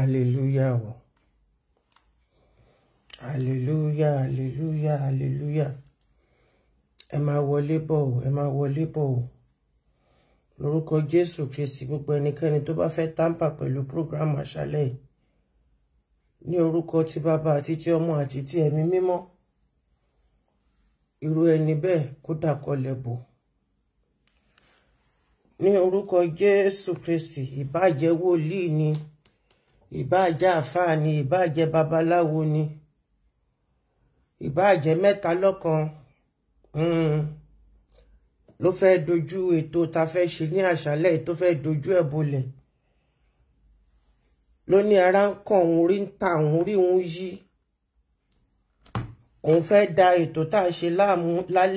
Hallelujah o. Hallelujah, hallelujah, hallelujah. Ẹ máa wọlé bọ̀ o, ẹ máa wọlé bọ̀ o. Lórúkọ Jésù Kristi gbogbo ẹnikẹ́ni tó bá fẹ́ tàǹpà pẹ̀lú prógrámù àṣálẹ̀ yìí. Ní orúkọ ti bàbá àti ti ọmọ àti ti ẹ̀mí mímọ́. Irú ẹni bẹ́ẹ̀ kó dàkọlẹ̀ bò ní orúkọ jésù kristi ìbájẹ́ wòlíì ni. Orúkọ, Jésù, Kristi, ìbáàjẹ́ àfáà ni ìbáàjẹ́ babaláwo ni ìbáàjẹ́ mẹ́ta lọ́kan hmm, ló fẹ́ dojú ètò ta fẹ́ ṣe ní àṣálẹ́ ètò fẹ́ dojú ẹ̀ bolẹ̀ ló ní ara ń kàn òun rí ń ta òun rí òun yí òun fẹ́ da ètò tá a ṣe láàmú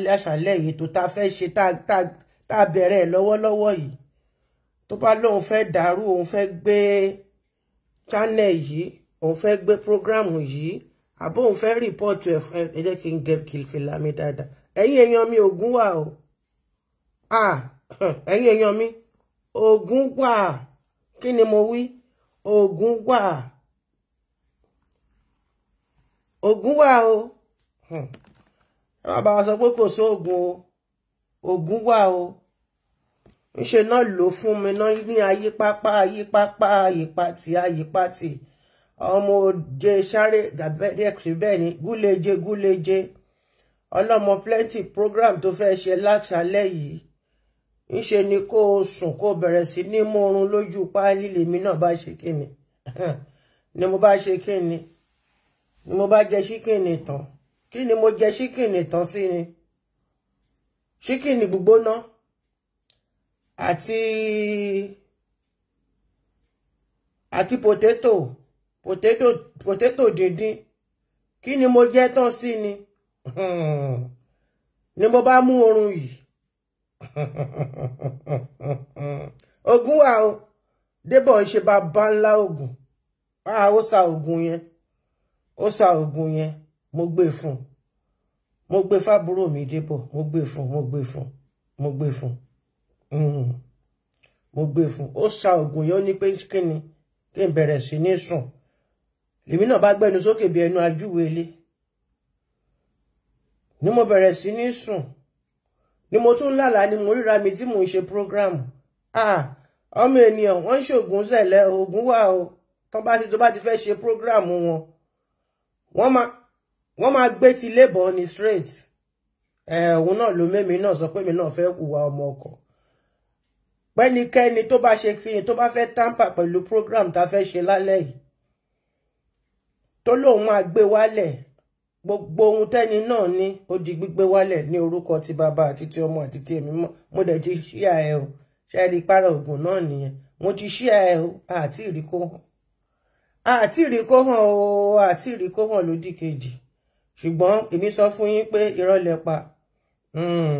láṣálẹ́ yìí ètò tá a fẹ́ ṣe tá a bẹ̀rẹ̀ lọ́wọ́lọ́wọ́ yìí tó bá lóun fẹ́ dàrú òun fẹ́ gbé. Be channel yìí òun fẹ́ gbé program yìí àbó òun fẹ́ rìpọ́ọ̀tù ẹ̀ fún ẹ jẹ́ kí n gẹ kìlìfì lámì dáadáa ẹ̀yin èèyàn mi ògún wà o ẹ̀yin èèyàn mi ògún wà kí ni mo wí ògún wà ògún wà o ẹ má bàa sọ pé kò sóògùn o ògún wà o ńṣe náà lò fún mi náà ní ayípápá ayípápá ayípatì ayípatì ọmọ òde sáré gàbẹ́rẹ́kì bẹ́ẹ̀ ni gúléje gúléje ọlọ́mọ plenty program tó fẹ́ ṣe láṣálẹ́ yìí ńṣe ni kó o sùn kó o bẹ̀rẹ̀ sí ní mórun lójú páálí lèmi náà bá ṣe kíni ni mo bá ṣe kíni ni mo bá jẹ ṣíkìnì tán kí ni mo jẹ ṣíkìnì tán sí ni ṣíkìnì gbogbo náà àti àti potato potato potato díndín kí ni mo jẹ tán sí ni ni mo bá mú oorun yìí ogun wa o débọ̀ ń ṣe bàbá ńlá ogun ah ó sa ogun yẹn ó sa ogun yẹn mo gbé fún mo gbé fábúrò mi débọ̀ mo gbé fún mo gbé fún mo gbé fún. Mm. mo gbé e fún ó sa oògùn yẹn ní pé kíni kí n bẹ̀rẹ̀ sí ní sùn lèmi náà bá gbẹnu sókè bí ẹnu ajúwèélé ni mo bẹ̀rẹ̀ sí ní sùn ni mo tún lálà ni mo ríra mi tí mò ń ṣe program ah ọmọ ènìyàn wọ́n ń ṣoògùn sẹ̀lẹ̀ oògùn wà o tán bá ti tó bá ti fẹ́ ṣe program wọn wọ́n máa gbé ti lébọn ni straight ẹ̀ eh, òun náà ló mẹ́mi náà sọ pé mi náà fẹ́ hùwà ọmọ ọkọ̀ pẹ́nikẹ́ni tó bá ṣe kí tó bá fẹ́ tamper pẹ̀lú program tá a fẹ́ ṣe lálẹ́ yìí tó lóun máa gbé wálẹ̀ gbogbo ohun tẹ́ni náà ní ó di gbígbé wálẹ̀ ní orúkọ ti bàbá àti ti ọmọ àti ti èmi mọ́ mo dẹ̀ ti ṣíà ẹ o ṣẹ́ẹ̀rí para oògùn náà nìyẹn mo ti ṣíà ẹ o àti ìríkó hàn àti ìríkó hàn o àti ìríkó hàn lódì kejì ṣùgbọ́n èmi sọ fún yín pé irọ́ lẹ pa hmm.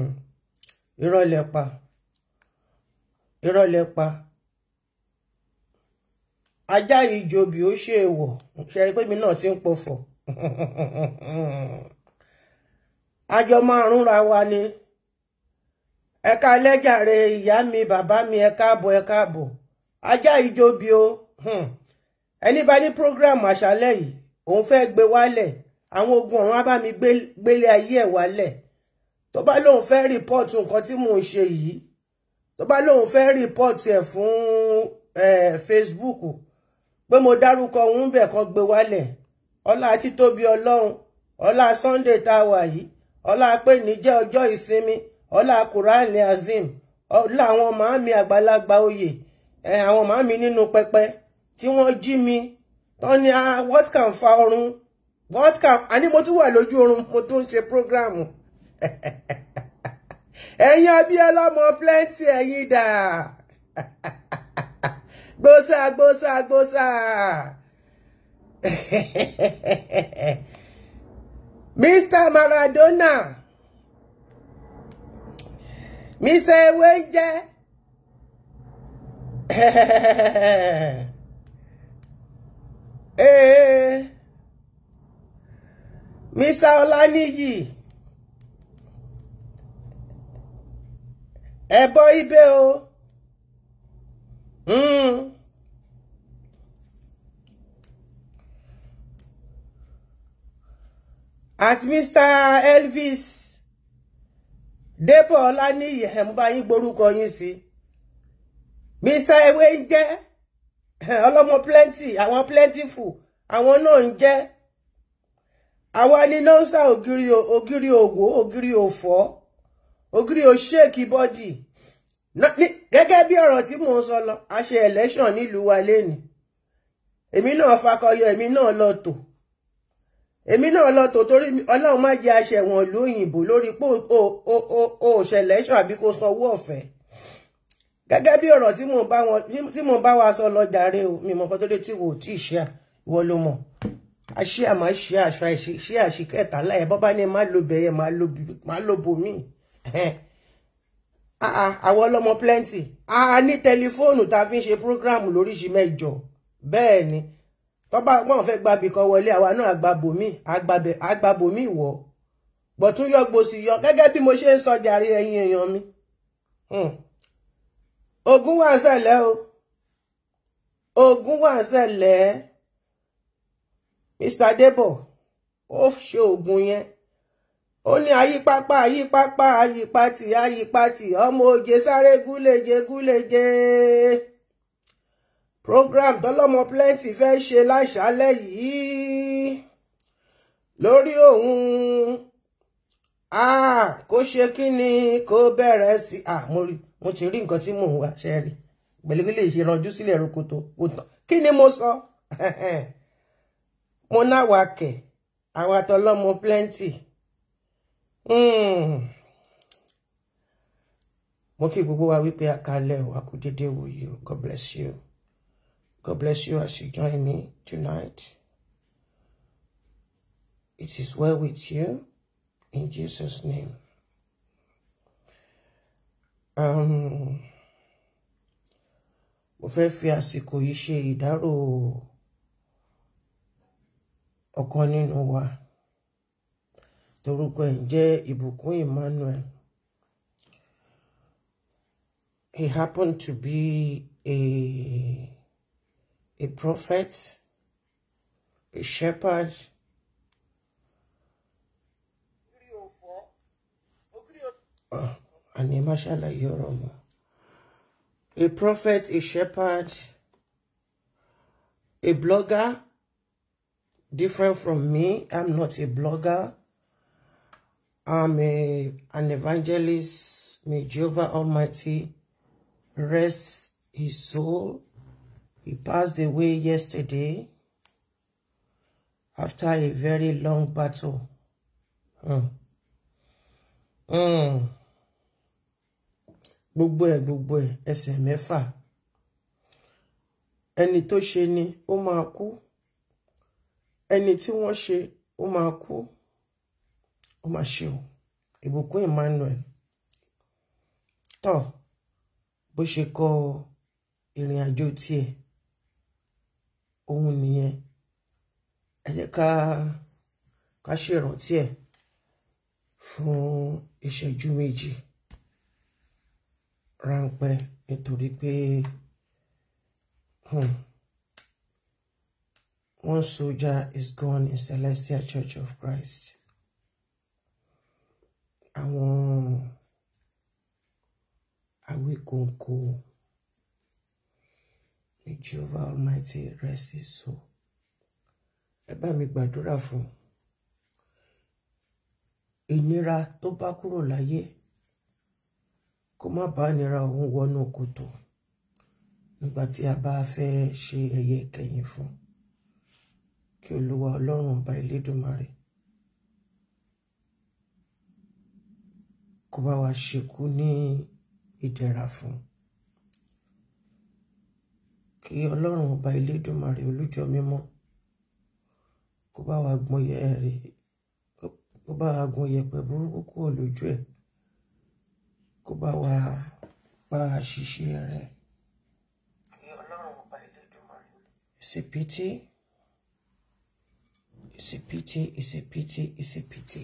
irọ́ lẹ pa irọ́ lẹ pa ajá ìjòbì ó ṣe èèwọ̀ ṣe rí pé mi náà ti ń pọ̀fọ̀ àjọ máa rúnra wa ni ẹ̀ka lẹ́jàre ìyá mi bàbá mi ẹ káàbọ̀ ẹ káàbọ̀ ajá ìjòbì o hmm. ẹni bá ní prógráàmù àṣálẹ́ yìí òun fẹ́ gbé wálẹ̀ àwọn ogun ọ̀run á mi gbélé ayé ẹ̀ wálẹ̀ tó bá lóun fẹ́ rìpọ́ọ̀tù nǹkan tí mò ń ṣe yìí tó bá lóun fẹ́ rìpọ́ọ̀tì ẹ̀ fún Facebook pé mo dárúkọ òun bẹ̀ kan gbé wálẹ̀ ọlá títóbi ọlọ́run ọlá Sunday tá a wà yìí ọlá pé níjẹ́ ọjọ́ ìsinmi ọlá Kùránì Azim ọlá àwọn màámi àgbàlagbà oyè àwọn màámi nínú pẹpẹ tí wọ́n jí mi tán ni what can fa ọrùn what can Ani mo tún wà lójú oorun mo tún ṣe prógráàmù ẹ̀yin Abíọ́lá ọmọ plenty ẹ̀yin dà gbósà gbósà gbósà Mr. Maradona Mr. Ewenje eh, eh, eh. Mr. Olaniyi. Hmm. ẹ bọ́ ibẹ̀ o at Mr. Elvis Débọ̀ Ọláníyì ẹ̀ mo bá yín gborúkọ yín sí Mr. ewé ń jẹ́ ọlọ́mọ plenty àwọn plentiful àwọn náà ń jẹ́ àwa ni nọ́ńsà ògiri ògiri òwò ògiri òfọ́ ògiri òṣèkì bọ́dì gẹ́gẹ́ bí ọ̀rọ̀ tí mò ń sọ lọ a ṣe election nílùú wa lẹ́nìí èmi náà fakọyọ èmi náà lọ tò èmi náà lọ tò torí ọlọ́run má jẹ́ aṣẹ̀wọ̀n ìlú òyìnbó lórí pé o ṣe election àbí kò sanwó ọ̀fẹ́ gẹ́gẹ́ bí ọ̀rọ̀ tí mò ń bá wa sọ lọ jàre o mi mọ̀ kan tó dé tí wò ó tí ì ṣe ìwọ ló mọ̀ a àmọ́ ṣe àṣà ìṣe àṣìkẹ́ta láyé bọ́ ní má lo bẹ̀yẹ má lo bòmíì Ah ah, àwọn ọlọ́mọ plenty a ní tẹlifóònù tá a fi ń ṣe prógráàmù lóríṣìí mẹ́jọ bẹ́ẹ̀ ni tọ́ba wọn fẹ́ gba ibìkan wọlé àwa náà àgbàbòmí àgbàbòmí ìwọ bọ̀tún yọgbó sí yọ gẹ́gẹ́ bí mo ṣe so sọ jàre ẹ̀yin èèyàn mi hmm. ogun wà ṣẹlẹ̀ o ogun wà ṣẹlẹ̀ Mr Debo ó ṣe oògùn yẹn ó ní ayípápá ayípápá ayípatì ayípatì ọmọ oje sáré gúléje gúléje program tọlọmọ plenty fẹ́ ṣe láṣálẹ́ yìí lórí òun kó ṣe kí ni kó bẹ̀rẹ̀ sí mo ti rí nǹkan tí mò ń wá ṣe rí pẹ̀lú lè ṣe ranjú sílẹ̀ rokoto kí ni mo sọ mo náwó akẹ́ àwọn àtọlọ́mọ plenty. Mm. mo kí gbogbo wa wípé akale kálẹ̀ wa kú dédé wòye o God bless you God bless you as you join me tonight it is well with you in Jesus name um, mo fẹ́ fi àsìkò yìí ṣe ìdárò ọ̀kan nínú wa. No torúkọ ẹ̀ jẹ́ ìbùkún emmanuel he happened to be a a prophet a shepherd. Ah, àní má yoro. ọ̀rọ̀ a prophet a shepherd a blogger different from me i'm not a blogger. I'm a, an evangelist. May Jehovah Almighty rest his soul. He passed away yesterday after a very long battle. Hmm. Hmm. Gbogbo ẹ̀ gbogbo ẹ̀ ẹsẹ̀ mẹ́fà. Ẹni tó ṣe ni ó máa kú. Ẹni tí wọ́n ṣe ó máa kú ó mà ṣe o ìbùkún Emmanuel tó bó ṣe kọ ìrìn àjò tiẹ̀ òun nìyẹn ẹ jẹ́ ká ká ṣèrántí ẹ̀ fún ìṣẹ́jú méjì ráńpẹ́ nítorí pé hmm, one soldier is gone in Celestial Church of Christ àwọn Awikonko may Jehovah Almighty rest his soul ẹ bá mi gbàdúrà fún ìnira tó bá kúrò láyé kó má bàa nira òun wọnú kòtò nígbà tí a bá fẹ́ ṣe ẹyẹ ìkẹyìn fún kí olúwa ọlọ́run ọba elédùnmarè kó bá wa ṣekú ní ìdẹ̀ra fún kí ọlọ́run ọba elédùnmarè olújọ mímọ́ kó bá wa gbọ́n yẹ rè kó bá wa gbọ́n yẹpẹ burúkú kúrò lójú ẹ̀ kó bá wa pa àṣìṣe rẹ̀ kí ọlọ́run ọba elédùnmarè. ìsèpìtì ìsèpìtì ìsèpìtì ìsèpìtì.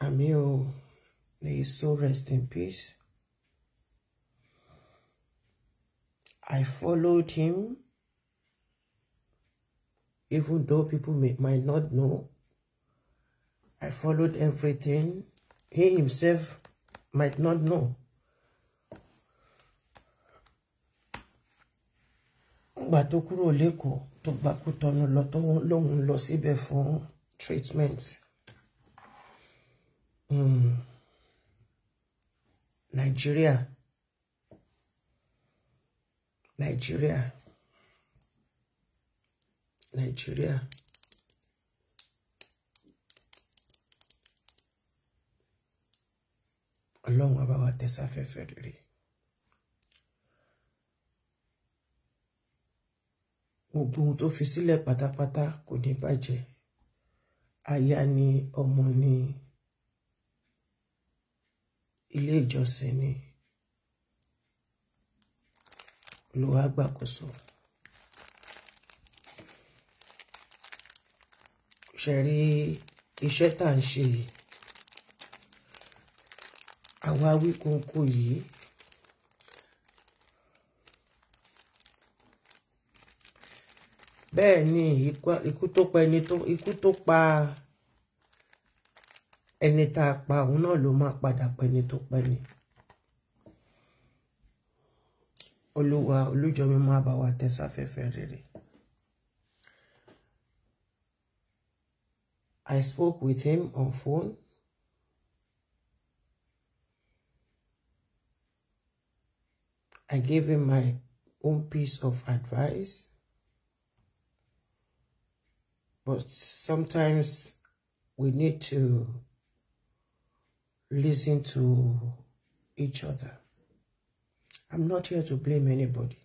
Amio, may his soul rest in peace I followed him even though people may, might not know I followed everything he himself might not know But tó kúrò tó gbà kú tọ́nu lọ tó lóun Hmm. nàìjíríà Nigeria, Nigeria. ọlọ́run á bá wa tẹ̀ sáfẹ́fẹ́ rere gbogbo ohun tó fi sílẹ̀ pátápátá kò ní bàjẹ́ aya ni ọmọ ni ilé ìjọsìn ni olúwa gbàkóso ṣe rí iṣẹ́ tá à ń ṣe yìí àwa wíkóńkó yìí bẹ́ẹ̀ ni ikú tó pa ẹni tó ikú tó pa. ẹni tá pa òun náà ló máa padà pẹni tó pẹni olúwa olújọmi máa bá wa rere. I spoke with him on phone. I gave him my own piece of advice. But sometimes we need to listen to each other. I'm not here to blame anybody.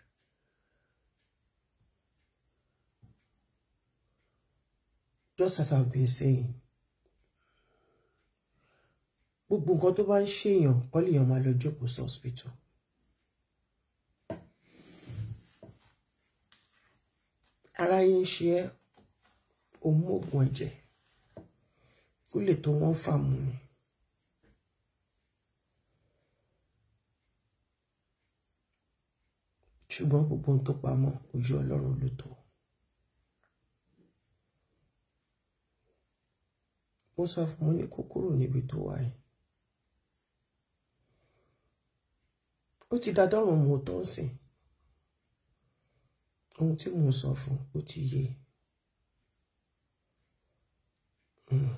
Just as I've been saying, gbogbo nǹkan tó bá ń ṣèyàn kọ́ lèèyàn máa lọ jókòó sí hospital. ara yín ń ṣe ẹ́ òun oògùn ẹ̀jẹ̀ kó lè tó wọ́n fà ni. ṣùgbọ́n gbogbo ohun tó pamọ́ ojú ọlọ́run ló tó. mo sọ fún mo ní kó kúrò níbi tó wà yìí ó ti da dọ́rùn mo tó ń sìn ohun tí mo sọ fún ó ti yé hmm.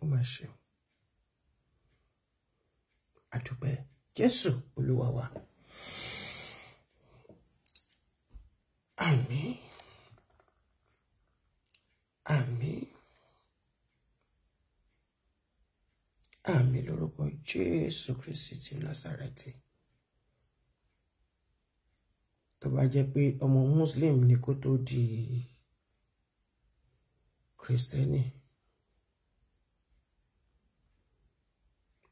ó mà ṣe àdúpẹ́ Jésù Olúwa wa. Àmín. Àmín. Àmín lórúkọ Jésù Kristi ti Násàrẹ́tì. Tó bá jẹ́ pé ọmọ Muslim ni kó tó di Kristẹni.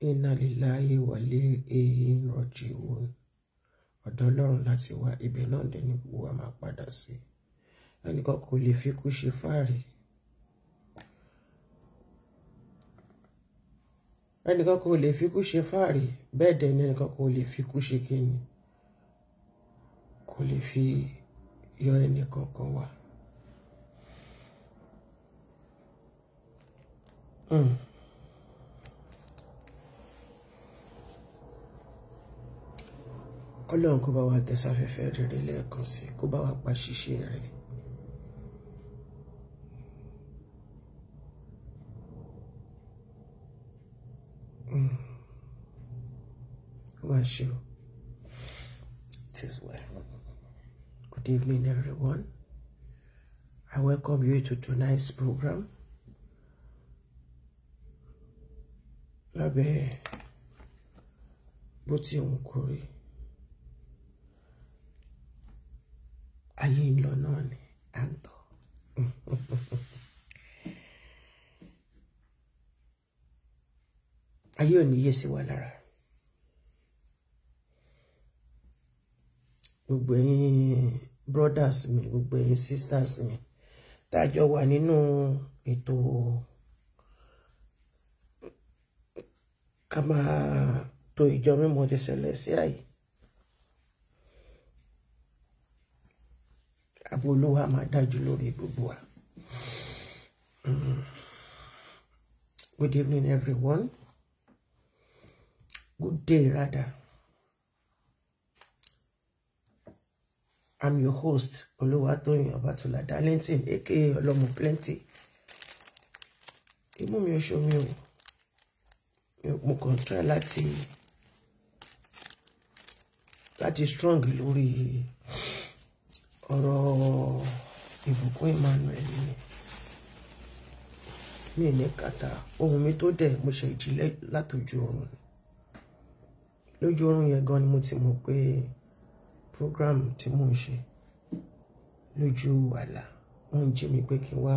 Inna lillahi wa inna ilayhi raji'un ọ̀dọ̀ ọlọ́run láti wá ibẹ̀ náà dé ní gbogbo wa máa padà sí ẹnìkan kò lè fi kú ṣe fáàrí ẹnìkan kò lè fi kú ṣe fáàrí bẹ́ẹ̀ dẹ̀ ni ẹnìkan kò lè fi kú ṣe kíni kò lè fi yọ ẹnì kankan wá. Mm. ọlọ́run kó bá wa tẹ̀sáfẹ́fẹ́ rere lẹ́ẹ̀kan sí kó bá wa pa ṣíṣe rẹ̀ wá mm. well good evening everyone I welcome you to tonight's program lábẹ́ bó ti ayé ń lọ náà ni à ń tọ́ ayé ò ní yẹ wa lára gbogbo ẹ̀yin brothers mi gbogbo ẹ̀yin sisters mi tájọ wà nínú ètò ká máa to ìjọ mímọ́ ti ṣẹlẹ̀ sí àyè àbò olówó a dájú lórí gbogbo wa. Mm. Good evening, everyone. Good day, rather. I'm your host, Olúwatóyìn Abatola, Darlington, aka Ọlọ́mọ Plenty. Imú mi ò ṣomi o, mo kàn try láti láti strong lórí ọ̀rọ̀ ìbùkún Emmanuel ni mi ní kàtà ohun mi tó dẹ̀ mo ṣe ìjìnlẹ̀ látòjú oorun lójú oorun yẹn gan ni mo ti mọ̀ pé program tí mò ń ṣe lójú àlá wọ́n ń jí mi pé kí n wá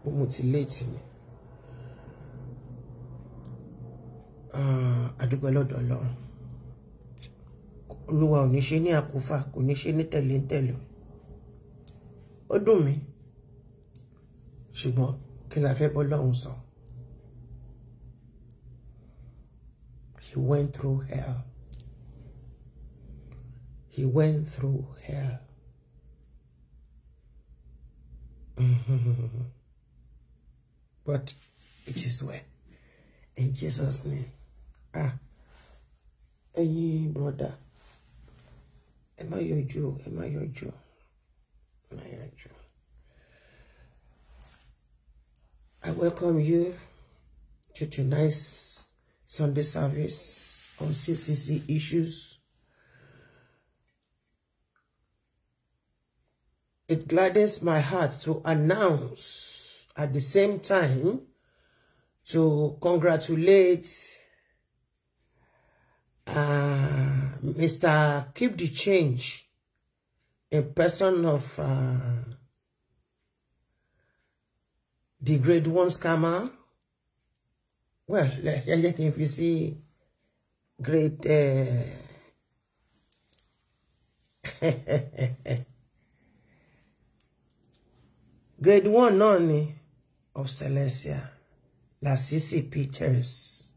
bó mo ti léètì ni àdúgbò ah, lọ́dọ̀ Ọlọ́run olúwa ò ní ṣe ní àkófà kò ní ṣe ní tẹ̀léńtẹ̀lé ó dùn mí ṣùgbọ́n kí la fẹ́ bọ́ lọ́hùn sàn he went through hell he went through hell. But it is well. In Jesus' name. Ah. Hey, brother. Am I your ẹ Am I your má Am I welcome you to tonight's Sunday service on CCC issues. It gladdens my heart to announce at the same time to congratulate uh, Mr. Keep the Change, a person of uh, the grade one scammer. Well, if you see grade... Uh, grade one only of Celestia Lasisi Peters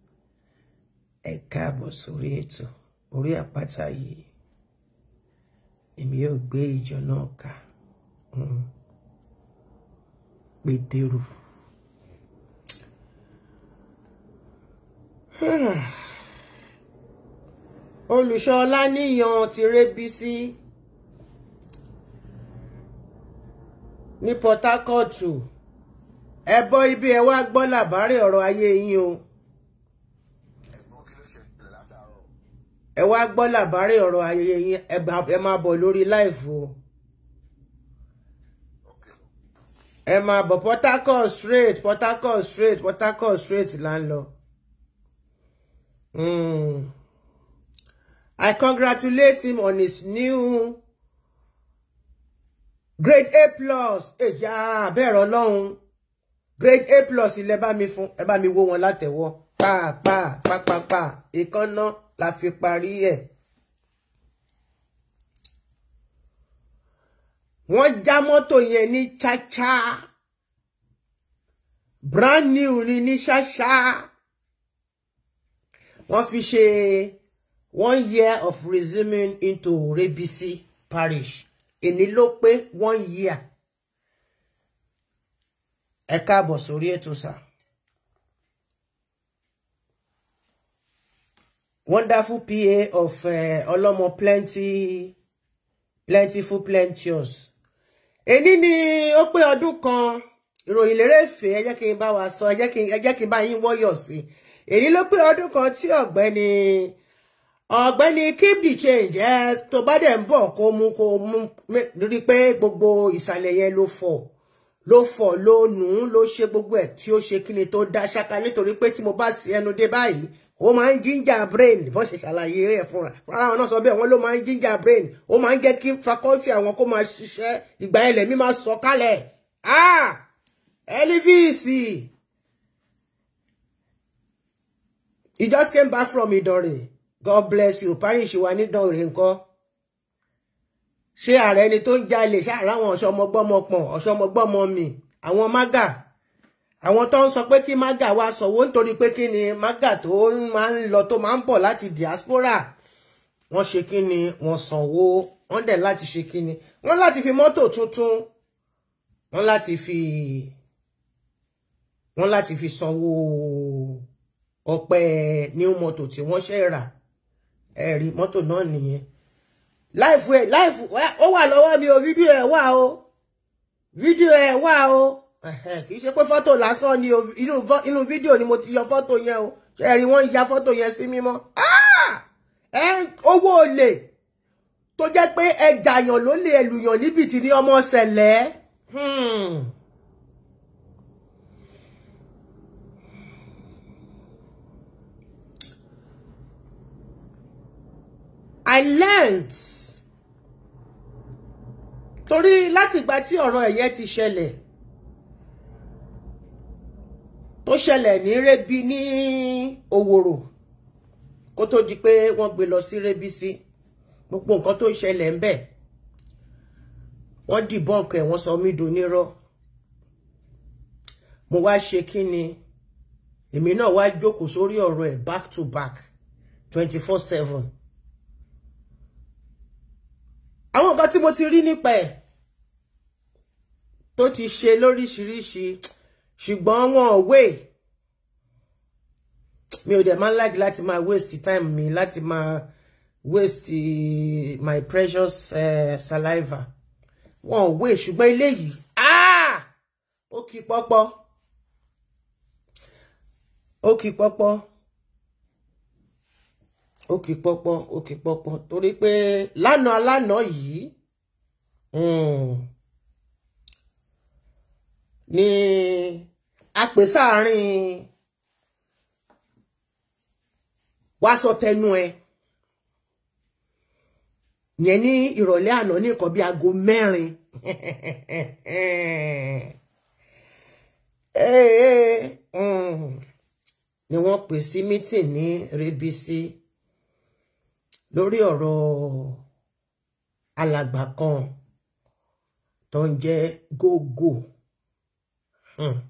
a cabo sórí ètò. orí àpáta yìí èmi yóò gbé ìjọ náà ká pétérù. olùṣọ́ ọláníyàn ti rébísí ní Port Harcourt ẹ bọ́ ibi ẹ wá gbọ́ làbárẹ̀ ọ̀rọ̀ ayé yín o. ẹ wá gbọ́ làbárẹ̀ ọ̀rọ̀ ayẹyẹ yín ẹ máa bọ̀ lórí láìfù o ẹ máa bọ̀ Port Harcourt straight Port Harcourt straight Port Harcourt straight là ń lọ. Hmm. I congratulate him on his new grade A plus ẹ̀yà eh, bẹ́ẹ̀rọ ọlọ́run grade A plus ilẹ̀ bá mi fún ẹ bá mi wó wọn látẹ̀wọ́ pàápà pàpàpà ìkànnà la fi parí ẹ̀. wọ́n já mọ́tò yẹn ní cháchá brand new ni ní ṣáṣá wọ́n fi ṣe one year of resuming into Rebisi parish èní ló pé one year ẹ káàbọ̀ sórí ètò sáà. wonderful PA of uh, Olomo Plenty, Plentiful Plenteous. Èní ni ó pé ọdún kan ìròyìn lérè fè ẹ jẹ́ kí n bá wa sọ ẹ jẹ́ kí ẹ jẹ́ kí n bá yín wọ́yọ̀ sí. Èní ló pé ọdún keep the change To tó bá dẹ̀ ń bọ̀ kó mú kó mú rí pé gbogbo ìsàlẹ̀ yẹn ló fọ̀ ló fọ̀ ló nù ú ló ṣe gbogbo ẹ̀ tí ó ṣe kí ni tó dá ṣáká nítorí pé tí mo bá sí ẹnu ó máa ń ginger brain bó ṣe ṣàlàyé rẹ̀ fúnra fúnra wọn náà sọ bẹ́ẹ̀ wọ́n ló máa ń ginger brain ó máa ń jẹ́ kí faculty àwọn kó máa ṣiṣẹ́ ìgbà ẹlẹ̀ mi máa sọ kálẹ̀ ah Elvis he just came back from Ìdànrè God bless you parish wa ní Ìdànrè ńkọ́ ṣé ààrẹ ni tó ń jalè ṣáà ráwọn ọ̀ṣọ́mọgbọ́mọ pọ̀n ọ̀ṣọ́mọgbọ́mọ mi àwọn mágà àwọn tó ń sọ pé kí maga wá sọ̀wọ́ nítorí pé kí ni maga tó máa ń lọ tó máa ń bọ̀ láti diaspora wọ́n ṣe kí ni wọ́n sanwó wọ́n dẹ̀ láti ṣe kí ni wọ́n láti fi mọ́tò tuntun wọ́n láti fi wọ́n láti fi sanwó ọpẹ́ new mọ́tò tí wọ́n ṣe rà ẹ̀rí mọ́tò náà nìyẹn láìfù ẹ̀ láìfù ó wà lọ́wọ́ mi o fídíò ẹ̀ wà o fídíò ẹ̀ wà o kì í ṣe pé fọ́tò lásán ni inú fídíò ni mo ti yọ fọ́tò yẹn o ṣe rí wọ́n ya fọ́tò yẹn sí mímọ́ ah! owó olè tó jẹ́ pé ẹ̀jàyàn ló lè èlùyàn níbi tí ní ọmọ ṣẹlẹ̀ hmm. I learned torí láti ìgbà tí ọ̀rọ̀ ẹ̀yẹ ti ṣẹlẹ̀ tó ṣẹlẹ̀ ní Rébi ní Òwòrò kó tó di pé wọ́n gbé lọ sí Rébi sí gbogbo nǹkan tó ṣẹlẹ̀ ń bẹ̀ wọ́n dìbọ́ǹkì ẹ̀ wọ́n sọ mí donírọ́ mo wá ṣe kí ni èmi náà wá jókòó sórí ọ̀rọ̀ ẹ̀ back to back twenty four seven àwọn nǹkan tí mo ti rí nípa ẹ̀ tó ti ṣe lóríṣiríṣi ṣùgbọ́n wọn ò wé mi ò dẹ̀ máa ń like láti máa waste time mi láti máa waste my precious uh, saliva wọn ò wé ṣùgbọ́n eléyìí ah ó kì pọ́pọ́ ó kì pọ́pọ́ ó kì pọ́pọ́ ó kì pọ́pọ́ torí pé lánàá lánàá yìí. Mm ni a pè sáàárín wá sọ tẹnu ẹ yẹn ní ìrọ̀lẹ́ àná ní nǹkan bí aago mẹ́rin eh, eh, mm, ni wọ́n pè sí mítìn ní rebisi lórí ọ̀rọ̀ alàgbà kan tó ń jẹ́ gógó. -go. Mm.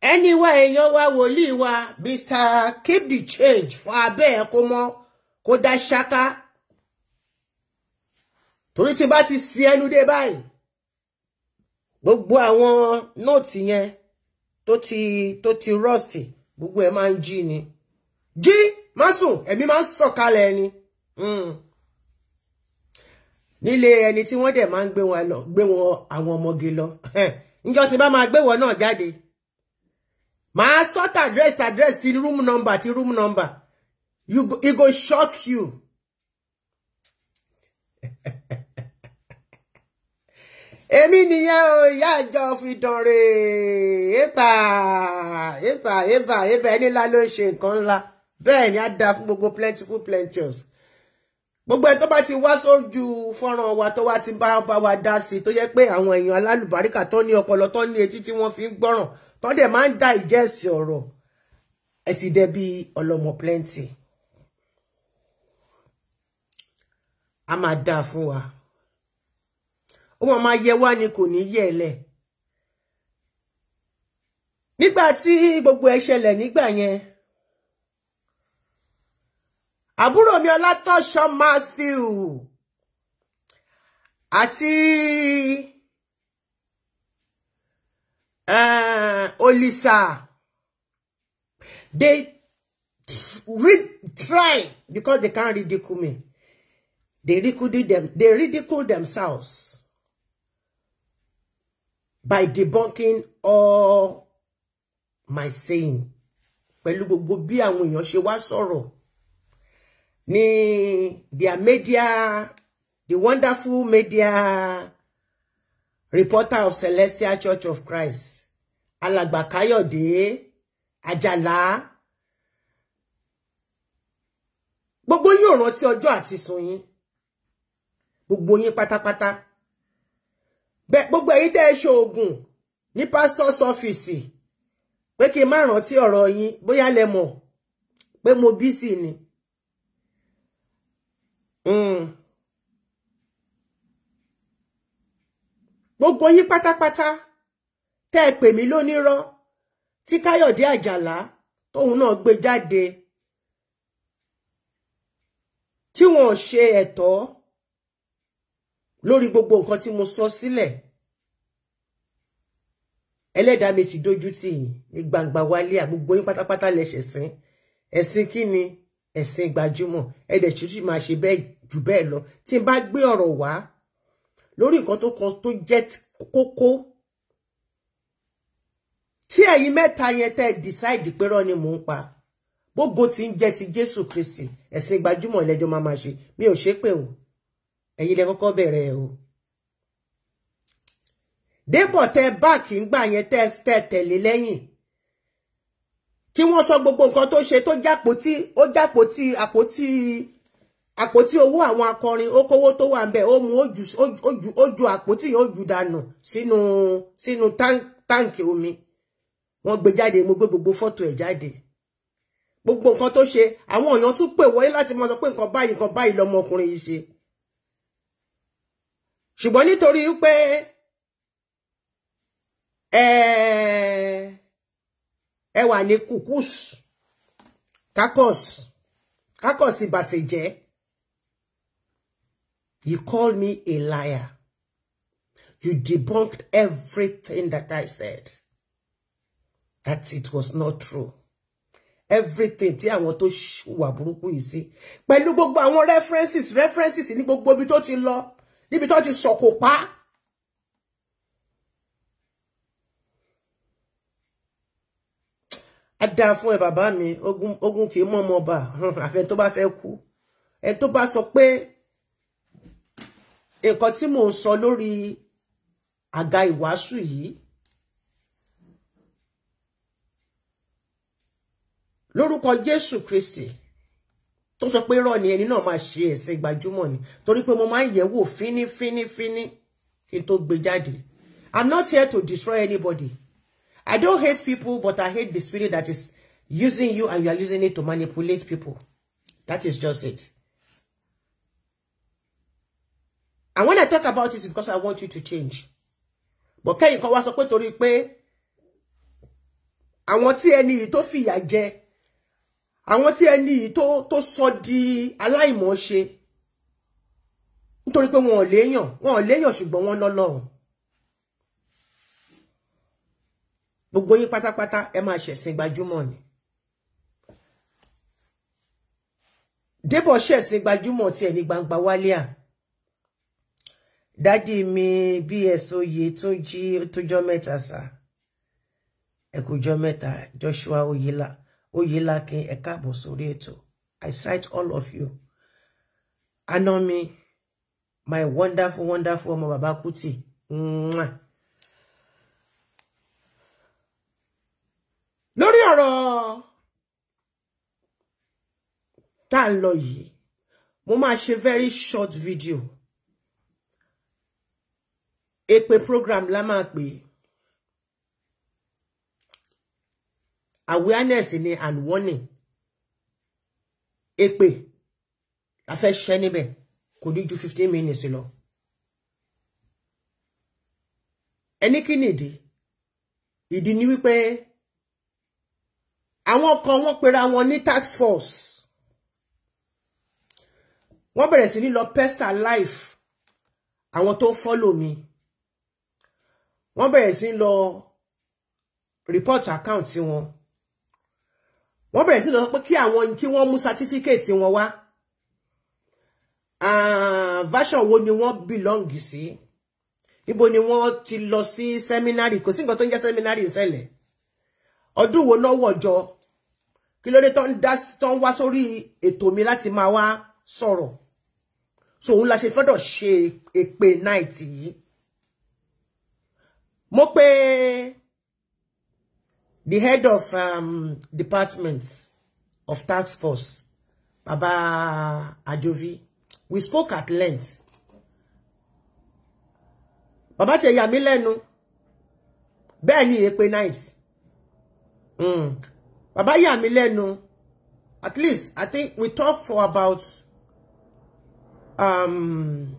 Anyway, ẹniwá èèyàn wa wòlíì wa mr keep the change fún abẹ́ ẹ̀ kó mọ́ kó dá ṣáká torí tí bá ti si ẹnu dé báyìí gbogbo àwọn nóòtì yẹn tó ti tó ti rọ́ọ̀sì gbogbo ẹ̀ máa ń jí ni jí má sùn ẹ̀mí máa ń sọ̀kalẹ̀ ni. Mm nílé ẹni tí wọ́n dẹ̀ máa ń gbé wọn lọ gbé wọn àwọn ọmọge lọ ǹjọ́ tí bá máa gbé wọn náà jáde máa sọ tàdírẹ́sì address, sí rúùmù nọmbà ti You nọmbà it go shock you. èmi nìyẹn o ìyá ìjọ fi dàn rè épa épa épa épa ẹni ńlá ló ń ṣe nǹkan ńlá bẹ́ẹ̀ ni á dáa fún gbogbo plentiful plenteous gbogbo ẹ tó bá ti wá sójú fọ́nrán wa tó wá ti bá bá wa dá sí tó yẹ pé àwọn èèyàn alálùbáríkà tó ní ọpọlọ tó ní etí tí wọ́n fi ń gbọ́ràn tó dẹ̀ máa ń dá ìjẹ́sì ọ̀rọ̀ ẹ ti dẹ bí ọlọ́mọ plenty a máa dá fún wa ó máa máa yẹ wá ni kò ní yẹ lẹ̀ nígbà tí gbogbo ẹ ṣẹlẹ̀ nígbà yẹn àbúrò mi ọlátọ́ṣọ matthew àti eh, olisa they read try because they can't ridicule me they ridicule them they ridicule themselves by debunking all my saying pẹ̀lú gbogbo bí àwọn èèyàn ṣe wá sọ̀rọ̀. Ni their media the wonderful media reporter of Celestial Church of Christ alàgbà Káyọ̀dé Àjàlá gbogbo yín ò rántí ọjọ́ àti sùn yín gbogbo yín pátápátá bẹ́ẹ̀ gbogbo èyí tẹ́ ẹ ṣe oògùn ní pastors ọ́fíìsì pé kí n má rántí ọ̀rọ̀ yín bóyá lẹ mọ̀ mo bí ni. Mm. gbogbo yín pátápátá tẹ́ ẹ pè mí lónírọ́ tí Káyọ̀dé Àjàlá tóun náà gbé jáde tí wọ́n ṣe ẹ̀tọ́ lórí gbogbo nǹkan tí mo sọ sílẹ̀ ẹlẹ́dàá mi ti dójú tì yín ní gbangba wálé àgbogbo yín pátápátá lẹ́sẹ̀ sín ẹ̀sìn kí ni ẹ̀sìn gbajúmọ̀ ẹ dẹ̀ ṣíṣí máa ṣe bẹ́ẹ̀ jù bẹ́ẹ̀ lọ tí n bá gbé ọ̀rọ̀ wá lórí nǹkan tó kan tó jẹ́ kókó tí ẹ̀yin mẹ́ta yẹn tẹ́ decide pé rọ́ ni mò ń pa gbogbo tí ń jẹ́ ti Jésù Kristi ẹ̀sìn gbajúmọ̀ ilẹ̀jọ́ máa máa ṣe mi ò ṣe pé o ẹ̀yin lẹ kọ́kọ́ bẹ̀rẹ̀ o débọ̀ tẹ báàkì ńgbà yẹn tẹ tẹ̀lé lẹ́yìn tí wọ́n sọ gbogbo nǹkan tó ṣe tó jápótí ó jápótí àpótí àpótí owó àwọn akọrin ó kówó tó wà ńbẹ̀ ó mú ó ju àpótí yẹn ó ju dànù sínú sínú táǹkì omi wọ́n gbé jáde mo gbé gbogbo fọ́tò ẹ̀ jáde gbogbo nǹkan tó ṣe àwọn èèyàn tún pè wọlé láti mọ sọ pé nǹkan báyìí nǹkan báyìí lọmọkùnrin yìí ṣe ṣùgbọ́n nítorí pé ẹ̀ẹ́ ẹ wà ní kùkùs kakọs kakọs ìbàṣẹjẹ you call me a liar you debunked everything that I said that it was not true everything tí àwọn tó wà burúkú yìí sí pẹ̀lú gbogbo àwọn references references ní gbogbo ibi tó ti lọ níbi tó ti sọ̀kò a dáa fún ẹ bàbá mi ogun kì í mọ ọmọ ọba àfẹn tó bá fẹ́ kú ẹ tó bá sọ pé nǹkan tí mò ń sọ lórí àga ìwàásù yìí lórúkọ Jésù Kristi tó sọ pé rọ ni ẹni náà máa ṣe ẹ̀sìn gbajúmọ̀ ni torí pé mo máa ń yẹ̀wò fínífínífíní kí n tó gbé jáde I'm not here to destroy anybody I don't hate people, but I hate the spirit that is using you and you are using it to manipulate people. That is just it. And when I talk about it, it's because I want you to change. But kẹ́ yìí kan wá sọ pé torí pé àwọn tí ẹni yìí tó fìyà jẹ, àwọn tí ẹni yìí tó sọ di aláìmọ̀ọ́ṣe, nítorí pé wọn ò léèyàn, wọn ò léèyàn ṣùgbọ́n wọ́n lọ́lọ́run. gbogbo yín pátápátá ẹ máa ṣẹ̀sìn gbajúmọ̀ ni Débọ̀ ṣẹ̀sìn gbajúmọ̀ tiẹ̀ ní gbangba wálíà dádì mi bs oyè tún jí tójọ mẹ́ta sá ẹkùjọ mẹ́ta Joshua oyela oyelakin ẹ káàbọ̀ sórí ètò I cite all of you Anomi my wonderful wonderful ọmọ bàbá Kútì mwah. lórí ọ̀rọ̀ tá à ń lọ yìí mo máa ṣe very short video èpè program la máa pè awareness ni and warning èpè la fẹ́ ṣe níbẹ̀ kò ní ju fifteen minutes lọ ẹni kí nìdí ìdí ni wípé àwọn kan wọ́n pera wọn ní tax force wọ́n bẹ̀rẹ̀ sí ní lọ pester life àwọn tó follow mi wọ́n bẹ̀rẹ̀ sí lọ report account tí wọn wọ́n bẹ̀rẹ̀ sí lọ pé kí àwọn kí wọ́n mú certificate tí wọn wá ah, version wo ni wọ́n belong sí níbo ni wọ́n ti lọ sí seminary kò sí nǹkan tó ń jẹ́ seminary ìṣẹ̀lẹ̀ ọdún wo náà wọ̀jọ́ kí ló dé tó ń dá tó ń wá sórí ètò mi láti máa wá sọ̀rọ̀ so òun la ṣe fẹ́dọ̀ ṣe èpè night yìí mo pé the head of um, department of tax force baba ajovi we spoke at length baba ti ẹ̀yà mi lẹ́nu bẹ́ẹ̀ ni èpè night. Mm. Abaya yà At least, I think we talked for about um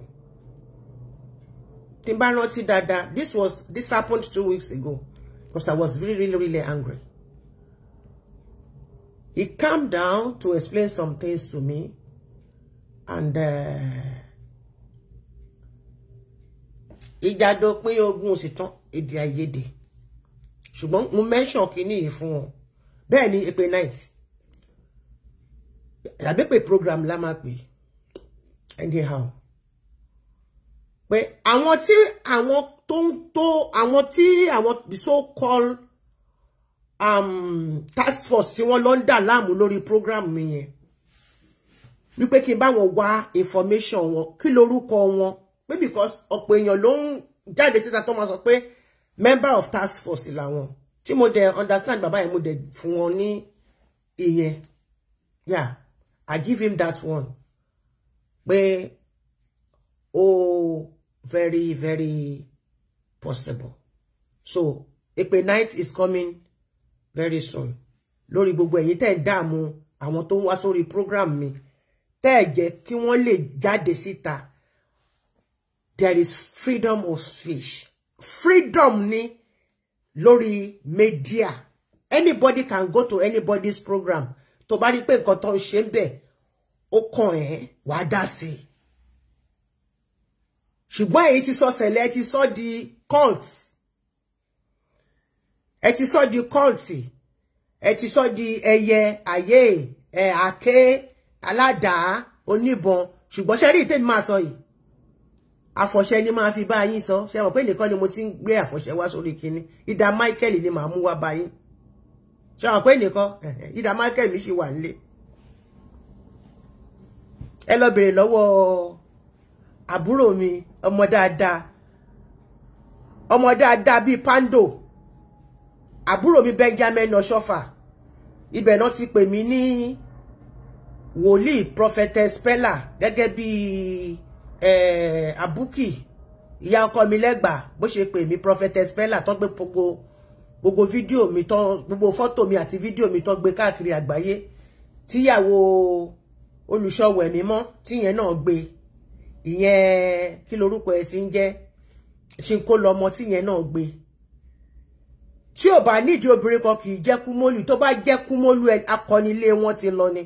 tí This was this happened two weeks ago because I was really, really, really angry. He calmed down to explain some things to me. And uh, ìjà dópin ogún òsì tán èdè mention bẹ́ẹ̀ ni èpè night ìdàbẹ́pẹ̀ program la máa pè anyhow pé àwọn tí àwọn tó ń tó àwọn tí àwọn the so called um, task force tí wọ́n lọ ń dà láàmú lórí program mi yẹn wípé kí n bá wọn wá information wọn kí lorúkọ wọn pé because ọ̀pọ̀ èèyàn ló ń jáde síta tó máa sọ pé member of task force làwọn tí mo dẹ̀ understand Baba. yẹn mo dẹ̀ fún wọn ní ìyẹn yeah I give him that one pé oh, very very possible so èpè night is coming very soon lórí gbogbo ẹ̀yin tẹ́ ń dààmú àwọn tó ń wá sórí program mi tẹ́ ẹ̀ jẹ́ kí wọ́n lè jáde there is freedom of speech freedom ni lórí media anybody can go to anybody's program tó bá rí pé nǹkan tó ń ṣe ń bẹ̀ ó kàn ẹ́ wàá dá sí i ṣùgbọ́n èyí ti sọ sẹ̀lẹ̀ ẹ ti sọ di cult ẹ ti sọ di cult ẹ ti sọ di ẹyẹ ayé ẹ àké aládàá oníbọn ṣùgbọ́n ṣẹ́rí ìtẹ́ni máa sọ yìí àfọ̀ṣẹ ni máa fi bá yín sọ ṣe mọ̀ pé nìkan ni mo ti ń gbé àfọ̀ṣẹ wá sórí kinní ìdá Michael ni màá mú wá bá yín ṣe mọ̀ pé nìkan ìdá Michael mi ṣì wà nílé ẹ lọ bèrè lọ́wọ́ àbúrò mi ọmọ dáadáa ọmọ dáadáa bíi Pando àbúrò mi Benjamin ọṣọfà ibẹ̀ náà ti pè mí ní wòlíì prophetess Peller gẹ́gẹ́ bíi. Eh, abuki ìyá ọkọ mi lẹ́gbàá bó ṣe pè mí prophetess Bella tó gbé gbogbo gbogbo fídíò mi tó gbogbo fọ́tò mi àti fídíò mi tó gbé káàkiri àgbáyé tíyàwó olùṣọ́wẹ̀ mímọ́ tíyẹn náà gbé ìyẹn kí lorúkọ ẹ ti ń jẹ́ ṣe kó lọmọ tíyẹn náà gbé tí ò bá nídìí obìnrin kan kì í jẹ́ kúmólú tó bá jẹ́ kúmólú akọnilé wọn ti lọ ni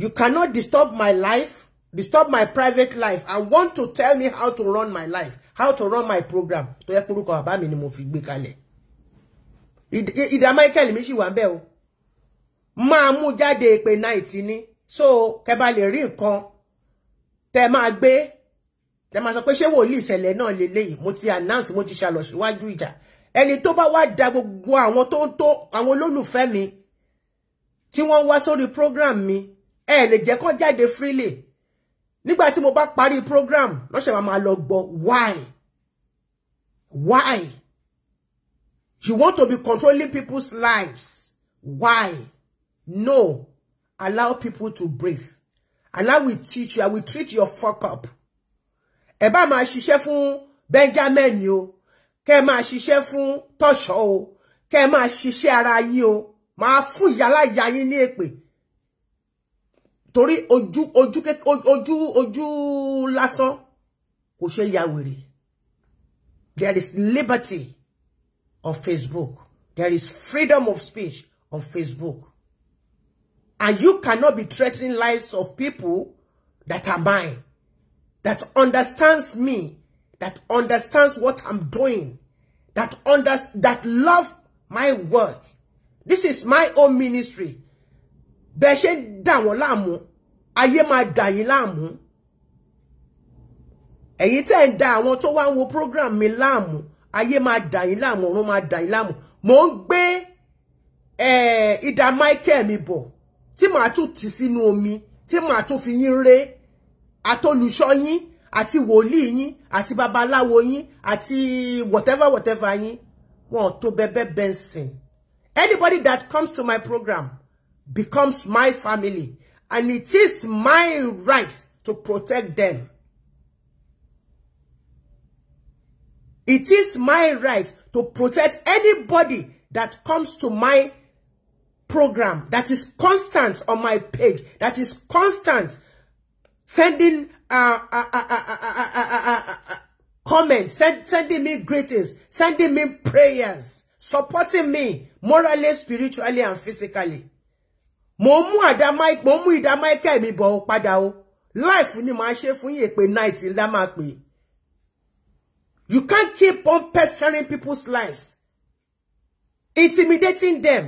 you cannot disturb my life disturb my private life and want to tell me how to run my life how to run my program To yẹ kórúkọ bàbá mi ni mo fi gbé kalẹ̀ ìdá Michael mi sì wà ń o máa mú jáde èpè night ni so kẹ́ bá lè rí nǹkan tẹ́ máa gbé tẹ́ máa sọ pé ṣé wòlíì ìṣẹ̀lẹ̀ náà lélẹ́yìí mo ti announce mo ti ṣàlọ síwájú ìjà ẹni tó bá wá da gbogbo àwọn tó ń tó àwọn olólùfẹ́ mi tí wọ́n wá sórí program mi ẹ lè jẹ́ kán jáde freely nígbà tí mo bá parí program lọ́sẹ̀ máa máa lọ gbọ́ why why you want to be controlling people's lives why no allow people to breathe and I will teach you I will treat your fuck up ẹ bá máa ṣiṣẹ́ fún Benjamin o kẹ́ máa ṣiṣẹ́ fún tọ̀ṣọ́ o kẹ́ máa ṣiṣẹ́ ara yín o máa fún ìyá láyà yín ní èpè torí ojú ojú ojú ojú kò ṣe there is liberty on Facebook there is freedom of speech on Facebook and you cannot be threatening lives of people that are mine that understands me that understands what I'm doing that under that love my work this is my own ministry bẹ́ẹ̀ ṣe ń dà wọ́n láàmú ayé máa dà lamu da won laamu aye ma tó te da to wa wo program mi láàmú ayé ma dà yín láàmú ọ̀run máa dà yín láàmú mò ń gbé ìdá Michael mi bọ̀ tí màá tún tì sínú omi tí fi yín ré atólùṣọ́ yín àti woli yín àti babaláwo yín àti whatever whatever yín wọn tó bẹbẹ be sìn anybody that comes to my program becomes my family. And it is my right to protect them. It is my right to protect anybody that comes to my program, that is constant on my page, that is constant sending comments, sending me greetings, sending me prayers, supporting me morally, spiritually, and physically. mo mú àdá mike mo mú ìdá michael mi bọ̀ ọ́ o life ni màá ṣe fún yìí pé night ńlá máa pè you can't keep on pestering people's lives intimidating them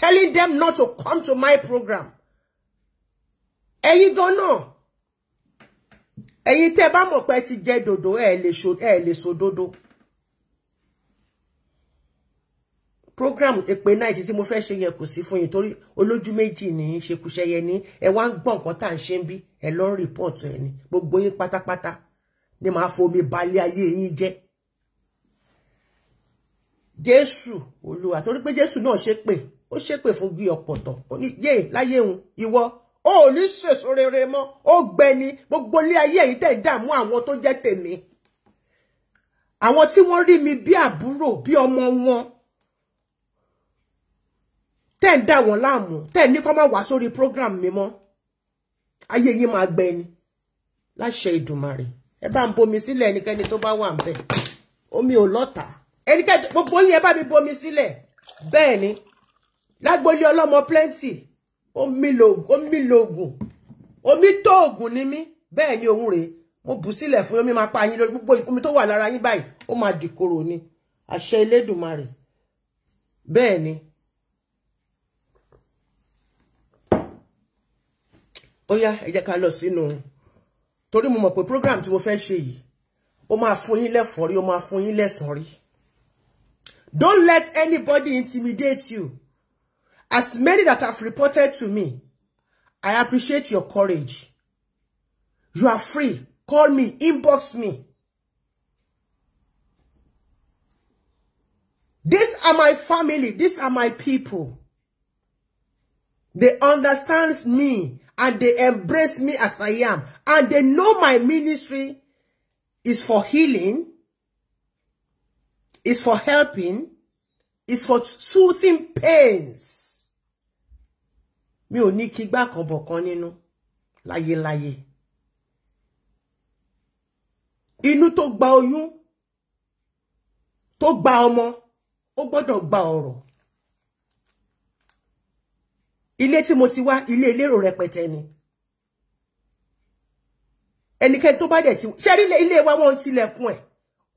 telling them not to come to my program ẹ̀yin gan náà ẹ̀yin tẹ́ bá mọ̀ pé ti jẹ dòdò ẹ̀ lè sòdodo. So, program èpè night tí mo fẹ́ ṣe yẹn kò sí fún yín torí olójú méjì ní í ṣe kùṣẹ́yẹ ní ẹ wá ń ta nǹkan tá à ń ṣe ń bí ẹ lọ ń rìpọ́ọ̀tù ẹ ní gbogbo yín pátápátá ni màá fomi balẹ̀ ayé yín jẹ́ jésù olúwa torí pé jésù náà ṣe pè ó ṣe pè fún gbé ọ̀pọ̀tọ̀ ó ní yé láyé òun ìwọ ó ní ṣèṣọ rere mọ́ ó gbẹni gbogbo ilé ayé yìí tẹ̀ dààmú àwọn tó jẹ́ tèmi àwọn tí wọ́n rí mi bí àbúrò bí ọmọ wọn tẹ́ da dà wọ́n láàmú tẹ́ ní kó má wá sórí program mi mọ́ ayé yìí máa gbẹ ni láṣẹ Ìdùmarè ẹ bá ń bomi sílẹ̀ ẹnikẹ́ni tó bá wà ńbẹ̀ omi ò lọ́tà ẹnikẹ́ni gbogbo yín ẹ bá mi bomi sílẹ̀ bẹ́ẹ̀ ni lágbólé ọlọ́mọ plenty omi lògùn omi tó ògùn ni mí bẹ́ẹ̀ ni òun rèé mo bù sílẹ̀ fún omi máa pa yín lórí gbogbo omi tó wà lára yín báyìí ó máa dìkorò ni àṣẹ Elédùmarè bẹ́ẹ̀ ni ó ẹ jẹ́ ká lọ sínú torí mo mọ̀ pé program tí mo fẹ́ ṣe yìí ó máa fún yín lẹ́fọ̀rí ó máa fún yín lẹ́san rí don't let anybody intimidate you as many that have reported to me I appreciate your courage you are free call me inbox me these are my family these are my people they understand me and they embrace me as I am, and they know my ministry is for healing, is for helping, is for soothing pains. Mi ò ní kígbà kan bọ̀kan nínú láyé láyé. Inú tó gba oyún tó gba ọmọ ó gbọ́dọ̀ gba ọ̀rọ̀ ilé tí mo ti wá ilé elérò rẹpẹtẹ ni ẹnikẹ́ni tó bá dẹ̀ ti ṣe rí ilé wa wọn tilẹ̀kùn ẹ̀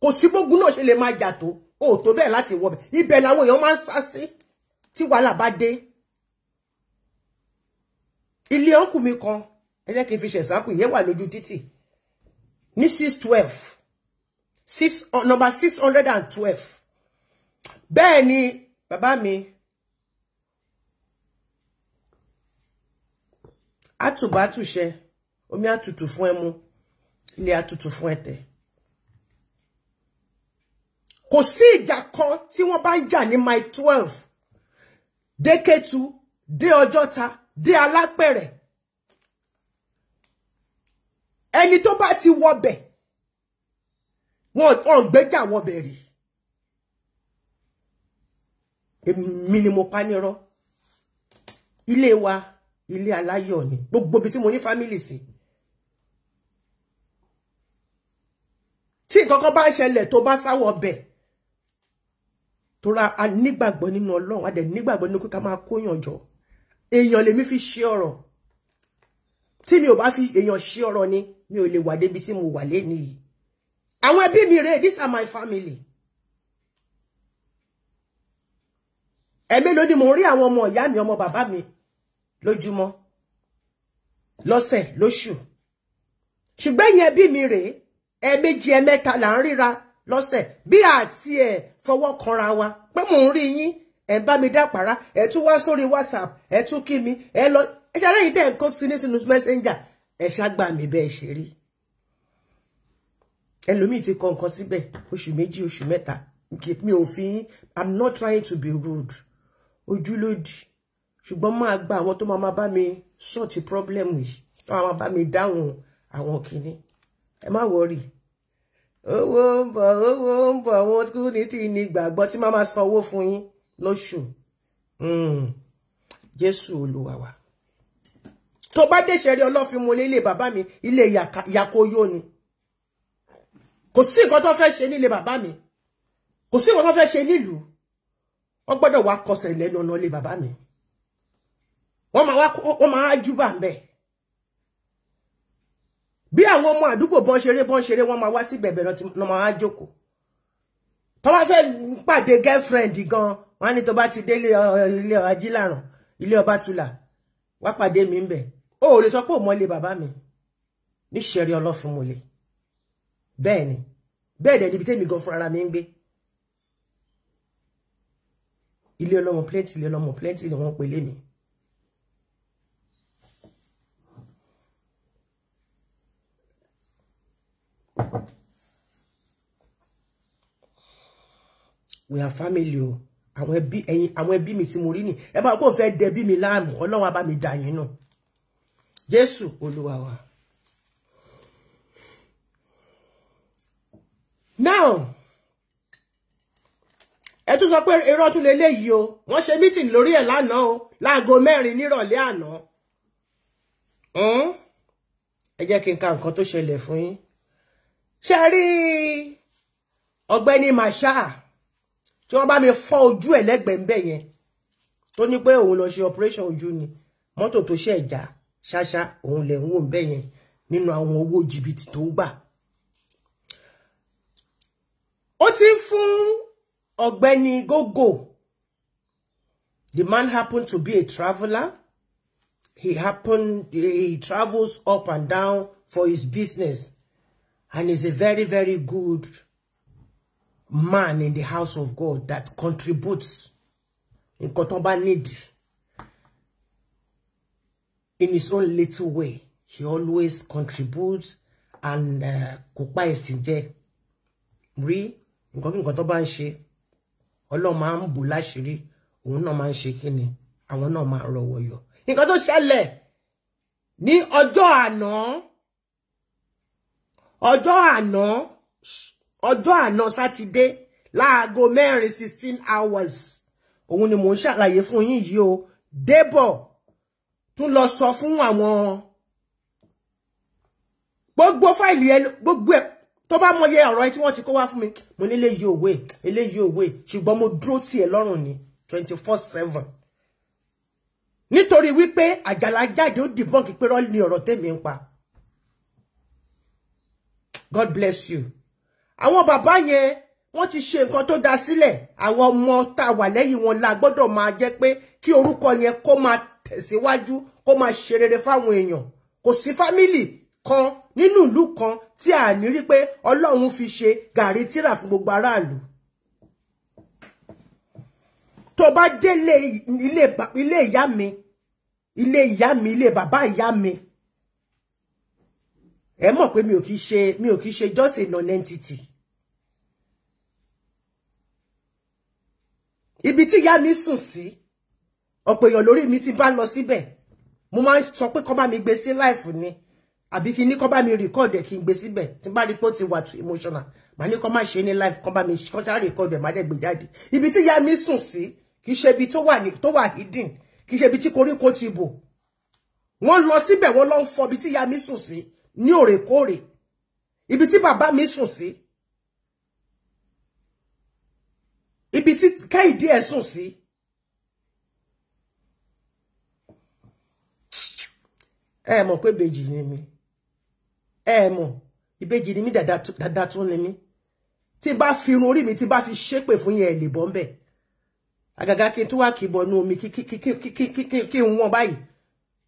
kò sí gbógun náà ṣe lè máa jà tó o tó bẹ́ẹ̀ láti wọbẹ̀ ibẹ̀ làwọn èèyàn máa ń sá sí tí wàhálà bá dé ilé ọkùn mi kan ẹ jẹ́ kí n fi ṣẹ̀sáàpù ìyẹn wà lójú títì ní six twelve six number six hundred and twelve bẹ́ẹ̀ ni bàbá mi àtùbátùṣẹ omi àtùtù fún ẹmu ilé àtùtù fún ẹ̀tẹ̀ kò sí ìjà kan tí wọ́n bá ń jà ní mile twelve dé Kétu dé Ọjọ́ta dé Alápẹ̀rẹ̀ ẹni tó bá ti wọbẹ̀ wọn ò gbẹ́jà wọbẹ̀ rí ni mo pa nírọ́ wa ilé aláyọ̀ ni gbogbo ibi tí mo ní fámìlì sí tí nǹkan kan bá ṣẹlẹ̀ tó bá sáwọ ọbẹ̀ tora a nígbàgbọ́ nínú Ọlọ́run a dẹ̀ nígbàgbọ́ nínú pé ká máa kóyàn jọ èèyàn lèmi fi ṣe ọ̀rọ̀ tí mi ò bá fi èèyàn ṣe ọ̀rọ̀ ni mi ò lè wà débi tí mo wà léni àwọn ẹbí mi rèé these are my family ẹ̀mélòó ni mo rí àwọn ọmọ ìyá mi ọmọ bàbá mi lójúmọ́ lọ́sẹ̀ lóṣù ṣùgbọ́n yẹn bí mi rèé ẹ̀ẹ̀mejì ẹ̀ẹ̀mẹ́ta là ń ríra lọ́sẹ̀ bí àti ẹ̀ fọwọ́ kanra wa pé mò ń rí yín ẹ̀ ń bá mi dápàrá ẹ̀ tún wá sórí whatsapp ẹ̀ tún kí mi ẹ̀ lọ ẹ̀ ṣe aláìyí tẹ̀ ń kó sí ní sínú messenger ẹ̀ ṣàgbà mi bẹ́ẹ̀ ṣe rí ẹlòmíì ti kọ nǹkan síbẹ̀ oṣù méjì oṣù mẹ́ta mi ò fi yín i'm not trying to be rude ojúlódì ṣùgbọ́n máa gba àwọn tó máa bá mi ṣọ́ọ̀tì pírọ́blẹ́mù yìí tó máa bá mi dáhùn àwọn kìíní ẹ má wọrí owó ń bọ̀ owó ń bọ̀ wọn kú ní tí ní gbàgbọ́ tí máa máa san owó fún yín lóṣù hmm. jésù olúwa wa tó bá dẹ̀ṣẹ̀ rí ọlọ́fin mo nílé bàbá mi ilé yakoyo ni kò sí nǹkan tó fẹ́ ṣe nílé bàbá mi kò sí nǹkan tó fẹ́ ṣe nílùú wọ́n gbọ́dọ̀ wá kọsẹ̀ lẹ́nu ọ̀nà ilé bàbá mi wọ́n máa wá wọ́n máa júbà ń bẹ̀ bí àwọn ọmọ àdúgbò bọ́n ṣeré bọ́n ṣeré wọ́n máa wá sí bẹ̀bẹ̀ lọ́ máa jókòó tó bá fẹ́ pàdé girlfriend gan wọ́n á ní tó bá ti dé ilé ajílàràn ilé ọba tula wá pàdé mi ń bẹ̀ o ò lè sọ pé ò mọ ilé bàbá mi níṣẹ̀rí ọlọ́fun mo lè bẹ́ẹ̀ ni bẹ́ẹ̀ dẹ̀ níbi tẹ́mi gan fúnra mi ń gbé ilé ọlọ́mọ plenty ilé ọlọ́mọ plenty ni wọ́n pe lé mi. we are family o àwọn ẹbí ẹ̀yin àwọn ẹbí mi tí mo rí ni ẹ máa kó fẹ́ dẹbí mi láàmú Ọlọ́run á bá mi dà yín nù Jésù Olúwa wa. now ẹ tún sọ pé irọ́ tún lè léyìí o wọ́n ṣe mítìn lórí ẹ̀ lánàá o láago mẹ́rin nírọ̀lẹ́ àná hmm? ẹ jẹ́ kí n ka nǹkan tó ṣẹlẹ̀ fún yín ṣe rí ọ̀gbẹ́ni Marshal tí wọ́n bá mi fọ́ ojú ẹ̀ lẹ́gbẹ̀ẹ́ ń bẹ̀ yẹn tó ní pé òun lọ operation ojú ni mọ́tò tó ṣe ẹ̀já ṣáṣá òun lẹ̀ ń wò ń bẹ̀ yẹn nínú àwọn owó jìbìtì tó ń gbà ó ti ń fún ọ̀gbẹ́ni the man happened to be a traveler. he happened he travels up and down for his business and is a very very good man in the house of God that contributes in tó need in his own little way he always contributes and eh, kò pa ẹ̀sìn jẹ rí nǹkan kí nǹkan tó bá ń ṣe ọlọ́run máa ń bò láṣìírí òun náà máa ń ni àwọn ano, máa ano. yọ ọjọ́ àná sátidé láago mẹ́rin sixteen hours òun ni mò ń ṣàlàyé fún yín yìí o Débọ̀ tún lọ sọ fún àwọn gbogbo fáìlì ẹ gbogbo ẹ tó bá mọye ọ̀rọ̀ ẹ tí wọ́n ti kó wá fún mi mo ní eléyìí òwe eléyìí òwe ṣùgbọ́n mo dúró tì ẹ́ lọ́rùn ni twenty four seven nítorí wípé àjàlá jáde ó dìbọn kí pé rọ́ọ̀lì ọ̀rọ̀ tèmi ń pa God bless you àwọn bàbá yẹn wọ́n ti ṣe nǹkan tó dá sílẹ̀ àwọn ọmọ tá a wà lẹ́yìn wọn la gbọ́dọ̀ máa jẹ́ pé kí orúkọ yẹn kó máa tẹ̀síwájú kó máa ṣe rere fáwọn èèyàn kò sí fámìlì kan nínú ìlú kan tí a ní rí pé Ọlọ́run fi ṣe gàrí tíra fún gbogbo aráàlú tó bá délé ilé ìyá mi ilé ìyá mi ilé bàbá ìyá mi ẹ mọ̀ pé mi ò kì ṣe mi ò kì ṣe just a non-entity ibi tí ìyá mi sùn sí ọ̀pọ̀ èèyàn lórí mi ti bá lọ síbẹ̀ mo máa ń sọ pé kọ́ mi gbé sí life ni àbí kí ní kọ́ bá mi record ẹ̀ ki n gbé síbẹ̀ tí n bá rí ti wà too emotional màá ní kọ́ má ṣe ní life kọ́ bá mi kọ́ sáré record ẹ̀ má dẹ̀ gbé jáde ibi tí ìyá mi sùn sí kì í ṣe ibi tó wà ní tó wà hidden kì í ṣe ibi tí koríko ti bò wọ́n lọ síbẹ̀ wọ́n lọ ń fọ ibi tí ìyá mi sùn sí ní òrèkóòrè ibi tí bàbá mi sùn sí ibi tí Káyìdé ẹ̀ sí. ẹ mọ̀ pé ìbejì ni mi ẹ mọ̀ ìbejì ni mi dáadáa tún ni mi tí bá fi irun orí mi tí bá fi ṣépè fún yẹn lè bọ́ ń àgàgà kí n tún wá kì í bọnú omi kí n wọ́n báyìí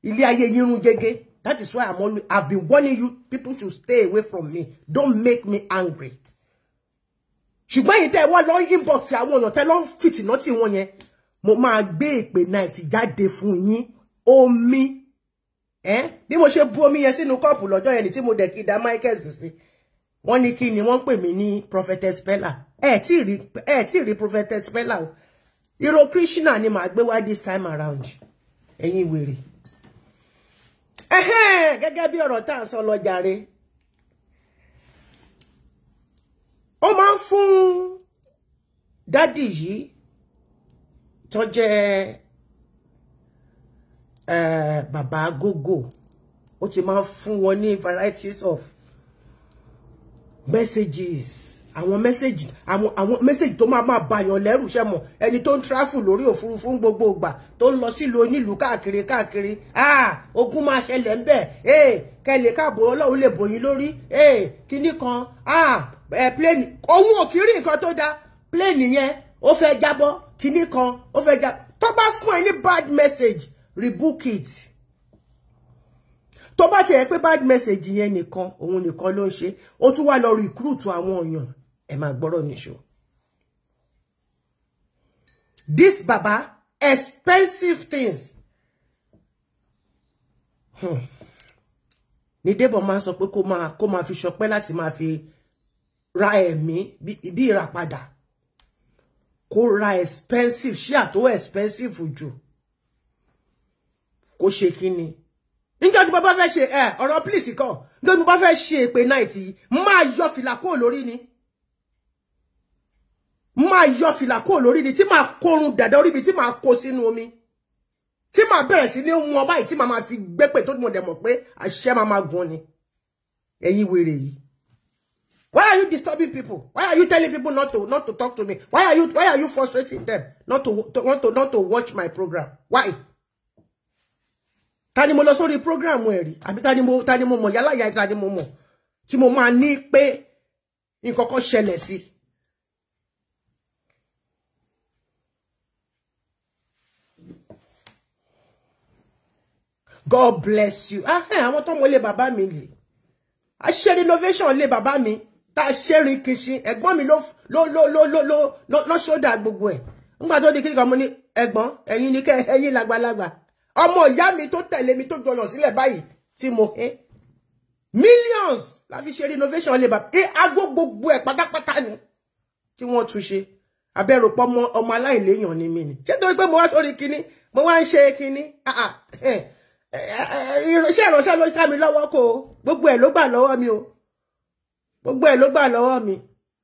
ilé ayé yín rún that is why I'm always, I've been warning you people should stay away from me don't make me angry ṣùgbọ́n èyí tẹ́ wá lọ inbox àwọn èèyàn tẹ́ lọ fìtìná tì wọ́n yẹn mo máa gbé ìpè night jáde fún yín omi ẹ bí mo ṣe bu omi yẹn sínú kọ́ọ̀pù lọ́jọ́ yẹn ni tí mo dẹ̀ kí da michael sí wọ́n ní kí ni wọ́n pè mí ní prophetess Bella ẹ tí rí ẹ prophetess Bella o iro krishna ni màá gbé wá this time around ẹ̀yin wèrè gẹ́gẹ́ bí ọ̀rọ̀ tá à ń sọ lọ jàre ó máa ń fún dádì yìí tó jẹ́ bàbá gógó ó ti máa ń fún wọn varieties of messages àwọn mẹ́sẹ̀jì àwọn àwọn mẹ́sẹ̀jì tó máa máa bàyàn lẹ́rù ṣe mọ̀ ẹni tó ń tráfù lórí òfurufú ń gbogbo ìgbà tó ń lọ sílùú onílùú káàkiri káàkiri ah ogun máa ṣẹlẹ̀ ń bẹ̀ ee eh, kẹlẹ̀ káàbò ọlọ́run lè bòyí lórí ee eh, kan ah ẹ eh, pléènì òun ò kí rí nǹkan tó dáa pléènì yẹn ó fẹ́ jábọ́ kinní kan ó fẹ́ jábọ́ tó bá fún ẹ ní bad message rebook it tó bá ti pé bad message yẹn nìkan òun nìkan ló ń ṣe ó tún wá lọ recruit àwọn èèyàn ẹ máa gbọ́rọ̀ nìṣó. This baba expensive things. Hmm. Ní Débọ̀ máa sọ pé kó máa kó máa fi ṣọpẹ́ láti máa fi ra ẹ̀mí bí ìràpadà. Kó ra expensive ṣé àtó expensive uju. Kó ṣe kí ni? Níjọ́ tí bàbá fẹ́ ṣe ẹ̀ ọ̀rọ̀ pílìsì kọ̀. Níjọ́ tí bàbá fẹ́ ṣe èpè náà ti máa yọ fìlà ni máa yọ fìlà kúrò lórí ni tí máa kórun dàda orí mi tí máa kó sínú omi tí máa bẹ̀rẹ̀ sí ní wọn báyìí tí máa máa fi gbépè tó mọ̀ dẹ̀ mọ̀ pé àṣẹ máa máa gun ni ẹ̀yin wèrè yìí. Why are you disturbing people? Why are you telling people not to not to talk to me? Why are you why are you frustrating them not to, to want to not to watch my program? Why? Tani ni mo lọ sórí program ẹ rí? Àbí tani mo tani ni mo mọ̀ ya tani ni mo mọ̀ mo máa ní pe nǹkan kan ṣẹlẹ̀ sí. God bless you. Àwọn tó mọ ilé bàbá mi lè. A ṣe renovation ilé bàbá mi. Tá a ṣe rin Egbon Ẹ̀gbọ́n mi ló ló ló ló ló ló ló ṣódà gbogbo ẹ̀. Nígbà tó di kí nìkan mo ní ẹ̀gbọ́n ẹ̀yin ni kẹ́ ẹ̀yin lágbàlagbà. Ọmọ ìyá mi tó tẹ̀lé mi tó jọyọ̀ sílẹ̀ báyìí tí mo hẹ́. Millions la fi ṣe renovation ilé bàbá. Ẹ agbó gbogbo ẹ̀ pátápátá ni tí wọ́n tún ṣe. Abẹ́rò pọ́ ọmọ aláìléèyàn ni mí ni. Ṣé torí pé mo wá sórí kinní? Mo wá ń Ah, kinní? Ah, irinṣẹ́ ìránṣẹ́ ló ká mi lọ́wọ́ kó o gbogbo ẹ̀ ló gbà lọ́wọ́ mi o gbogbo ẹ̀ ló gbà lọ́wọ́ mi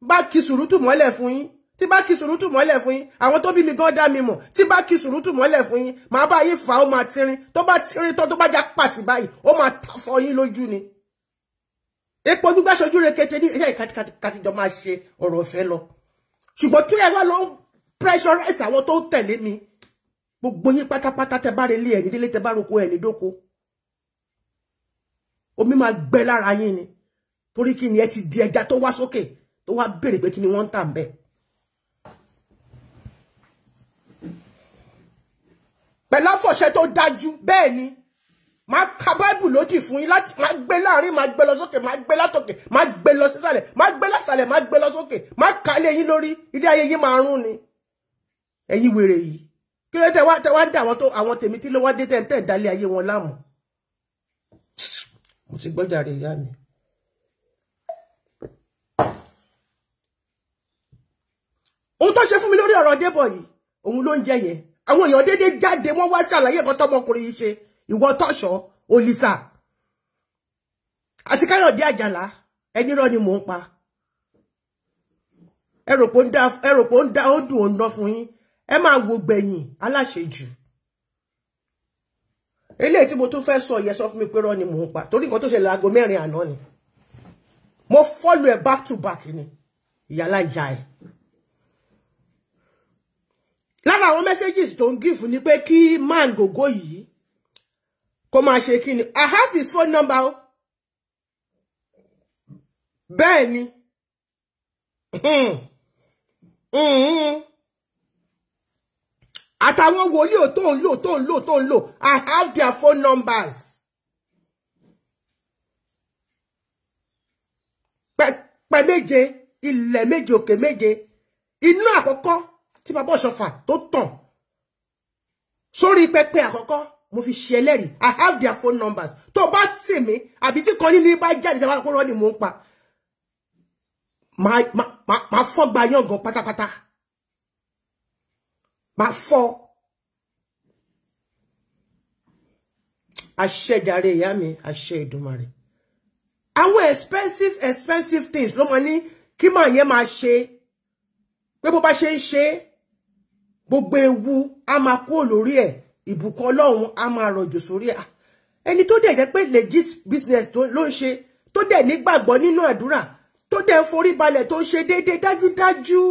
bá kí sùrùtù mọ́lẹ̀ fún yín tí bá kí sùrùtù mọ́lẹ̀ fún yín àwọn tó bí mi gan dá mi mọ̀ tí bá kí sùrùtù mọ́lẹ̀ fún yín màá bá yín fà ó máa tirin tó bá tirin tán tó bá já pàtì báyìí ó máa ta fọ yín lójú ni epo gbígbá ṣojú rekete ní ilé ìkàtìjọ máa ṣe ọ̀rọ̀ ọ̀fẹ́ lọ ṣùgbọ́n kí ẹ wá lọ pressurize àwọn tó ń tẹ̀lé mi gbogbo yín pátápátá tẹ bá relé ẹni délé tẹ bá roko ẹni dóko omi máa gbẹ lára yín ni torí kí ni ẹ ti di ẹja tó wá sókè tó wá béèrè pé kí ni wọ́n ń tà ń bẹ. pẹ̀lú àfọ̀ṣẹ tó dájú bẹ́ẹ̀ ni máa ka báìbù lódì fún yín láti máa gbé láàrin máa gbé lọ sókè máa gbé látòkè máa gbé lọ sísàlẹ̀ máa gbé lásàlẹ̀ máa gbé lọ sókè máa kà yín lórí ilé ayé yín máa rún ni ẹ̀yin wèrè yìí kí ló tẹ wá tẹ wá ń dá àwọn tó àwọn tèmi tí ló wá dé tẹ̀ ń ayé wọn láàmú. mo ti gbọ́ jàre ìyá mi. ohun tó ṣe fún mi lórí ọ̀rọ̀ débọ̀ yìí òun ló ń jẹ yẹn àwọn èèyàn dédé jáde wọ́n wá ṣàlàyé nǹkan tọmọkùnrin yìí ṣe ìwọ tọ́ṣọ olisa àti káyọ̀dé àjàlá ẹni rọ ni mò ń pa ẹrò pò ń dá ó dùn ó ná fún yín ẹ máa wo gbẹ̀yìn aláṣejù eléyìí tí mo tún fẹ́ sọ yẹ sọ fún mi pé rọ́ ni mò ń pa torí nǹkan tó ṣẹlẹ̀ aago mẹ́rin àná ni mo follow ẹ back to back ni ìyálà ìyá ẹ lára àwọn messages tó give ni pé kí man gògó yìí kó máa ṣe kí I have his phone number o bẹ́ẹ̀ ni. Mm-hmm àtàwọn wòlíò tó ń lò tó ń lò tó ń lò I have their phone numbers. pẹ méje ilẹ̀ méje òkè méje iná àkọ́kọ́ tí bàbá ọ̀ṣọ́fà tó tàn sórí pẹpẹ àkọ́kọ́ mo fi ṣe ẹlẹ́rìí I have their phone numbers tó bá tì mí àbí tí kan nínú bá jáde jábá kó rọ́ ni mò ń pa màá fọ́gba yàngàn pátápátá máa fọ́ àṣẹjàre ìyá mi àṣẹ Ìdùmarè àwọn expensive expensive things ló máa ní kí màá yẹn máa ṣe pé bó bá ṣe ń ṣe gbogbo ewu á máa kúrò lórí ẹ̀ ìbùkún Ọlọ́run á máa rọ̀jò sórí ẹ̀ ẹni tó dẹ̀ jẹ́ pé legit business ló ń ṣe tó dẹ̀ nígbàgbọ́ nínú àdúrà tó dẹ̀ forí balẹ̀ tó ń ṣe déédéé dájúdájú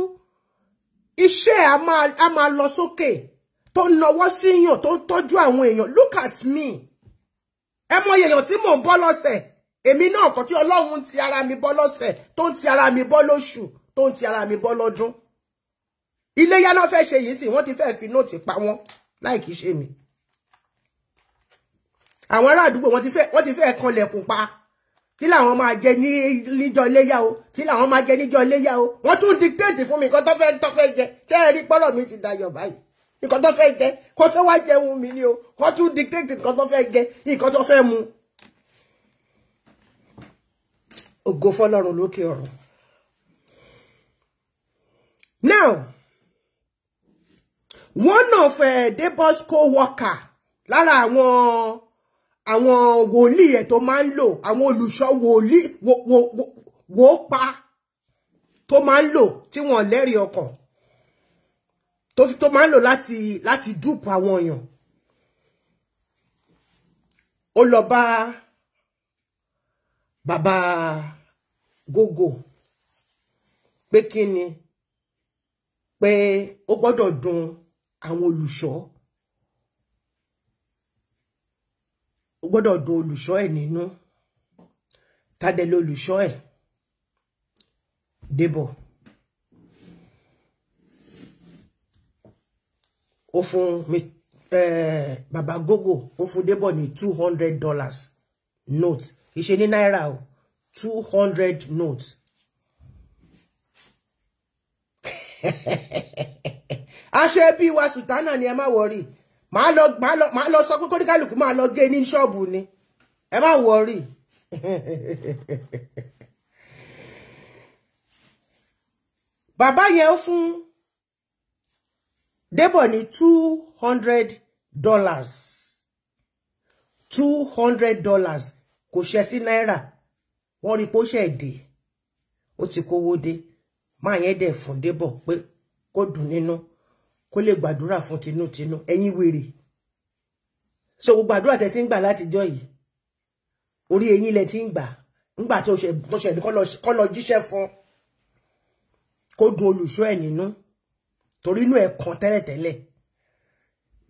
iṣẹ́ a máa a máa lọ sókè tó nawọ́ sí èèyàn tó ń tọ́jú àwọn èèyàn look at me ẹ mọ èèyàn tí mò ń bọ́ lọ́sẹ̀ èmi náà kan tí ọlọ́run ń ti ara mi bọ́ lọ́sẹ̀ tó ń ti ara mi bọ́ lóṣù tó ń ti ara mi bọ́ lọ́dún iléyá náà fẹ́ ṣe yìí sì wọ́n ti fẹ́ fi nóòtì pa wọ́n láì kìí ṣe mi àwọn ará àdúgbò wọ́n ti fẹ́ kanlẹ̀kùn pa kí làwọn máa jẹ ní níjọ iléyà o kí làwọn máa jẹ níjọ iléyà o wọ́n tún dictate fún mi nǹkan tó fẹ́ tó fẹ́ jẹ ṣé ẹ rí pọ́lọ̀ mi ti dayọ̀ báyìí nǹkan tó fẹ́ jẹ kó fẹ́ wá jẹun mi ni o wọ́n tún dictate nǹkan tó fẹ́ jẹ nǹkan tó fẹ́ mu. ògo fọ́lọ́run lókè ọ̀run now one of uh, eh, Debo's co-worker lára àwọn àwọn wòlíì ẹ̀ tó máa ń lò àwọn olùṣọ́ wòlíì wòópa tó máa ń lò tí wọ́n lẹ́rìí ọkàn tó fi tó máa ń lò láti láti dúpọ̀ àwọn èèyàn ó lọ bá bàbá gógó pé kí ni pé ó gbọ́dọ̀ dun àwọn olùṣọ́ ó gbọ́dọ̀ dùn olùṣọ́ ẹ̀ nínú tádẹ lolùṣọ́ ẹ̀ débọ̀ ó fún bàbá gógó ó fún débọ̀ ní two hundred dollars note kì í ṣe ní náírà o two hundred note aṣọ ẹbí wa sùtánà ni ẹ má wọrí máa lọ máa lọ máa lọ sọ pé kóníkálùkù máa lọ gé ní ṣọ́ọ̀bù ni ẹ má wọrí bàbá yẹn ó fún Débọ̀ ní two hundred dollars two hundred dollars kò ṣe sí náírà wọ́n rí pé ó ṣe dé ó ti kówó dé máa yẹn dẹ̀ fún Débọ̀ pé kó dùn nínú kó lè gbàdúrà fún tinútinú ẹ̀yin wèrè so gbogbo àdúrà tẹ́ ti ń gbà látijọ́ yìí orí eyín lẹ ti ń gbà ńgbà tó ṣe tó ṣe kọ́ lọ jíṣẹ́ fún kó dùn olùṣọ́ ẹ̀ nínú torí inú ẹ̀ kan tẹ́lẹ̀tẹ́lẹ̀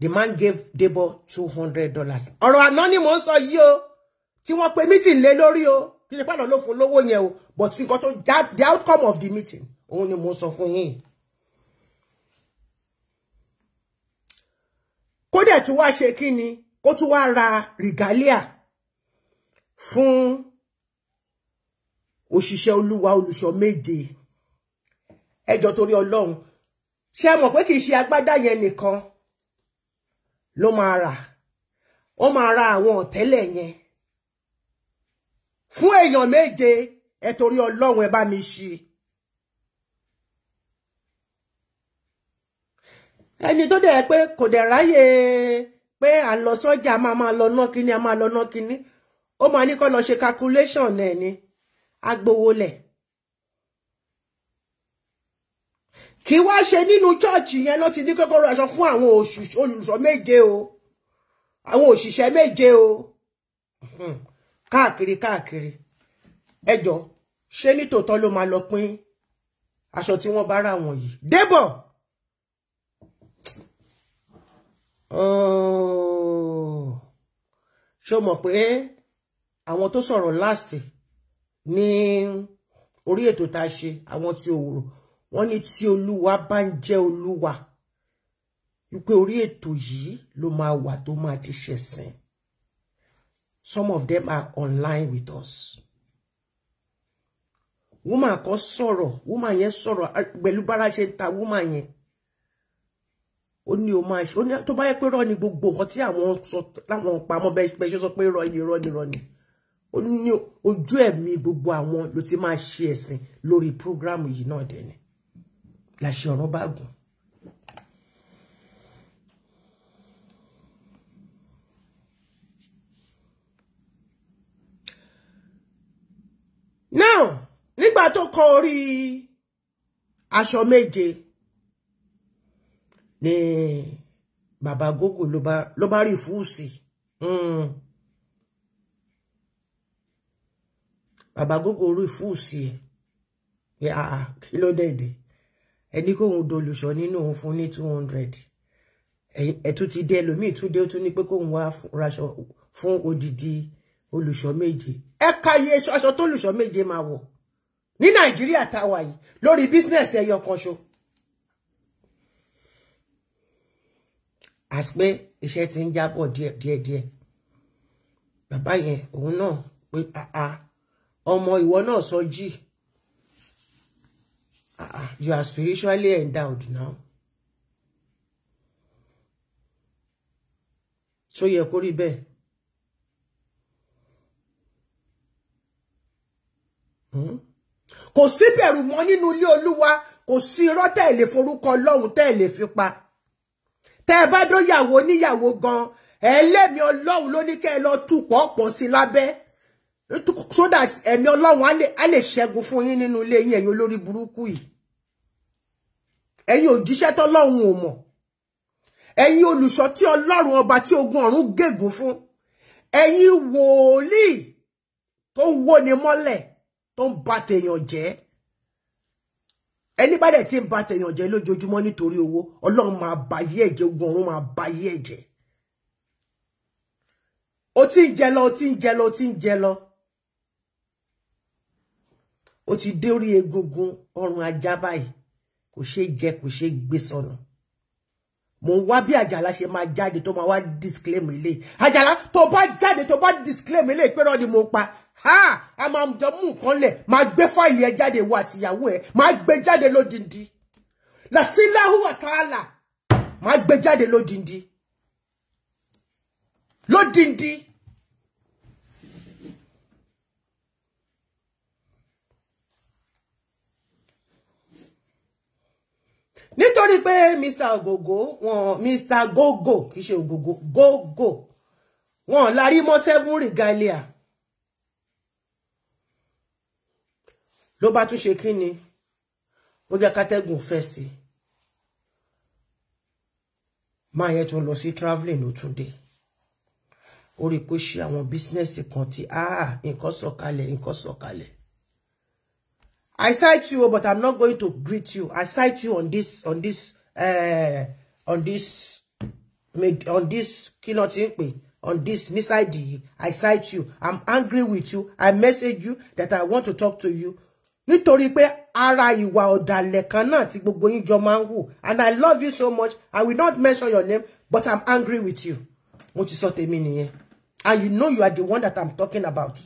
the man gave Debo two hundred dollars ọ̀rọ̀ àná ni mò ń sọ yìí o tí wọ́n pe meeting lé lórí o kí ni pàdán ló fún lówó yẹn o but nǹkan tó the outcome of the meeting òun ni mò ń sọ fún yín. kó dẹ̀ tún wá ṣe kí ni kó tún wá ra regalia fún òṣìṣẹ́ olúwa olùṣọ́ méje ẹjọ́ torí ọlọ́run ṣé mọ̀ pé kì í ṣe agbádá yẹn nìkan ló máa rà ó máa ra àwọn ọ̀tẹ́lẹ̀ yẹn fún èèyàn méje ẹ torí ọlọ́run ẹ bá mi ṣe. ẹni tó dẹ̀ pé kò dẹ̀ ráyè pé à ń lọ sọ́jà a máa máa lọ ná kíní a máa lọ ná kíní ó máa ní kó lọ ṣe calculation ẹ̀ ni agbowolẹ̀ kì í wá ṣe nínú chọ́ọ̀chì yẹn ló ti ní kọ́kọ́rọ́ aṣọ fún àwọn olùṣọ́ méje o àwọn òṣìṣẹ́ méje o hmm. káàkiri káàkiri ẹjọ́ ṣé nítòótọ́ ló máa lọ pín aṣọ tí wọ́n bá rà wọ̀nyí débọ̀. ṣé o mọ̀ pé àwọn tó sọ̀rọ̀ last ní orí ètò tá a ṣe àwọn tí òwúrò wọ́n ní tí olúwa bá ń jẹ́ olúwa wípé orí ètò yìí ló máa wà tó máa ti ṣẹ̀sìn some of them are online with us woman kan sọ̀rọ̀ woman yẹn sọ̀rọ̀ pẹ̀lú bára ṣe ń ta woman yẹn ó ní o máa ṣe ó ní tó bá yẹ pé rọ ni gbogbo nǹkan tí àwọn sọ láwọn pamọ́ bẹ́ẹ̀ ṣe sọ pé rọ ni rọ ni rọ ni ó ní ojú ẹ̀mí gbogbo àwọn ló ti máa ṣe ẹ̀sìn lórí prógrámù yìí náà dẹ̀ ni làṣẹ ọ̀rọ̀ bá gùn. now nígbà tó kọ orí aṣọ méje ní bàbá gógó ló bá rí fúùsì hmm. bàbá gógó rí fúùsì ẹ̀ ah, ah, kí ló dẹ̀dẹ̀ ẹni kóhun dolùṣọ́ nínú òun fún ní two hundred ẹ̀tún ti dé ẹlòmíì tún dé ó tún ní pé kóhun wá raṣọ fún odidi olùṣọ́ méje aso káyé aṣọ tó olùṣọ́ méje máa wọ̀ ní nàìjíríà táwa yìí lórí bísínẹ̀sì ẹyọ kan ṣo àti pé iṣẹ́ ti ń jábọ̀ díẹ̀ díẹ̀ díẹ̀ bàbá yẹn òun náà pé àà ọmọ ìwọ náà sọ jí àà you are spiritually endowed now tó yẹ kó rí bẹ́ẹ̀. Hmm? kò sí bẹ̀rù mọ́ nínú ilé olúwa kò sí irọ́ tẹ̀ lè forúkọ ọlọ́run tẹ̀ lè tẹ́ ẹ bá dóyàwó níyàwó gan ẹlẹ́mìí ọlọ́run ló ní kẹ́ ẹ lọ tú pọ̀pọ̀ sí lábẹ́ so that ẹ̀mí ọlọ́run á lè ṣẹ́gun fún yín nínú ilé yín ẹ̀yin olórí burúkú yìí ẹ̀yin òjíṣẹ́ tọ́lọ́run ò mọ̀ ẹ̀yin olùṣọ́ tí ọlọ́run ọba tí ogun ọ̀run gègùn fún ẹ̀yin wòlíì tó ń wóni mọ́lẹ̀ tó ń bà tèèyàn jẹ́ Anybody bá dẹ̀ tí ń ba tẹ̀yàn jẹ́ lójoojúmọ́ nítorí owó ọlọ́run máa ba yí ẹ̀jẹ̀ ogun ọ̀run máa ba yí ẹ̀jẹ̀ o ti ń jẹ lọ o ti ń jẹ lọ o ti ń jẹ lọ o ti dé orí egungun ọrùn ajá báyìí kò ṣe jẹ kò ṣe gbé sọnù mo ń wá bí àjàlá ṣe máa jáde tó máa disclaim eléyìí àjàlá tó bá jáde tó bá disclaim eléyìí pé rọ́ọ̀dì mo pa ha a máa jọ mú nǹkan lẹ̀ máa gbé fáìlì ẹ jáde wo àtìyàwó Dindi. La gbé jáde lódindi làsíláhù àtàlà máa gbé Dindi. lódindi Dindi. Nitori pe Mr. Gogo. wọn Mr. Gogo kì í Ogogo Gogo wọn larí mọ́ seven regalia. ló bá tún ṣe kí ni ó jẹ́ kátẹ́gùn fẹ́ sí i máa yẹn tún lọ sí travelling ló tún dé ó rí i pé ṣe àwọn bísínẹ́sì kan tí ah, nǹkan sọ̀kalẹ̀ nǹkan sọ̀kalẹ̀ I cite you, but I'm not going to greet you. I cite you on this, on this, uh, on this, make, on this, kilo tinkwe, on this, this ID. I cite you. I'm angry with you. I message you that I want to talk to you nítorí pé ara ìwà ọ̀dàlẹ̀ kan náà tí gbogbo yín jọ máa ń hù and i love you so much i will not mention your name but i'm angry with you mo ti sọ tèmi nìyẹn and you know you are the one that i'm talking about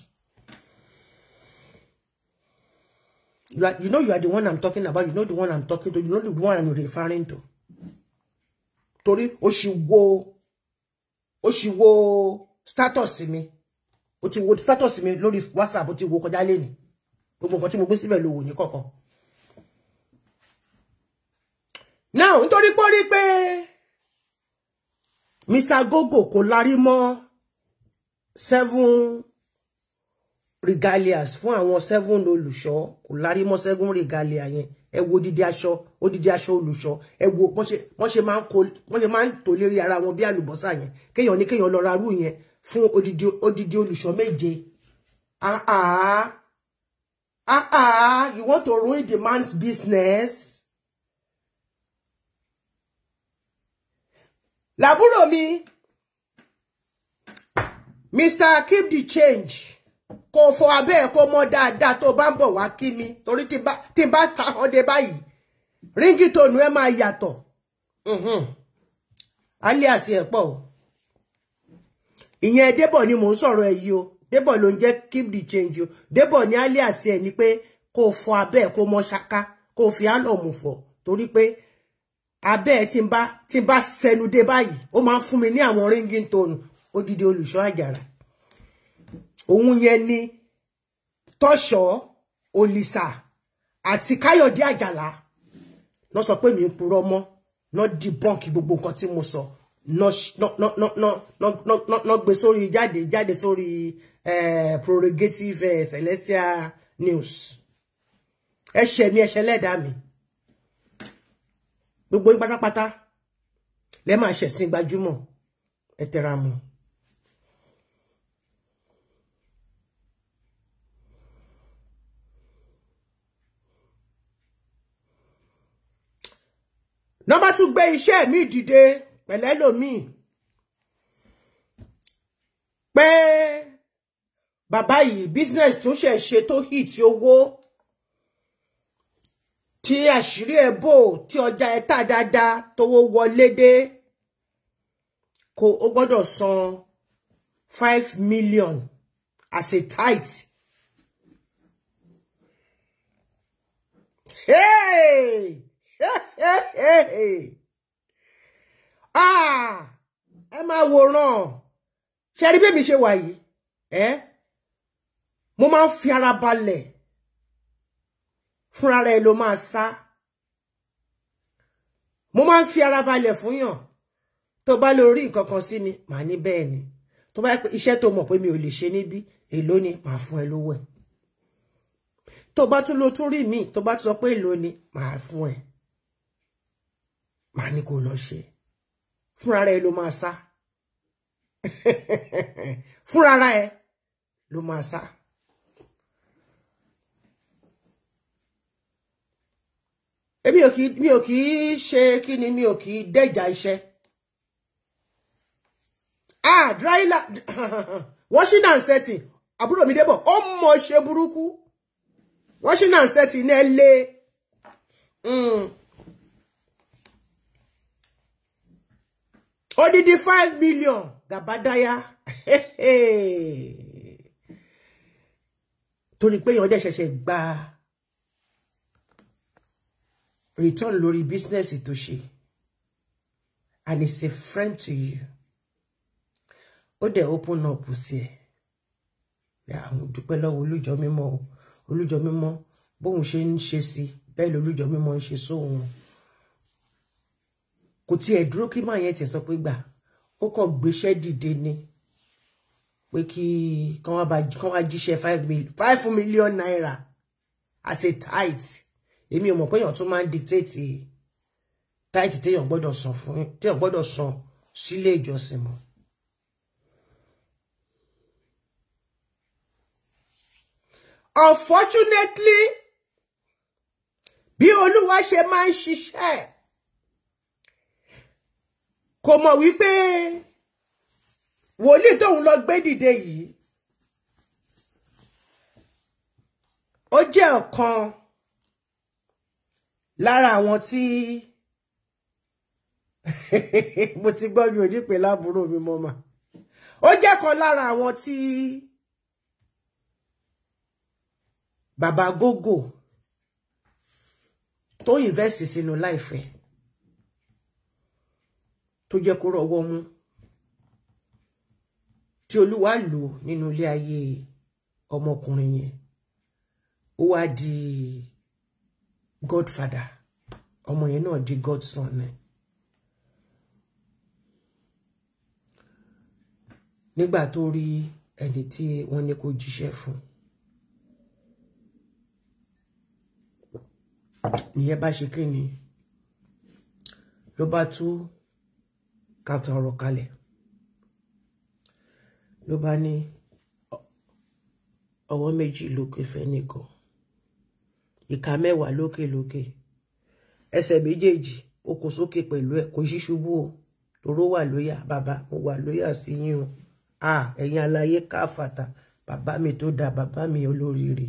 you, are, you know you are the one i'm talking about you know the one i'm talking to you know the one i'm referring to torí ó sì wo ó sì wo status mi ó ti wo status mi lórí whatsapp ó ti wo kọjá lẹ́nìí gbogbo nǹkan tí mo gbé síbẹ̀ ló wò kọ̀ọ̀kan. now nítorí pé ó rí pé Mr. Gogo kò larí mọ́ seven regalias fún àwọn seven olùṣọ́ kò larí mọ́ seven regalia yẹn ẹ wo odidi aṣọ odidi aṣọ olùṣọ́ ẹ wo wọ́n ṣe máa ń kó wọ́n ṣe máa ń tò lérí ara wọn bí àlùbọ́sà yẹn kéèyàn ní kéèyàn lọ ra rú yẹn fún odidi odidi olùṣọ́ méje. Ah, ah. Ah, uh -uh, you want to ruin the man's business? Laburo mi, Mr. Keep the change. Kò fọ abẹ́ kó mọ́ dáadáa tó bá ń bọ̀ wá kí mi torí tí n bá ta hàn dé báyìí. Ríngì tònú yato. máa yàtọ̀. Mm-hmm. Alias ẹ̀ pọ̀ Inye debo ni mò ń sọ̀rọ̀ ẹ̀ débọ̀ ló ń jẹ́ keep the change o débọ̀ ní alias ẹ̀ ni pé kó fọ abẹ́ ẹ̀ kó mọ ṣaka kó fi álọ̀mù fọ̀ torí pé abẹ́ ẹ̀ tí n bá tí n bá sẹnu dé báyìí ó máa ń fún mi ní àwọn ringing tone odidi olùṣọ́ àjàrà òun yẹn ni tọ́ṣọ́ olìṣà àti káyọ̀dé àjàlá lọ sọ pé mi ń purọ́ mọ́ lọ debunk gbogbo nǹkan tí mo sọ lọ gbé sórí jáde jáde sórí uh, prorogative uh, celestial news ẹ̀ṣẹ̀ mi ẹ̀ṣẹ̀ lẹ́dàá mi gbogbo yín pátápátá lẹ́ máa ṣẹ̀sìn gbajúmọ̀ ẹ tẹra mọ́. nọ́mbà tún gbé iṣẹ́ mi dìde pẹ̀lẹ́lòmíì pé. Pe bàbá yìí business tó ṣẹ̀ ṣe tó hì tí owó tí àṣírí ẹ̀ bò tí ọjà ẹ̀ tà dáadáa tówó wọlé dé kò ó gbọ́dọ̀ san five million as a tight. Hey! Hey! Hey! Hey! Ah! Ẹ máa wòran. Ṣé rí bí èmi ṣe wà yìí? Eh? mo máa ń fi ara balẹ̀ fúnra rẹ̀ ló máa sá mo máa ń fi ara balẹ̀ fún yàn tó bá lọ rí nǹkan kan sí ni màá ní bẹ́ẹ̀ ni tó bá pé iṣẹ́ tó mọ̀ pé mi ò lè ṣe níbí èló ni màá fún ẹ lówó ẹ̀ tó bá tún lọ tún mi tó bá tún sọ pé èló ni màá fún ẹ màá ní kó lọ ṣe fúnra rẹ̀ ló máa sá fúnra rẹ̀ ló máa sá. èmi ò kì mi ò kì í ṣe ni mi ò kì í dẹ́jà iṣẹ́ ah dráìlà washing and setting àbúrò mi débọ̀ ó mọ ṣe burúkú washing and setting náà lé hmm. odidi five million gàbádáyà torí pé èèyàn dẹ̀ ṣẹ̀ṣẹ̀ gba return lórí business tó ṣe and it's a friend to you ó dẹ̀ open up sí ẹ̀ àwọn dúpẹ́ lọ́wọ́ olújọ mímọ́ olújọ mímọ́ bóun ṣe ń ṣe sí bẹ́ẹ̀ lolújọ mímọ́ ń ṣe sóhun kò tiẹ̀ dúró kí máa yẹn tiẹ̀ sọ pé gbà ó kàn gbéṣẹ́ dìde ni pé kí kán wá jíṣẹ́ five million naira as a tithe èmi ò mọ̀ pé èèyàn tún máa ń dictate táìtì téèyàn gbọ́dọ̀ san fún téèyàn gbọ́dọ̀ san sílé ìjọsìn mọ́. unfortunately bí olúwa ṣe máa ń ṣiṣẹ́ kò mọ̀ wípé wòlíì tóun lọ gbé dìde yìí ó jẹ́ ọ̀kan lára àwọn tí mo ti gbọ́ mi ò ní pè láàbúrò mi mọ́ mà ó jẹ́ kan lára àwọn tí bàbá gógó tó invest sínú láìfẹ́ tó jẹ́ kó rọwọ́ mú tí olúwa lò nínú ilé ayé ọmọkùnrin yẹn ó wá di godfather ọmọ yẹn náà di godson ni nígbà tó rí ẹni tí wọ́n ní kó jíṣẹ́ fún nìyẹn bá ṣe kí ni ló bá tú kàtà ọ̀rọ̀ kalẹ̀ ló bá ní ọwọ́ méjì lókè fẹ́ nìkan ìka mẹ́wàá lókèlókè ẹsẹ̀ méjèèjì o kò sókè pẹ̀lú ẹ̀ kò ṣíṣubú o toró wà lóyà bàbá mo wà lóyà sí yín o ah ẹ̀yin aláyé káfàtà bàbá mi tó dáa bàbá mi olóríire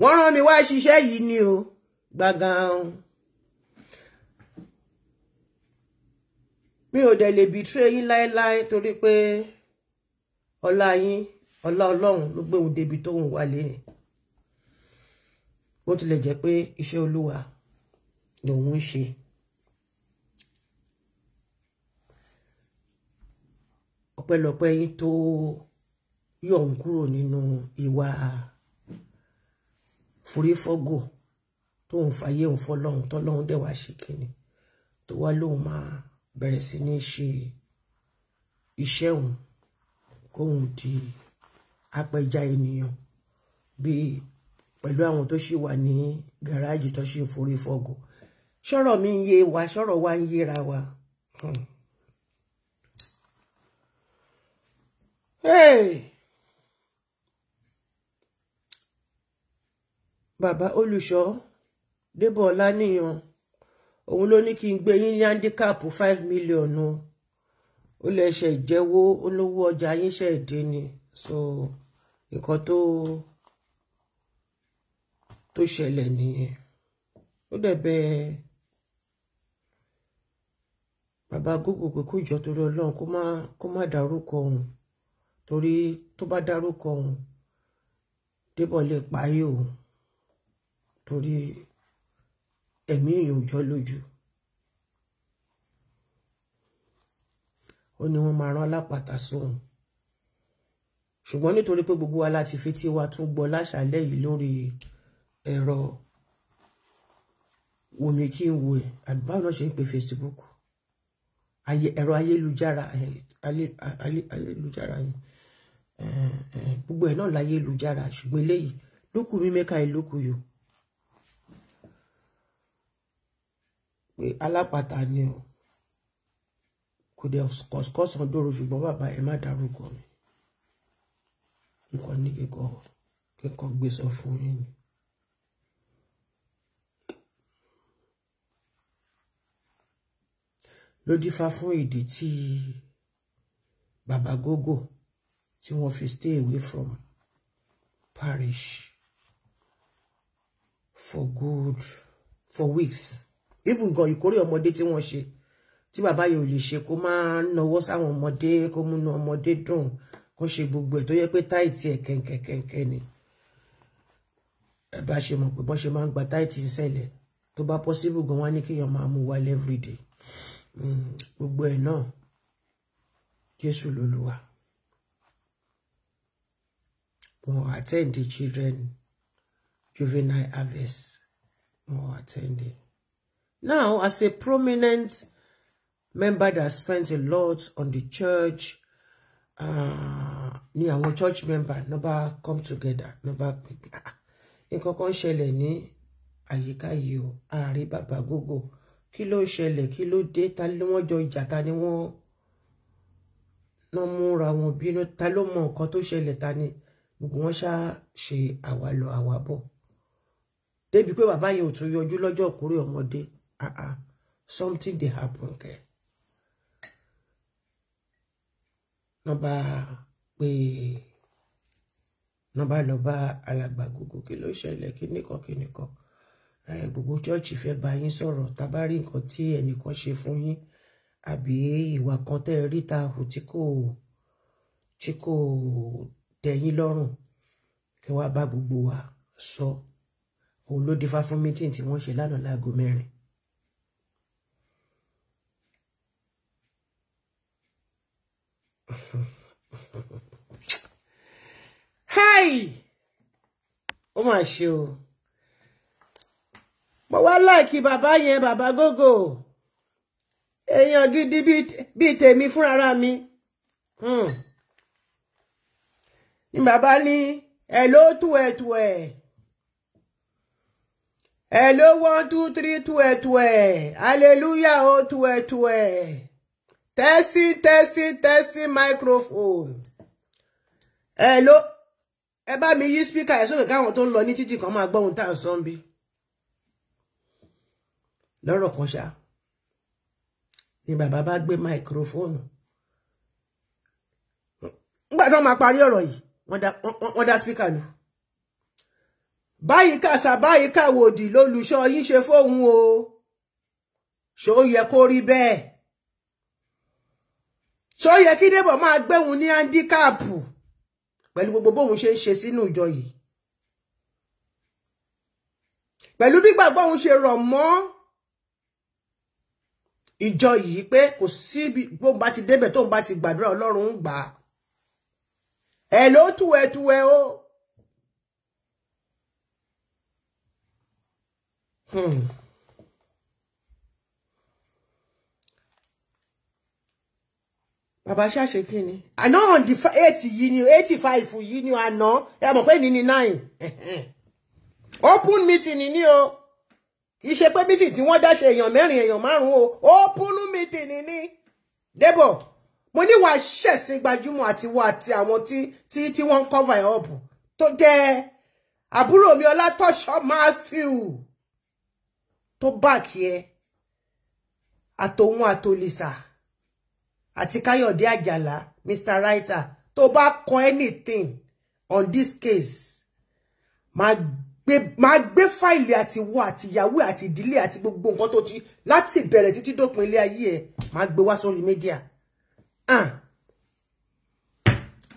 wọ́n rán mi wá ṣiṣẹ́ yìí ni o gbàgàn mi ò dẹ̀ lè bìtírẹ́ yín láéláé torí pé ọlá yín ọlá ọlọ́run ló gbé òun débi tóun wà lẹ́yìn bó tilẹ̀ jẹ́ pé iṣẹ́ olúwa lòun ń ṣe. ọpẹ́lọpẹ́ yín tó yọ òun kúrò nínú ìwà forífọ́gò tóun fàyè òun fọlọ́hún tọ́lọ́hún dẹ̀ wá ṣe kínní tó wá lóun máa bẹ̀rẹ̀ sí ní ṣe iṣẹ́ òun kóun di apẹja ènìyàn bíi pẹ̀lú àwọn tó ṣì wà ní gàráàjì tó ṣì forí fọ́gò ṣọ́rọ̀ mi ń yé wa ṣọ́rọ̀ wa ń yéra wa. Hmm. Hey! bàbá olùṣọ́ débò ọlánìyàn òun ló ní kí n gbé yín ní handicap five million o ó lè ṣe ìjẹ́wọ́ olówó ọjà yín ṣe èdè ni so nǹkan tó. To tó ṣẹlẹ̀ nìyẹn ó dẹ̀ bẹ̀ bàbá gógó pé kó jọ torí ọlọ́run kó má kó má dárúkọ òun torí tó bá dárúkọ òun débọ̀ lè parí òun torí ẹ̀mí èèyàn òjọ́ lójú ó ní wọ́n máa rán alápàtà sóhun ṣùgbọ́n nítorí pé gbogbo wa láti fi tí wa tún gbọ́ láṣálẹ́ yìí lórí ẹ̀rọ omi kí n wo ẹ̀ àbáwọn náà ṣe ń pe Facebook ẹ̀rọ ayélujára ayélujára yẹn gbogbo ẹ̀ náà láyélujára ṣùgbọ́n eléyìí lókù mi mẹ́ka ẹ̀ lókù yòó pé alápàtà ni o kò dé kọ̀ọ̀sán dòrò ṣùgbọ́n bàbá ẹ má dárúkọ mi nǹkan ní kíkọ kíkọ gbé sọ fún yín ni. ló dífá fún ìdí tí bàbá tí wọ́n fi stay away from parish for good for weeks even gan ìkórè ọmọdé tí wọ́n ṣe tí bàbá yìí ò lè ṣe kó máa náwó sáwọn ọmọdé kó múnú ọmọdé dùn kó ṣe gbogbo ẹ̀ tó yẹ pé táìtì ẹ̀ kẹ̀kẹ̀kẹ̀kẹ̀ ni ẹ bá ṣe mọ̀ pé bọ́n ṣe máa ń gba táìtì ń ṣẹlẹ̀ tó bá possible gan wá ní kéèyàn máa mú wálé everyday gbogbo ẹ̀ náà Jésù lolúwa mo attend children juvenile harvest mo attend now as a prominent member that spends a lot on the church uh, ni àwọn church member no ba come together no ba ah, nǹkan kan ṣẹlẹ̀ ní àyíká yìí o ààrẹ bàbá gbogbo kí ló ṣẹlẹ̀ kí ló dé ta ló wọ́n jọ jà ta ni wọ́n náà múra wọn bínú ta ló mọ nǹkan tó ṣẹlẹ̀ ta ni gbogbo wọn ṣá ṣe àwa lọ àwa bọ̀ débi pé bàbá yẹn ò tún yọjú lọ́jọ́ òkúrè ọmọdé ah ah something dey happen kẹ nọba pé nọba lọ bá alàgbà gbogbo kí ló ṣẹlẹ̀ kíníkan kíníkan gbogbo chọ́ọ̀chì fẹ́ bá yín sọ̀rọ̀ tá a bá rí nǹkan tí ẹnìkan ṣe fún yín àbí ìwà kan tẹ́ rí ta hù tí kò tí kò tẹ́yín lọ́rùn kí wàá bá gbogbo wa sọ òun ló dífá fún mítìn tí wọ́n ṣe lánàá láago mẹ́rin. hi ó mà ṣe o mo wá láìkí bàbá yẹn bàbá gógó èèyàn gidi bíi tèmi fúnra mi hmm. ni bàbá ní e ló tuẹ̀tuẹ̀ ẹ ló one two three e hallelujah ó oh, tuẹ̀tuẹ̀ tẹ́sí tẹ́sí tẹ́sí microphone ẹ ló ẹ bá mi yí speaker ẹ sókè káwọn tó ń lọ ní títì kan máa gbọ́ ohun tá à ń sọ ń bí lọ́rọ̀ kan ṣá ni bàbá bá gbé máikrófóònù nígbà tó máa parí ọ̀rọ̀ yìí wọ́n dá spíkà lù báyìí kàṣà báyìí kàwòdì lólùṣọ́ yín ṣe fóun o ṣó yẹ kó rí bẹ́ẹ̀ ṣó yẹ kí débọ̀ máa gbéhun ní áńdíkàpù pẹ̀lú gbogbo bóun ṣe ń ṣe sínú ìjọ yìí pẹ̀lú bí gbàgbọ́ òun ṣe rọ̀ mọ́ ìjọ yìí pé kò sí bóun bá ti débẹ̀ tóun bá ti gbàdúrà ọlọ́run ń gbà á ẹ ló túwẹ̀túwẹ̀ o. Hmm. Bàbá ṣàṣe kí ni? Àná on eighty, yìí ni eighty five yìí ni àná ẹ mọ̀ pé ní ni nine. Open meeting ni ni o kì í ṣe pé mítì tí wọ́n dáṣe èèyàn mẹ́rin èèyàn márùn-ún o ópúnú mítì nìní débọ̀ mo ní wàá ṣẹ̀sìn gbajúmọ̀ àti wọ àti àwọn tí tí tí wọ́n ń cover up tó jẹ́ àbúrò mi ọlátọ́ṣọ́ Matthew tó báàkì ẹ àtòun àtòlìsà àti káyọ̀dé àjàlá mr writer tó bá kọ anything on this case máa pé máa gbé fáìlì àti wọ àti ìyàwó ati ìdílé àti gbogbo nǹkan tó ti láti ìbẹ̀rẹ̀ títí dópin ilé ayé ẹ̀ máa gbé wá sórí mídíà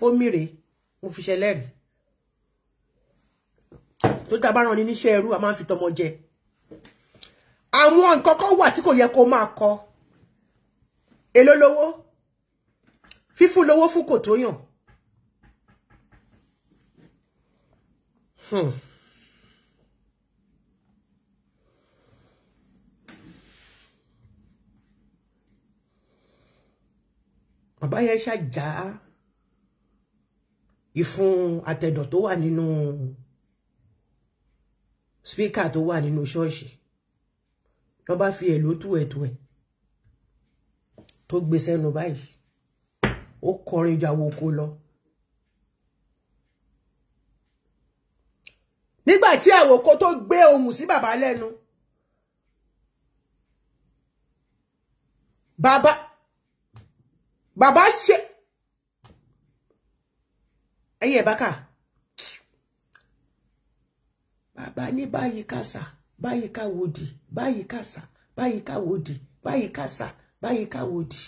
omi rèé mo fi ṣẹlẹ̀ rí tó tá a bá rán ni níṣẹ́ ẹrú a máa ń fi tọmọ jẹ àwọn nǹkan kan wà tí kò yẹ kó máa kọ èló lówó fífún lówó fún kò tó Hmm. bàbá yẹn ṣàjà ìfun àtẹ̀dọ̀ tó wà nínú spíkà tó wà nínú ṣọ́ọ̀ṣì ló bá fi èlò tú ẹ̀tù ẹ̀ tó gbé sẹ́nu báyìí ó kọrin jàwó kó lọ. nígbà tí àwòkó tó gbé ohùn sí bàbá lẹ́nu bàbá bàbá ṣe ẹ̀yin ẹ̀bákà bàbá ní báyìí kàṣà báyìí káwòdì báyìí kàṣà báyìí káwòdì báyìí kàṣà báyìí káwòdì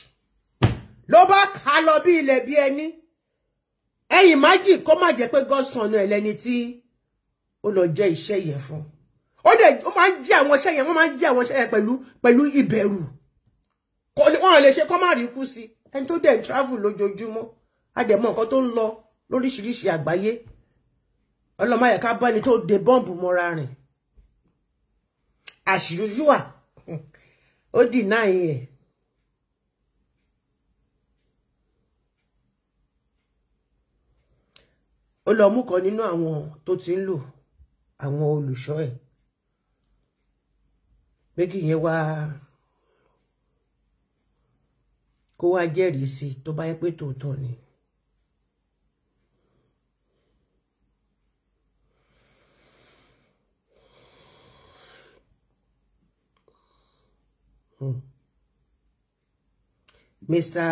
ló bá kà lọ bí ilẹ̀ bí ẹni ẹ̀yin májì kó má jẹ́ pé gọ́sànù ẹ̀ lẹni tí ó lọ jẹ́ iṣẹ́ yẹn fún ó dẹ̀ ó máa ń jẹ́ àwọn iṣẹ́ yẹn wọ́n máa ń jẹ́ àwọn iṣẹ́ yẹn pẹ̀lú pẹ̀lú ìbẹ̀rù kò ní wọ́n lè ṣe kó má rí kú ẹni tó dẹ̀ travel lójoojúmọ́ a dẹ̀ mọ nǹkan tó ń lọ lóríṣiríṣi àgbáyé ọlọ́mọ àyẹ̀ká bá ẹni tó de bọ́ǹbù mọ́ra rìn àṣìṣúwà ó dì náà yẹn. ó lọ mú kan nínú àwọn tó ti ń lò àwọn olùṣọ́ ẹ̀ pé kó wá jẹ́rìí sí i tó bá yẹ pé tòótọ́ ni. Hmm. Mr.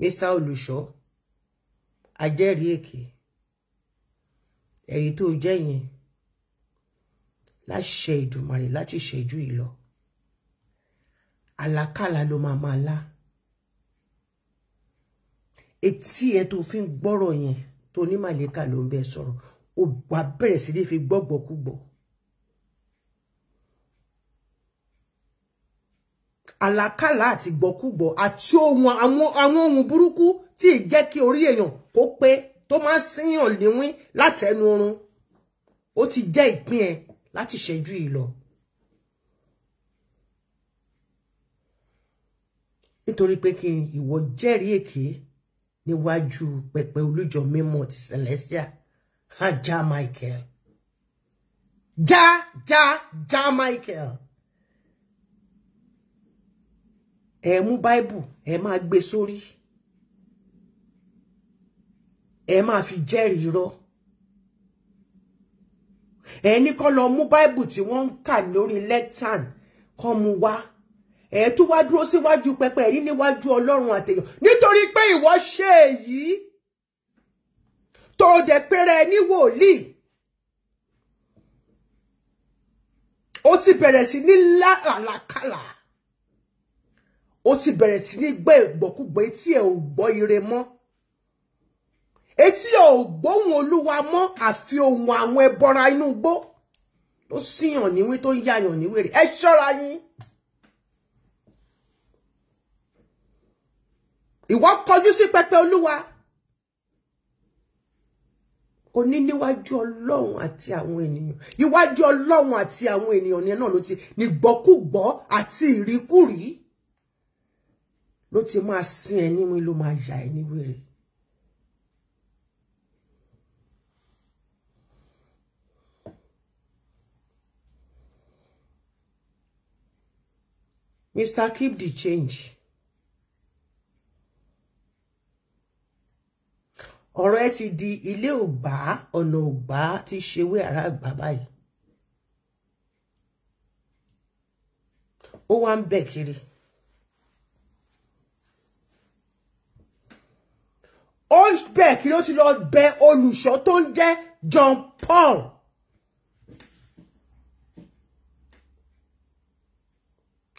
Mr. Olùṣọ́ ajẹ́rìí èké ẹ̀rí tó jẹ́ yẹn láṣẹ Ìdùmarè láti ṣẹ́jú yìí lọ àlákàlà ló máa máa lá etí ẹ tó fi ń gbọ́rọ̀ yẹn tó ní màlẹ́kà ló ń bẹ sọ̀rọ̀ ó wá bẹ̀rẹ̀ sí ní fi gbọ́gbọ́kúgbọ́ àlákàlà àti gbọ́kúgbọ́ àti ohun àwọn ohun burúkú tí ì jẹ́ kí orí èèyàn kó pé tó máa síyàn léwín látẹnu oorun ó ti jẹ́ ìpín ẹ láti ṣẹ́jú yìí nítorí pé kí ìwọ jẹ́rìí èké níwájú pẹpẹ olújọ mímọ́ ti celestia ha ja michael ja ja ja michael ẹ mú báíbù ẹ máa gbé sórí ẹ máa fi jẹ́rìí rọ ẹ ní kọ́ lọ mú báíbù tí wọ́n ń kà lórí lectern kọ́ mu wá ẹ tún wá dúró síwájú pẹpẹ yìí níwájú Ọlọ́run àtèèyàn nítorí pé ìwọ ṣe èyí tó dẹ̀ péré ní wòlíì ó ti bẹ̀rẹ̀ sí ní làlàkàlà ó ti bẹ̀rẹ̀ sí ní gbé ìgbọ́kúgbọ́ etí ẹ̀ ò gbọ́ ire mọ́ etí ẹ̀ ò gbóhùn Olúwa mọ́ àfi ohùn àwọn ẹbọra inú igbó tó síyàn níwí tó ń yàyàn níwèrè ẹ ṣọ́ra yín. ìwọ kọjú sí pẹpẹ olúwa oní níwájú ọlọ́run àti àwọn ènìyàn iwájú ọlọ́run àti àwọn ènìyàn ni náà ló ti ní gbọ́kúgbọ́ àti ìríkúrí ló ti máa sin ẹni mi ló máa yà ẹni wèrè. Mr. Keep the change. ọ̀rọ̀ ẹ ti di ilé ògbà ọ̀nà ògbà ti ṣewé ara àgbà báyìí ó wá ń bẹ̀ kiri ó bẹ̀ kiri ó ti lọ bẹ olùṣọ́ tó ń jẹ́ John Paul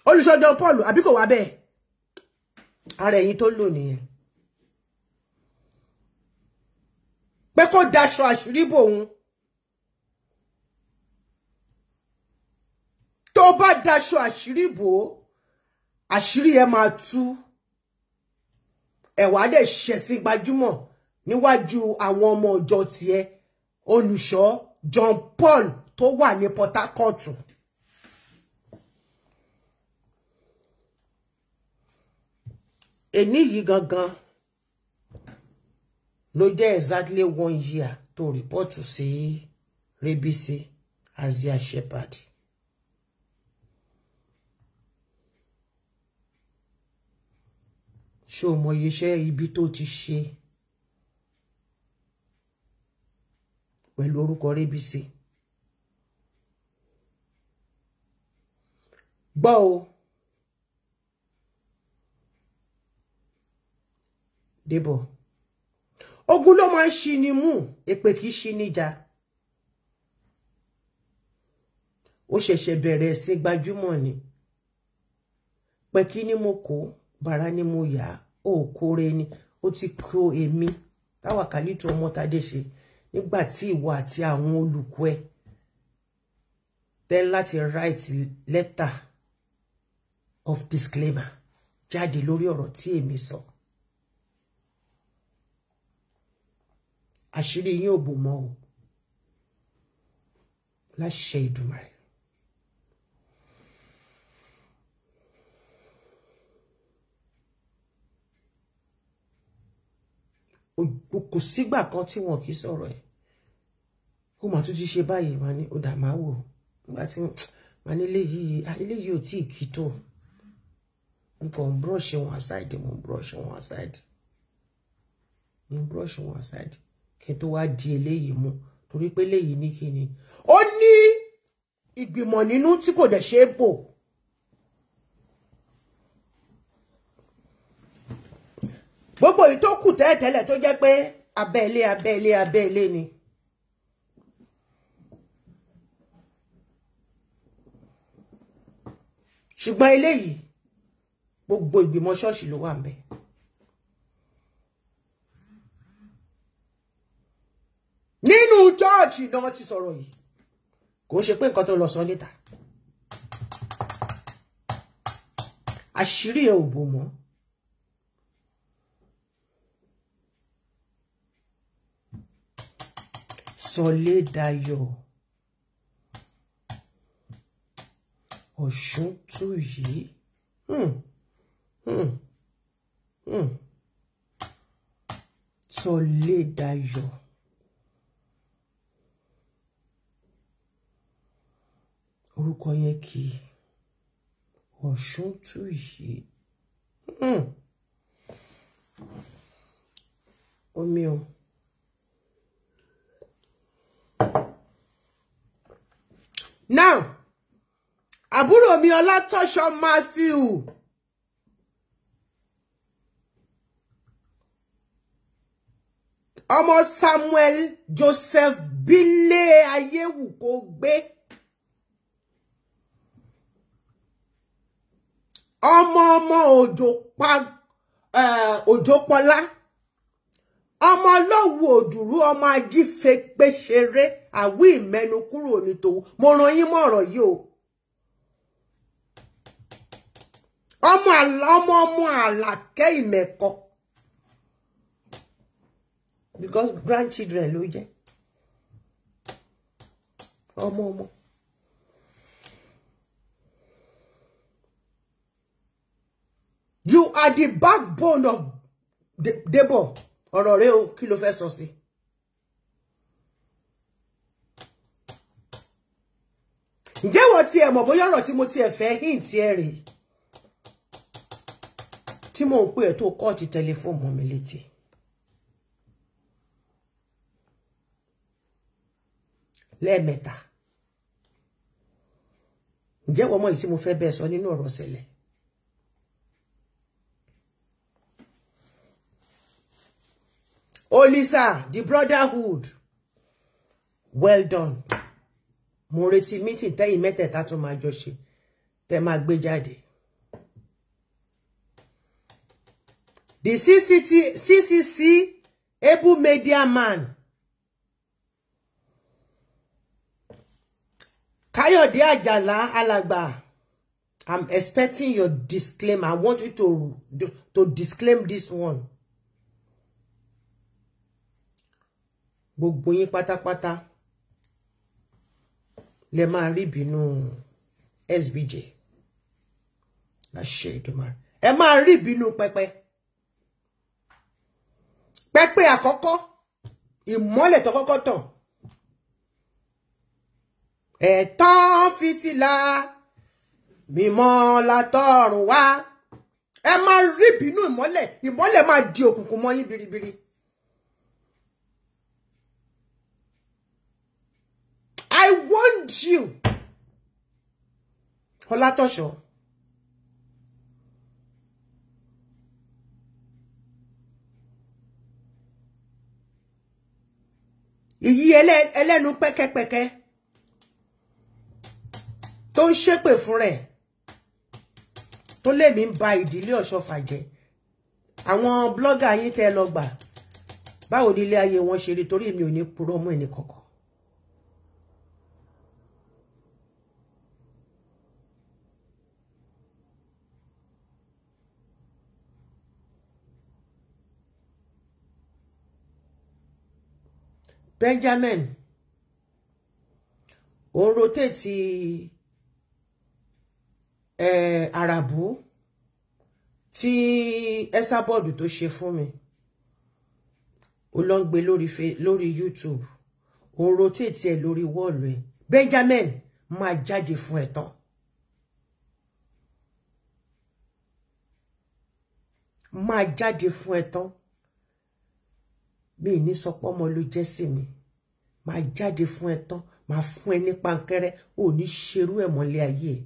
olùṣọ́ John Paul àbí kò wá bẹ́ẹ̀ ara ẹ̀yin tó lò nìyẹn. pé kó daṣọ àṣírí bò òun tó bá daṣọ àṣírí bò ó àṣírí ẹ máa tú ẹwà dẹ ṣẹ̀sín gbajúmọ̀ níwájú àwọn ọmọ ọjọ́ tiẹ̀ olùṣọ́ John Paul tó wà ní Port Harcourt. èní yìí gangan ló jẹ́ exactly one year to report to see Rebisi as their shepherd. ṣé o mọyì iṣẹ́ ibi tó ti ṣe pẹ̀lú orúkọ Rebisi gbọ́ o Debo ogun ló máa ń ṣi ni mú èpè kì í ṣi níjà ó ṣẹ̀ṣẹ̀ bẹ̀rẹ̀ sí gbajúmọ̀ ni pẹ̀kí ni mo kó bàrà ni mo yà ó kóre ni ó ti kó èmi táwa kálítù ọmọ tadé ṣe nígbà tí ìwọ àti àwọn olùkọ́ ẹ tẹ́ láti write letter of disclaimer jáde lórí ọ̀rọ̀ tí èmi sọ. So àṣírí yín ò bò mọ́ o láṣẹ Èdùmàrè. kò sígbà kan tí wọn kì í sọ̀rọ̀ ẹ̀ ó mà tún ti ṣe báyìí wà ní ọ̀dà máa wò nígbà tí wà ní eléyìí eléyìí ò tí ì kí tó nǹkan brush wọn aside mo brush wọn aside mo brush wọn aside kí n tó wá di eléyìí mú torí pé eléyìí ní kíni ó ní ìgbìmọ̀ nínú tí kò dẹ̀ ṣe é bò. gbogbo yìí tó kù tẹ́ẹ̀tẹ́lẹ̀ tó jẹ́ pé abẹ́lé abẹ́lé abẹ́lé ni. ṣùgbọ́n eléyìí gbogbo ìgbìmọ̀ ṣọ́ọ̀ṣì ló wà ń bẹ̀. nínú chọ́ọ̀chì ni wọ́n ti sọ̀rọ̀ yìí kò ṣe pé nǹkan tó lọ sọ níta àṣírí ẹ ò bò mọ́. Sọlédayọ̀ Ọ̀ṣúntúyì Sọlédayọ̀. Hmm. Hmm. Hmm. orúkọ yẹn kì í ọ̀ṣun tú yìí hmm. omi o now àbúrò mi ọlátọ́ṣọ Matthew ọmọ Samuel Joseph bílé ayéwu kò gbé. ọmọ ọmọ òjòpọlá ọmọ ọlọ́wọ́ òdùrú ọmọ ajífẹ́gbẹ́ṣeré àwí ìmẹ́nu kúrò nítòwú mo ràn yín mọ́ ọ̀rọ̀ yìí o ọmọ ọmọ ọmọ àlàkẹ́ ìmẹ̀kọ because grandchildren ló jẹ́ ọmọ ọmọ. you are the backbone of Debo ọ̀rọ̀ rẹ o kí ló fẹ́ sọ sí. ǹjẹ́ wọ́n tiẹ̀ mọ̀ bóyá ọ̀rọ̀ tí mo tiẹ̀ fẹ́ hint ẹ̀ rèé tí mò ń pè ẹ́ tó kọ́ọ̀tì tẹlifóònù mi létí. lẹ́ẹ̀mẹ́ta ǹjẹ́ wọ́n mọ̀ èyí tí mo fẹ́ bẹ́ẹ̀ sọ nínú ọ̀rọ̀ ṣẹlẹ̀ Olisa, the brotherhood. Well done. Mo retí meeting tẹ́yin mẹ́tẹ̀ẹ̀ta tún máa jọ ṣe. Tẹ́ máa gbé jáde. The CCT, CCC, Ebu Media Man. Kayode Ajala Alagba. I'm expecting your disclaimer. I want you to, to disclaim this one. gbogbo yín pátápátá lẹ máa rí ìbínú SBJ láṣẹ ìdúmọ ẹ máa rí ìbínú pẹpẹ pẹpẹ àkọ́kọ́ ìmọ́lẹ̀ tó kọ́kọ́ tàn fitila, fìtílà mímọ́ látọ̀run wá ẹ máa rí ìbínú ìmọ́lẹ̀ ìmọ́lẹ̀ máa di òkùnkùn mọ́ yín biribiri. I warned you. Olatosho. Iyi ẹlẹ́nu pẹ́kẹ́pẹ́kẹ́ tó ń ṣépè fún rẹ̀ tó lèmi ń ba ìdílé Ọ̀ṣọ́fà jẹ́ àwọn a yín tẹ́ lọ gbà báwo ni ilé ayé wọn ṣe rí torí mi ò ní purọ́ mọ́ ẹnìkankan. Benjamin òun rotate eh, àràbù tí ẹ́sà bọ́ọ̀dù tó ṣe fún mi ó lọ ń gbé lórí lórí YouTube òun rotate ẹ̀ l'ori wọ́ọ̀lù ẹ̀ Benjamin máa jáde fún ẹ̀ tán. máa jáde fún ẹ tán mi ni sọ pé ọmọ ló jẹ́ sí mi máa jáde fún ẹ tán máa fún ẹ ní pankẹ́rẹ́ ò ní ṣerú ẹ̀ mọ́lé ayé ẹ̀.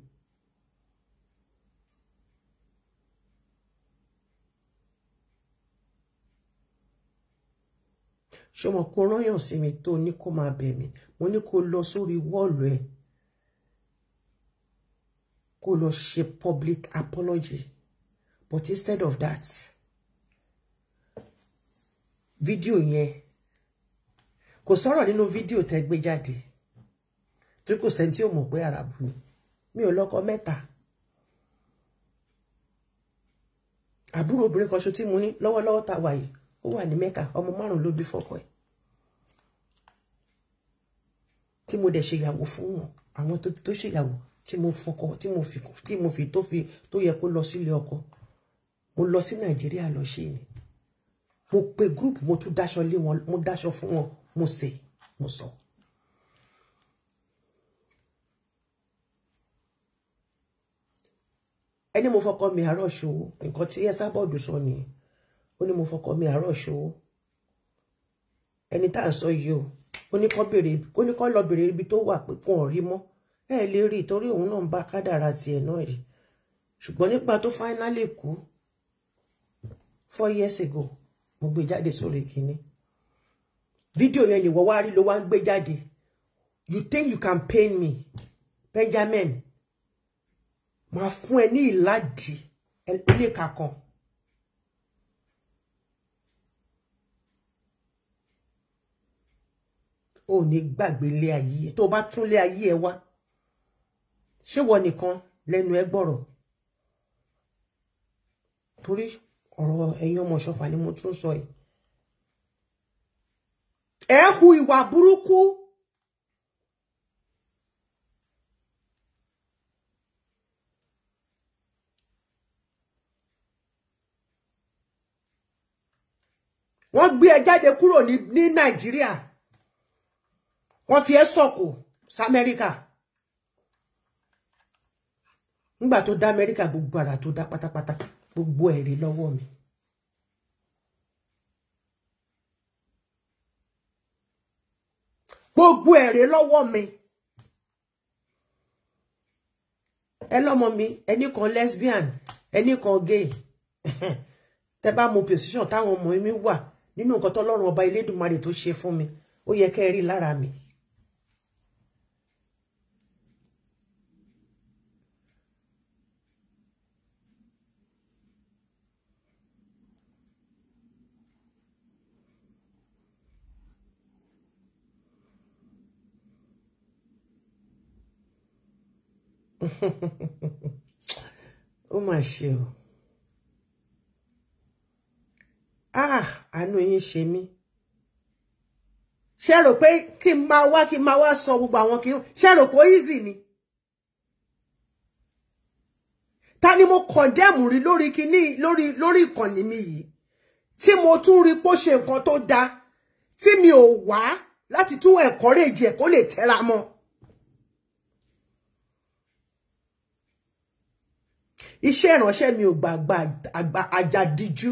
ṣọmọ kó rányàn sí mi tó ní kó máa bẹ̀ mí mo ni kó lọ sórí wọ́ọ̀lù ẹ̀ kó lọ ṣe public apology but instead of that fídíò yẹn kò sọ̀rọ̀ nínú fídíò tẹ́ gbé jáde torí kò sẹ́ni tí ò mọ̀ pé àràbù ni mi ò lọ́kọ mẹ́ta àbúrò obìnrin kan ṣo tí mo ní lọ́wọ́lọ́wọ́ tá wà yìí ó wà ní mẹ́ka ọmọ márùn-ún ló bí fọ́kọ ẹ̀ tí mo dẹ̀ ṣèyàwó fún wọn àwọn tó ṣèyàwó tí mo fọkọ tí mo fi tí mo fi tó fi tó yẹ kó lọ sílé ọkọ mo lọ sí nàìjíríà lọ ṣe ni mo pe group mo tún dáṣọ lé wọn mo dáṣọ fún wọn mo se mo so. ẹni mo fọkọ mi àárọ̀ ṣòwò nǹkan tí ẹ sábọ̀dù sọ nìyẹn ó ní mo fọkọ mi àárọ̀ ṣòwò ẹni tá à ń sọ yìí o ó ní kó béèrè ó ní kó lọ béèrè ori tó wà pé kò rí mọ́ ẹ lè rí torí òun náà ń bá kádàrà tiẹ̀ náà rí ṣùgbọ́n four years ago mo gbé jáde sórí kínní fídíò yẹn ni wọ́n wá rí ló wá ń gbé jáde you think you can pain me Benjamin máa fún ẹ ní ìlàdí ẹlẹ́ka kan. o ní gbàgbé ilé ayé ẹ tó bá tún ilé ayé ẹ wá ṣé wọ nìkan lẹ́nu ẹ gbọ́rọ̀ torí ọ̀rọ̀ ẹ̀yin ọmọ Ọ̀ṣọ́fà ni mo tún sọ yìí ẹ hu ìwà burúkú wọ́n gbé ẹ jáde kúrò ní Nàìjíríà wọ́n fi ẹ sọ̀kò s'Amẹ́ríkà nígbà tó dá Amẹ́ríkà gbogbo ara tó dá pátápátá gbogbo ẹ̀rí lọ́wọ́ mi. gbogbo ẹ̀rí lọ́wọ́ mi. ẹ lọ́mọ mi ẹni kan lesbian ẹni kan gay tẹ bá mo position táwọn ọmọ mi wà nínú nǹkan tọ́lọ́run ọba Elédùmarè tó ṣe fún mi ó yẹ kẹ́ ẹ rí lára mi. Oh my shoe! ah I know you shame me. rò pé kí n máa wá kí n máa wá sọ gbogbo àwọn kí n ṣe easy ni ta ni mo kọ̀ndẹ́mù rí lori kini lori lori ìkànnì mi yìí tí mo tún rí pó ṣe nǹkan tó dáa tí mi ò wá láti tún encourage ẹ̀ kó lè tẹ́ra mọ́. iṣẹ́ ìránṣẹ́ mi ò gbàgbà àjàdíjú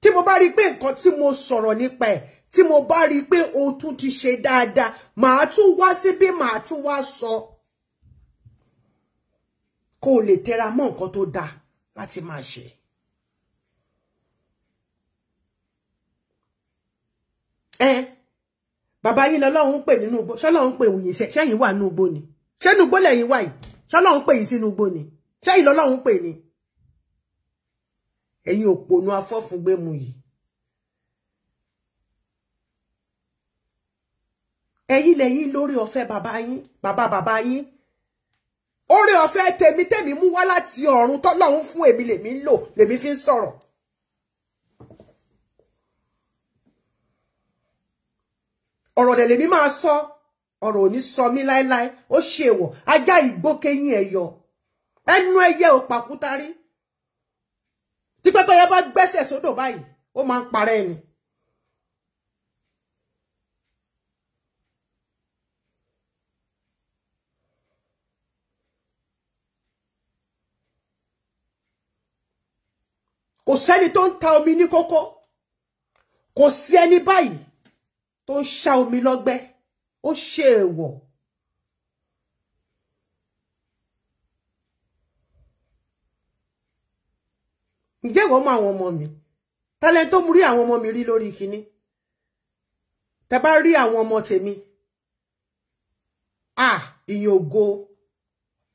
tí mo bá rí pé nǹkan tí mo sọ̀rọ̀ nípa ẹ̀ tí mo bá rí pé o tún ti ṣe dáadáa màá tún wá síbí màá tún wá sọ kó o lè tẹra mọ́ nǹkan tó dáa láti máa ṣe. ẹ eh? Baba, yín lọ́lọ́run ń pè nínú igbó ṣọ́lọ́run ń pè òye ṣẹ́yìn wà nínú igbó ni ṣé nínú igbó lẹ́yìn wà yìí ṣọ́lọ́run pè yín sínú igbó ni ṣẹ́yìn lọ́lọ́run pè ni ẹ̀yin òpònú afọ́fúngbẹ́mu yìí ẹ̀yin lẹ́yìn lórí ọ̀fẹ́ bàbá Baba. bàbá bàbá yín oore ọ̀fẹ́ tèmi tèmi mú wá láti ọ̀run tọ́lọ́run fún èmi lèmi ń lò lèmi fi ń ọ̀rọ̀ dẹ̀ lèmi máa sọ ọ̀rọ̀ ò ní sọ mí láéláé ó ṣe èèwọ̀ ajá ìgbó kẹyìn ẹ̀yọ ẹnu ẹyẹ ò pàkúta rí tí pẹ́pẹ́yẹ bá gbẹ́sẹ̀ sódò báyìí ó máa ń parẹ́ ni. kò sẹ́ni tó ń ta omi ní kókó kò sí ẹni báyìí tó ń ṣá omi lọ́gbẹ́ ó ṣe èèwọ̀. ǹjẹ́ ìwọ mọ àwọn ọmọ mi tálẹ̀ tó mú rí àwọn ọmọ mi rí lórí kínní tẹ bá rí àwọn ọmọ tèmi à ìyẹn ògo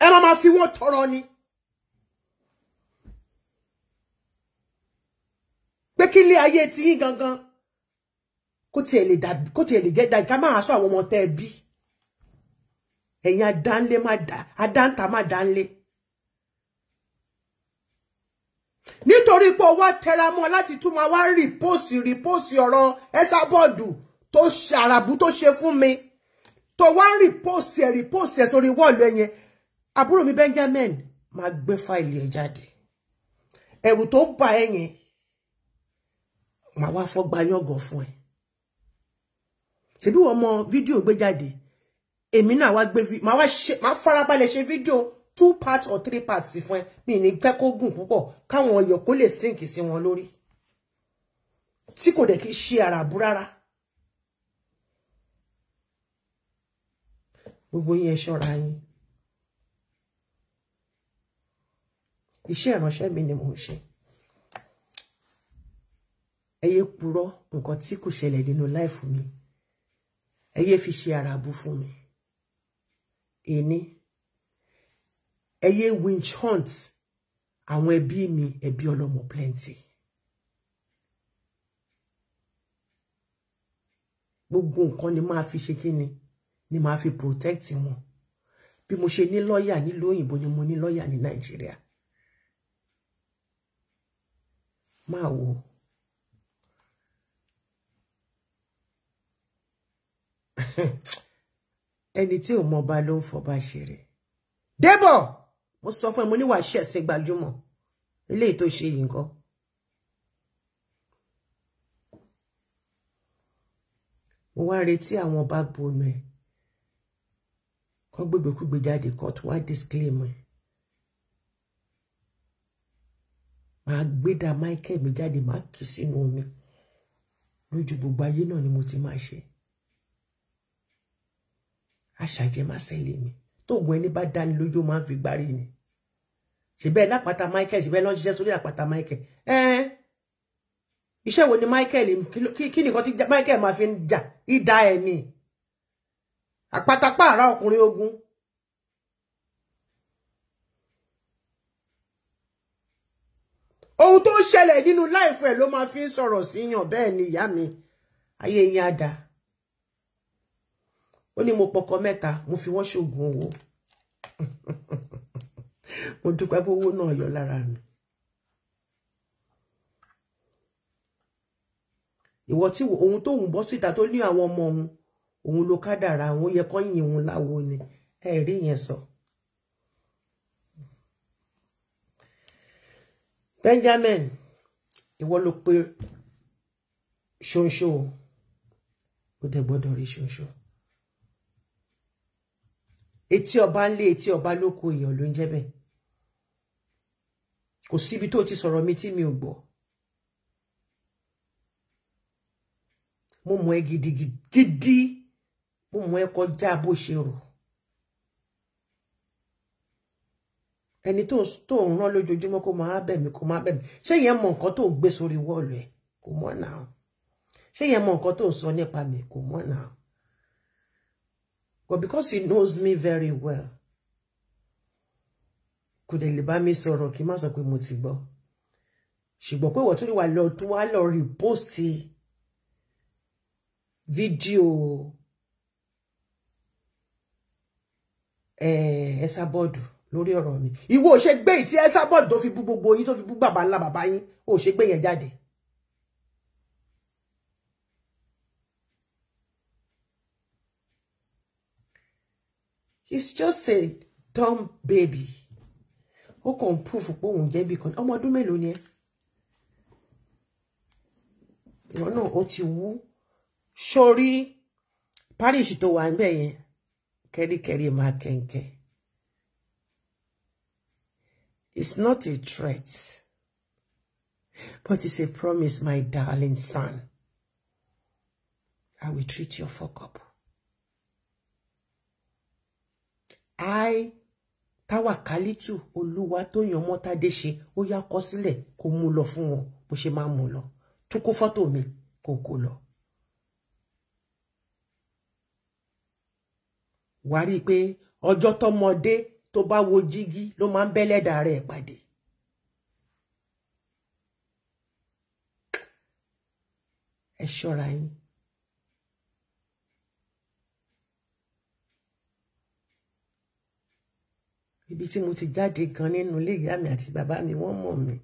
ẹ máa ma fi wọ́n tọrọ ni. pé kí ilé ayé ti yín gangan Kote tiẹ̀ da dàbí kó tiẹ̀ lè jẹ́ dàbí ká bi sọ àwọn ọmọ tẹ́ ẹ bí ẹ̀yin adánlé má dá adáǹtà má dánlé. nítorí pé repose wá tẹra mọ́ láti tún máa to rìpọ́ọ̀sì rìpọ́ọ̀sì ọ̀rọ̀ ẹ́sà bọ́ọ̀dù tó ṣe àràbù tó ṣe fún mi tó wá ń rìpọ́ọ̀sì ẹ̀ rìpọ́ọ̀sì ẹ̀ sórí wọ́ọ̀lù ẹ̀yẹn mi Benjamin ma gbé fáìlì ẹ̀ jáde ẹ̀rù tó bà ẹ̀yẹn màá wá fọ́gbà yọ̀gàn fún ẹ̀ ṣebí wọ́n mọ fídíò gbé jáde èmi náà wá gbé máa wá ṣe máa farabalẹ̀ ṣe fídíò two parts or three parts sí fún ẹ mi ní pẹ́ kó gùn púpọ̀ káwọn ọyọ̀ kó lè sínkì sí wọn lórí tí kò dẹ̀ kí ṣe àràbù rárá. gbogbo yín ẹ ṣọ́ra yín iṣẹ́ ìránṣẹ́ mi ni mò ń ṣe ẹ yé purọ́ nǹkan tí kò ṣẹlẹ̀ mi ẹ yé fi ṣe ara bú fún mi èní ẹ yé winch hunt àwọn ẹbí mi ẹbí ọlọ́mọ plenty gbogbo nǹkan ni máa fi ṣe kíni ni máa fi protect wọn bí mo ṣe ni lawyer ni òyìnbó ni mo ní lọ́ọ̀yà ní nàìjíríà máa wò ẹni tí ò mọba ló ń fọba ṣeré débọ̀ mo sọ fún ẹ mo níwà ṣẹṣẹ gbajúmọ̀ eléyìí tó ṣe yìí nǹkan. mo wá retí àwọn ọba gbónú ẹ kó gbégbékúgbé jáde kan tó wá disclaim ẹ màá gbéda Michael mi jáde màá kì sínú omi lójú gbogbo ayé náà ni mo ti máa ṣe aṣàjẹmásẹ́lẹ̀ mi tóògùn ẹni bá dání lójú ó máa ń fi gbárí ni ṣèbẹ́ lápáta Michael ṣèbẹ́ lọ́n ṣiṣẹ́ sórí àpáta Michael ẹ́ẹ́ iṣẹ́ wo ni Michael kí nìkan tí Michael máa fi ń jà ìdá ẹ̀ ni àpátápá àrà ọkùnrin ogun ohun tó ń ṣẹlẹ̀ nínú láìfẹ́ ló máa fi ń sọ̀rọ̀ síyàn bẹ́ẹ̀ ni ìyá mi ayé yín á dáa ó ní mo pọkọ mẹ́ta mo fi wọ́n ṣoògùn owó mo dúpẹ́ bówó náà yọ lára mi ìwọ tí òun tó ń bọ́ síta tó ní àwọn ọmọ òun òun ló kádàrá òun yẹ kán yìn òun láwo ni ẹ rí yẹn sọ. Benjamin ìwọ ló pe ṣonṣo ó dẹ̀ gbọ́dọ̀ rí ṣonṣo etí ọba ńlé etí ọba lóko èèyàn ló ń jẹ́ bẹ́ẹ̀ kò síbi tó ti sọ̀rọ̀ mi tí mi ò gbọ́ mo mọ̀ ẹ́ gidigidi mo mọ̀ ẹ́ kọjá bó ṣe rò ẹni tó tó ń rán lójoojúmọ́ kó máa bẹ̀ mí kó máa bẹ̀ mí ṣé yẹn mọ̀ nǹkan tó ń gbé sórí wọ́ọ̀lù ẹ̀ kò mọ̀ náà ṣé yẹn mọ̀ nǹkan tó ń sọ nípa mi kò mọ̀ náà But because he knows me very well, kò dẹ̀ lè bá mi sọ̀rọ̀ kí n má sọ pé mo ti gbọ́. Ṣùgbọ́n pé wọ́n tún lè wà lọ tún wá lọ rìpóòsì fídíò ẹ̀ẹ́sà bọ́ọ̀dù lórí ọ̀rọ̀ mi. Ìwọ ò ṣe gbé ìtí ẹ̀ẹ́sà bọ́ọ̀dù fi bú gbogbo yín fi bú bàbá ńlá bàbá yín ò ṣe gbé yẹn jáde. he's just a dumb baby ó kàn ń proof pé òun jẹ́ bí kan ọmọ ọdún mélòó ni ẹ ìwọ náà ó ti wú sórí parish tó wà níbẹ̀ yẹn kẹ́ríkẹ́rí máa kẹ̀ǹkẹ́ it's not a threat but it's a promise my darling son I will treat your fuck up. i táwàkálítù olúwa tó yan mọ́tàdé ṣe ó yá kọ sílẹ̀ kó mú lọ fún wọn bó ṣe máa mú lọ tó kó fọ́tò mi kó kó lọ. wá rí i pé ọjọ́ tọmọdé tó bá wo jígí ló máa ń bẹ́lẹ́dà rẹ̀ pàdé. ẹ ṣọ́ra yín. ibi tí mo ti jáde gan nínú ilé ìyá mi àti bàbá mi wọ́n mọ̀ mí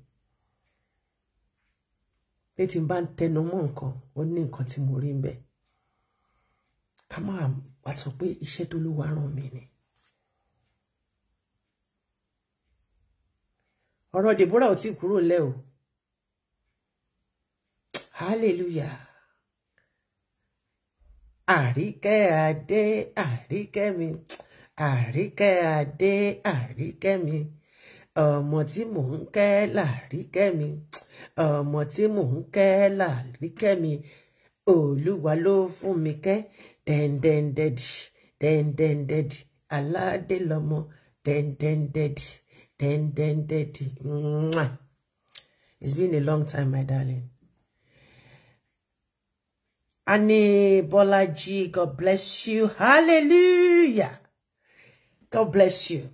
pé tí n bá ń tẹnu mọ́ nǹkan ó ní nǹkan tí mo rí ń bẹ ká má wá sọ pé iṣẹ́ tó ló wá ràn mí ni. ọ̀rọ̀ Deborah ò tí kúrò lẹ́ o hallelujah àríkẹ́ adé àríkẹ́ mi àríkẹ́ adé àríkẹ́ mi ọmọ tí mò ń kẹ́ làríkẹ́ mi ọmọ tí mò ń kẹ́ làríkẹ́ mi olúwa ló fún mi kẹ́ dẹ́ndẹ́ndẹ́dì dẹ́ndẹ́ndẹ́dì aládé lọ́mọ dẹ́ndẹ́ndẹ́dì dẹ́ndẹ́ndẹ́dì. It's been a long time, my darling. Ani Bolaji, God bless you. Hallelujah. God bless you.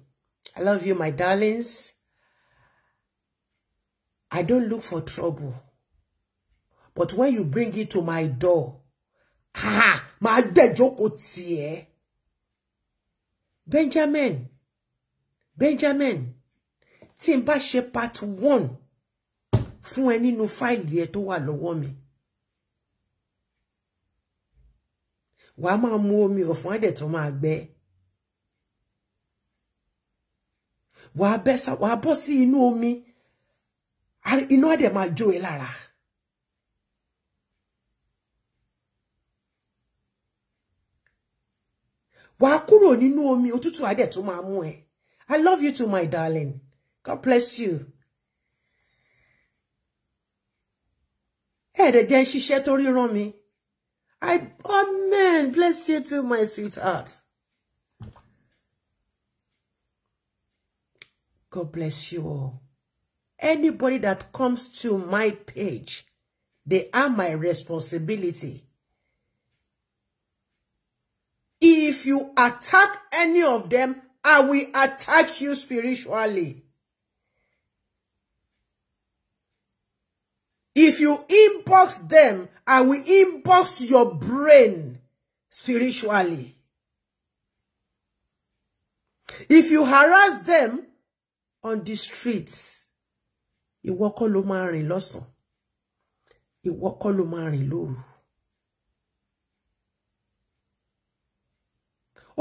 I love you, my darlings. I don't look for trouble. But when you bring it to my door, ah, máa gbẹ́jọ́kò tiẹ̀. Benjamin, Benjamin, tí n bá part one fún ẹ no file ẹ tó wà lọ́wọ́ mi. Wàá máa mu omi ọ̀fun á dẹ̀ tó máa gbẹ́. wàá bẹ́sà wàá bọ́ sí inú omi iná ẹ̀dẹ̀ máa jó e lára. wàá kúrò nínú omi òtútù adẹ̀ tó máa mú ẹ I love you too my darling God bless you. ẹ̀ẹ́dẹ̀ jẹ́ ṣiṣẹ́ torí rán mi I oh man bless you too my sweetheart. God bless you all. Anybody that comes to my page, they are my responsibility. If you attack any of them, I will attack you spiritually. If you inbox them, I will inbox your brain spiritually. If you harass them, on the streets ìwọ kọ́ ló máa rìn lọ́sàn ìwọ kọ́ ló máa rìn lóru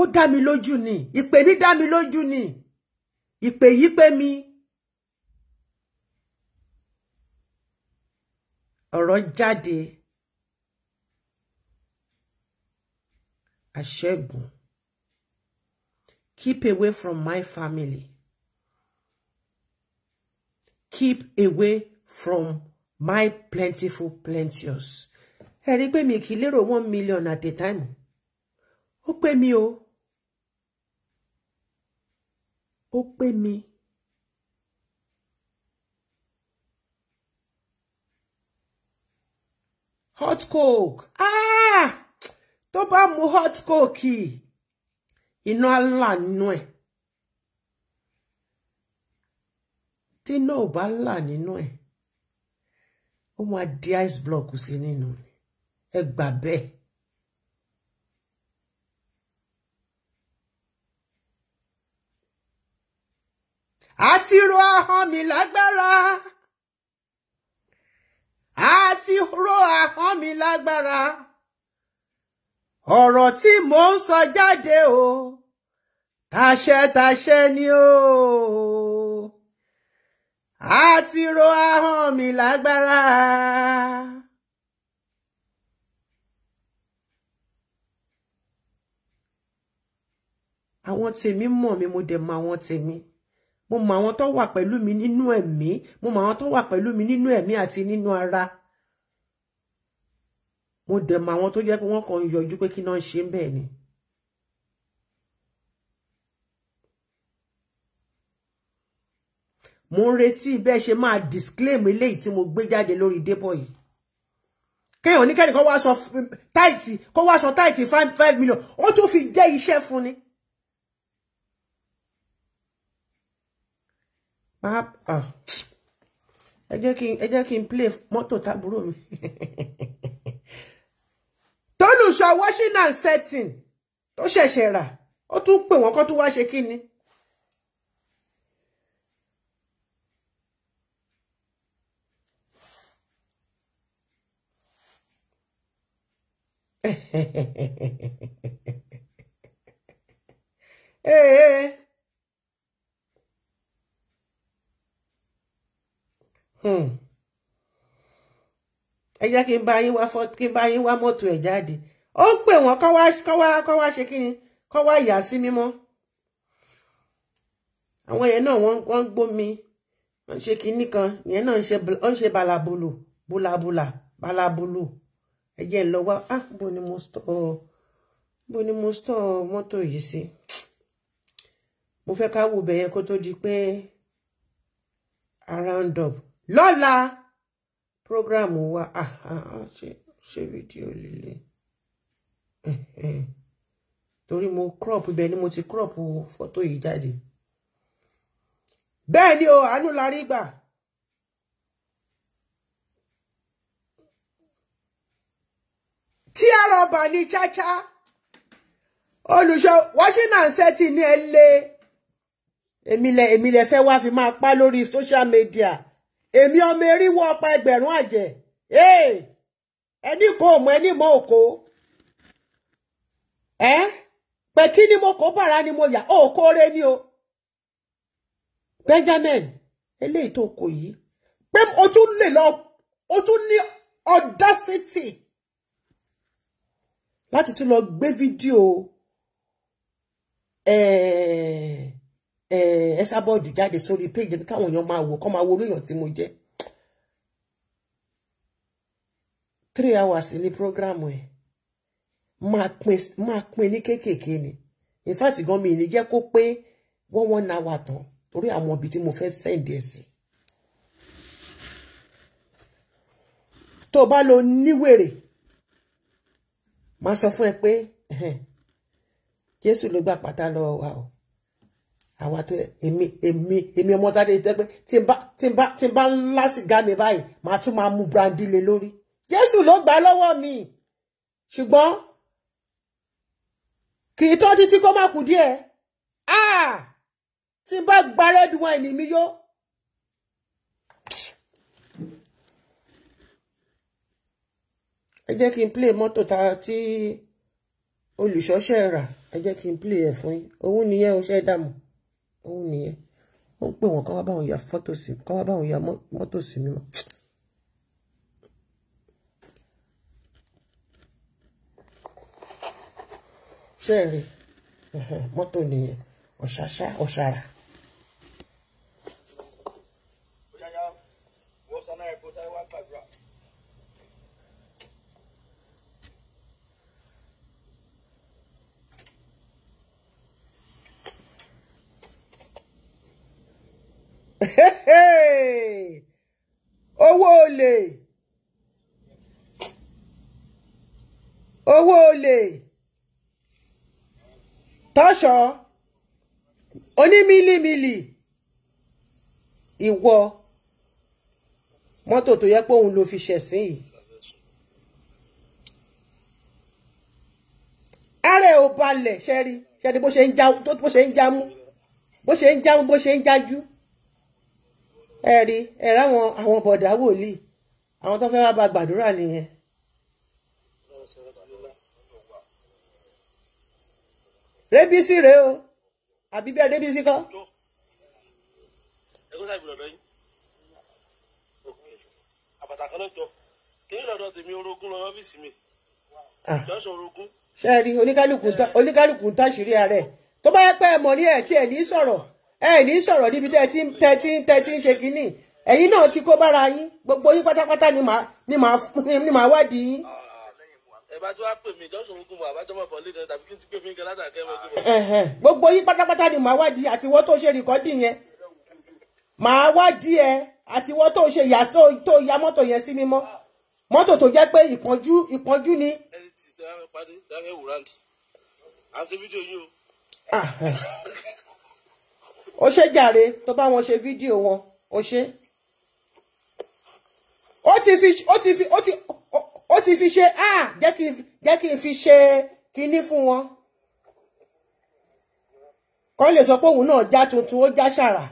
ó dá mi lójú ni ìpè ní dá mi lójú ni ìpè yí pé mi ọ̀rọ̀ jáde àṣẹ́gun keep away from my family keep away from my plentiful plenteous. Ẹ rí pé mi kì í lérò one million at a time. Ó pé mi o. Ó pé mi. Hot coke. Ah! Tó bá mu hot coke yìí, iná á là nínú ẹ̀. tí náà ò bá là nínú ẹ̀ ó máa di ice block sí nínú ẹ gbà bẹ́ẹ̀. àti ro ahọ́n mi lágbára àti ro ahọ́n mi lágbára ọ̀rọ̀ tí mò ń sọ jáde o tàṣẹ tàṣẹ ni o àti ro ahọ́n mi lágbára. àwọn tèmi mọ̀ mi mo dẹ̀ mọ̀ àwọn tèmi mo mọ̀ àwọn tó wà pẹ̀lú mi nínú ẹ̀mí mo mọ̀ àwọn tó wà pẹ̀lú mi nínú ẹ̀mí àti nínú ara mo dẹ̀ mọ̀ àwọn tó jẹ́ pé wọ́n kàn ń yọjú pé kí náà ṣe bẹ́ẹ̀ ni. mo ń retí bẹ́ẹ̀ ṣe máa disclaim eléyìí tí mo gbé jáde lórí débọ̀ yìí kéèyàn ní kẹ́nìkan wá sọ táìtì kó wá sọ táìtì five million ó tún fi jẹ́ iṣẹ́ fún ni. ẹ jẹ́ kí n ẹ jẹ́ play moto tábúrò mi. tọ́lù sọ washing and setting tó ṣẹ̀ṣẹ̀ rà ó tún pè wọ́n kó tún wá ṣe kí ee ẹ jẹ́ kí n bá yín wá fọ́ kí n bá yín wá mọ́tò ẹ̀ jáde ó ń pè wọ́n kọ́ wá kọ́ wá kọ́ wá ṣe kí ni kọ́ wá yà sí mímọ́ àwọn yẹn náà wọ́n ń gbómi wọ́n ń ṣe kinní kan yẹn náà ń ṣe balabolo bulabula balabolo. Bula, bula, bula, bula ẹ jẹ́ lọ wá ah bó ni mo stọ bó ni mo stọ mọ́tò yìí sí mo fẹ́ ká wo bẹ̀yẹn kó tó di pé a round up lọ́la program wa ah ah ṣe ṣe fídíò líle torí mo crop ibẹ̀ ni mo ti crop fọ́tò yìí jáde bẹ́ẹ̀ ni o àánú la rí gbà. tí àrọ̀bà ni chacha olùṣọ́ washington and seti ní ẹlẹ́ èmìlẹ̀ èmìlẹ̀ fẹ́ wá fi máa pa lórí social media èmi ọmọ eríwọ́ ọ̀pá ẹgbẹ̀rún àjẹ́ ẹni kò mọ̀ ẹni mọ̀ òkó ẹ pé kí ni mo kó bàrà ni mo ya òkó rẹ ni o Benjamin eléyìí tó yi pe pé o tún lè lọ o tún ní audacity láti tún lọ gbé fídíò Esabod jáde sórí péjì káwọn èèyàn máa wò kọ́ máa wo olóyàn tí mo jẹ́ three hours ní programu ẹ̀ máa pín ní kéékèèké ni in fact gan mi ní jẹ́ kó pé wọ́n wọ́n na wà tán torí àwọn ibi tí mo fẹ́ Send ẹ̀ sí. tó o bá lọ níwèrè máa sọ fún ẹ pé jésù ló gbà pátá lọ wà o àwa tó èmi èmi èmi ọmọ tádé tẹ pé tí n bá tí n bá tí n bá ń lá sìgá mi báyìí màá tún máa mu brandy lé lórí jésù ló gbà lọ́wọ́ mi ṣùgbọ́n kì í tọ́ títí kó má kú díẹ̀ ah! tí n bá gba red mi yó ẹ jẹ́ kí n play mọ́tò ta tí olùṣọ́ṣẹ́ rà ẹ jẹ́ kí n play ẹ̀ fún yín òun nìyẹn oṣẹ́ dààmú òun nìyẹn ó ń pè wọ́n kán wá báwọn ya fọ́tò sí kán wá báwọn ya mọ́tò sí mi mọ́. ṣé ẹ rí mọ́tò nìyẹn ọ̀ṣàṣà ọ̀ṣàrà. owó olè owó olè tọ́ṣọ onímílímílì ìwọ mọ́tò tó yẹ pé òun ló fi ṣẹ̀sìn yìí. ara ẹ̀ ò balẹ̀ ṣẹ́rí ṣẹ́rí bó ṣe ń jámú bó ṣe ń jámú bó ṣe ń jájú ẹ rí ẹ ráwọn àwọn bọ̀dà wòlíì àwọn tó fẹ́ wá ba gbàdúrà nìyẹn. rébísí rèé o àbí bẹ́ẹ̀ rébísí kọ́. ẹgbẹ́ sáà ìbùdó lọ́yìn àbàtà kan lọ́jọ́ kìnìún lọ́dọ̀ tèmi orogún lọ ọ́fíìsì ah. ṣe é rí oníkálukú ń táṣìírí eh. ààrẹ tó bá yẹ pé ẹ mọ̀ ní ẹ̀ tí ẹ̀ ní sọ̀rọ̀ ẹ ní sọ̀rọ̀ níbi tẹ́tí tẹ́tí ń ṣe kínní ẹ̀yin náà ti kó bára yín gbogbo yín pátápátá ni màá ni màá ni màá wádìí yín. ẹ̀bá tí wàá pè mí ìjọsìn ogun mọ̀ àbájọ́ gbogbo yín pátápátá ni màá wádìí àtiwọ́ tó ṣe rìkọ́dì yẹn màá wádìí ẹ àtiwọ́ tó ṣe yà tó ya mọ́tò yẹn sí mímọ́ mọ́tò tó jẹ́ pé ìpọ́njú ìpọ́njú ni. ẹni tí dáhẹ́ padì àti fídíò yìí o. Ah, ó ṣe jàre tó bá wọn ṣe fídíò wọn ó ṣe ó ti fi ó ti fi ó ti ó ti fi ṣe a ah, jẹ́ kí jẹ́ kí n fi ṣe kinní fún wọn kọ́ lè sọ pé òun náà já tuntun ó já ṣàrà.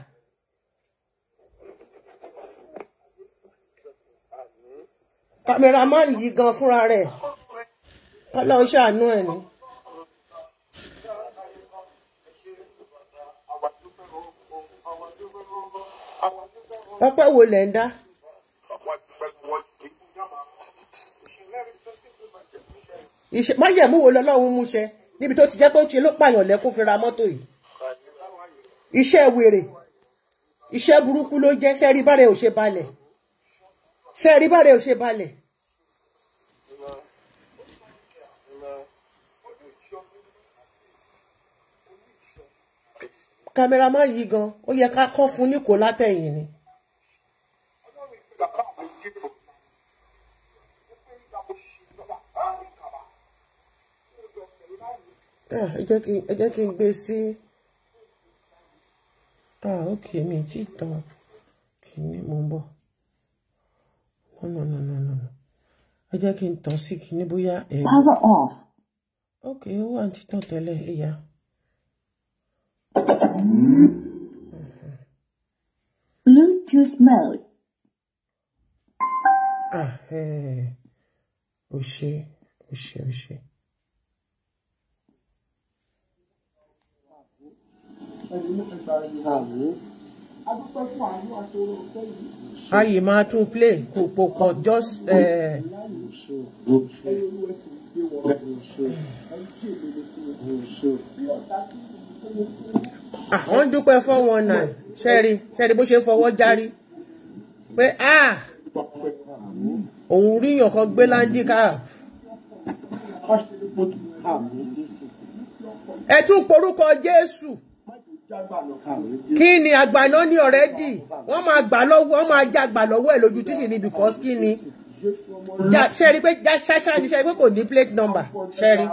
kámẹ́rámánì yìí gan fúnra rẹ̀ kọ́lá ń ṣàánú ẹ̀ ni. ọpẹ́ wo lẹ̀ ń dá. májẹ̀mú wo lọ́lọ́run mú ṣe níbi tó ti jẹ́ pé ó ṣe ló pààyàn lẹ́kún fi ra mọ́tò yìí iṣẹ́ wèrè iṣẹ́ burúkú ló jẹ́ sẹ́rí bá rẹ̀ ò ṣe balẹ̀ sẹ́rí bá rẹ̀ ò ṣe balẹ̀. kámẹ́rámà yìí gan ó yẹ ká kọ́ fún ní kò látẹ̀yìn ni. Ah, ẹ jẹ́ kí n gbé sí ókè ah, mi tí tán kì ní mo ń bọ̀ no no no no no ẹ jẹ́ kí n tàn sí kì ní bóyá ẹ. power off. ókè ó wà ní títàn tẹ́lẹ̀ ẹ̀yà. bluetooth mode. ah ẹ eh, ò ṣe ò ṣe ò ṣe. ayé máa tún play kò pò pọ̀ just. àwọn eh, ah, dúpẹ́ four one nine ṣẹ́ẹ̀rí ṣẹ́ẹ̀rí bó ṣe fọwọ́ járí pé ah! òun rí ọ̀kan gbé landicap ẹ tún porúkọ Jésù kí ni àgbàná ní ọ̀rẹ́dì wọ́n máa gbà lọ́wọ́ wọ́n máa já àgbà lọ́wọ́ ẹ̀ lójú títì ni because kí ni ṣe rí pé ṣáṣá ni ṣe pé kò ní plate number ṣe rí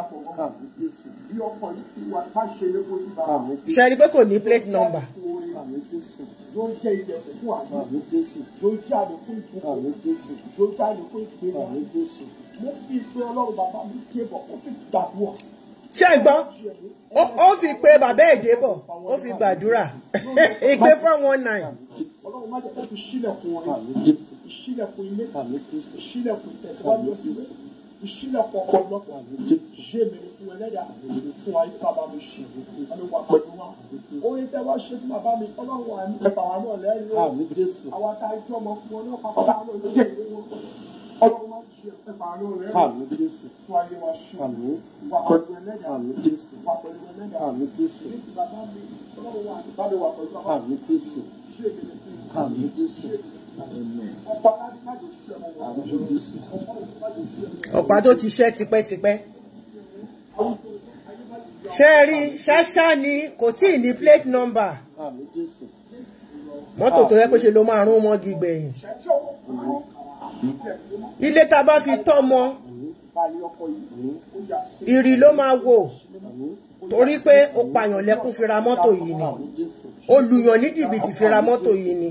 ṣe rí pé kò ní plate number. mo fi ìpè ọlọ́run bàbá mi kébọ̀ ó fi dàbọ̀ ṣé gbọ́ ó fi pé bàbá èdè bọ̀ ó fi gbàdúrà ìpè four one nine. ọlọ́run má jẹ́ kó fi tẹ̀síwájú sílẹ̀ ìṣílẹ̀kùn ọ̀pọ̀lọpọ̀ ṣé mèrè fún ẹlẹ́dà fún àyíká bá mi ṣe ọlọ́run wà pẹ̀lú wa orin tẹ́ wá ṣe fún bàbá mi Àmì Jésù. Àmì. Àmì Jésù. Àmì Jésù. Àmì Jésù. Àmì Jésù. Àmì Jésù. Ọ̀pá tó ti ṣẹ́ tipẹ́tipẹ́. Ṣé rí ṣáṣá ni kò tí ì ní plate number? Mọ́tò tó yẹ kó ṣe ló máa rún mọ́gi gbẹ̀yìn ilé tá a bá fi tọ́mọ ìrì ló máa wò torí pé ó pààyàn lẹ́kún fira mọ́tò yìí ni olùyàn ní jìbìtì fira mọ́tò yìí ni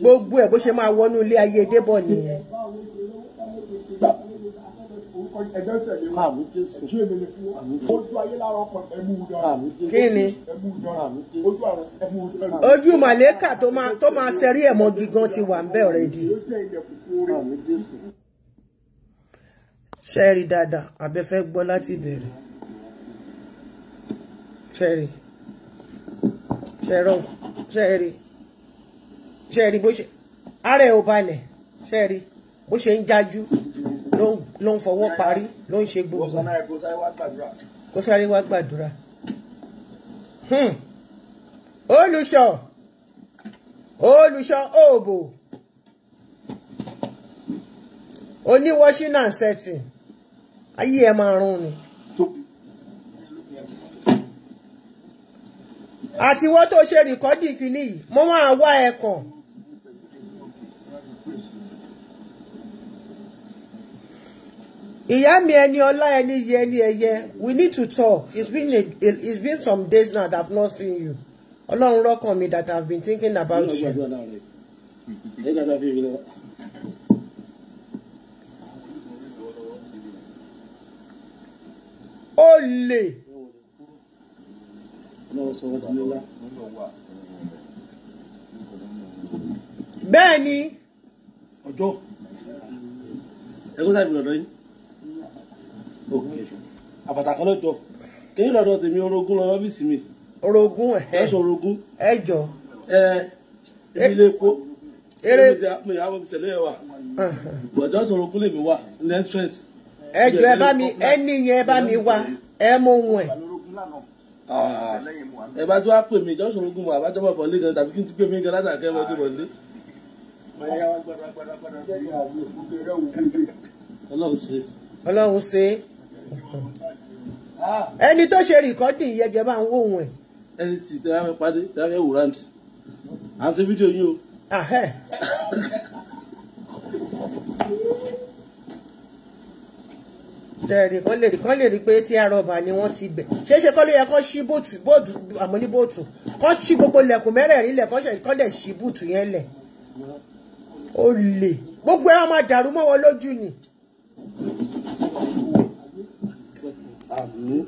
gbogbo ẹ̀ bó ṣe máa wọnú ilé ayé débọ̀ nìyẹn ẹjọ́ tẹ̀lé wa ojú èmi ni fún ojú ayé lára ọkọ̀ ẹmú udọ́ra kí ni ojú àrùn ẹmú udọ́ra. ojú màlẹ́kà tó máa ṣẹ́rí ẹ̀mọ́ gígan ti wà ń bẹ̀ ọ̀rẹ́dì. ṣẹ́ẹ̀rì dáadáa abẹ́fẹ́ gbọ́ láti bẹ̀rẹ̀ ṣẹ́ẹ̀rì ṣẹ́ẹ̀rọ̀ ṣẹ́ẹ̀rì bó ṣe ara ò balẹ̀ ṣẹ́ẹ̀rì bó ṣe ń jájú ló ń fọwọ́ parí ló ń ṣe gbogbo kó sáré wá gbàdúrà hmm. olùṣọ́ olùṣọ́ òòbò oníwọ́ṣínà setting ayé ẹ máa rún ni. àtiwọ́ tó ṣe rìkọ́dì kìíní yìí mo máa wá ẹ kàn. Ìyá mi ẹni ọlá ẹni yẹ ẹni ẹyẹ. We need to talk. It's been a, it's been some days now that I've not seen you. Ọlọ́run rọ́kàn mi that I've been thinking about you. Olè. Bẹ́ẹ̀ni. Ọjọ́. Ẹ̀kọ́ sáà ìbùdó ọ̀dọ́ yìí àbàtà kan ló jọ kéyìn lọ́dọ̀ tèmi orogún lọ́wọ́ bí simi? orogún ẹ̀ ẹ̀ ẹ̀sùn orogún. ẹ jọ. ẹ èmi lè kó. eré mi àwọn ìṣẹ̀lẹ̀ yẹn wà. bọ̀dọ̀ ẹ̀sùn orogún lèmi wà ní express. ẹ jọ ẹ bá mi ẹ níyẹn ẹ bá mi wá ẹ mú wọn ẹ ẹ bá tó wá pè mí ìjọsìn ológun mọ àbájọ bọ̀ fọ́lé gan tàbí kí n ti pè mí gan látà kẹ́ wọ́n tó bọ̀ lé. ọlọ́run ṣe. ọlọ́run ṣe ẹni tó ṣe rìkọ́dì yẹgẹ máa ń wóhun ẹ̀. ẹni tí tẹ́lá mi pàdé tẹ́lá mi wúra ní à ń ṣe fídíò yín o. tẹ̀rì kan lè rí kan lè rí pé tí arọba ni wọ́n ti bẹ̀ ṣeéṣe kọ́ ló yẹ kọ́ ṣí bóòtù bóòtù àmọ́ ní bóòtù kọ́ ṣí gbogbo lẹ̀kùn mẹ́rẹ̀ẹ̀rin lẹ̀ kọ́ ṣẹ̀ṣẹ̀ kọ́ lẹ̀ ṣí bóòtù yẹn lẹ̀ ó lè gbogbo ẹ̀ wọ́n máa dàrú mọ́ wọn lójú ni. ìyàwó.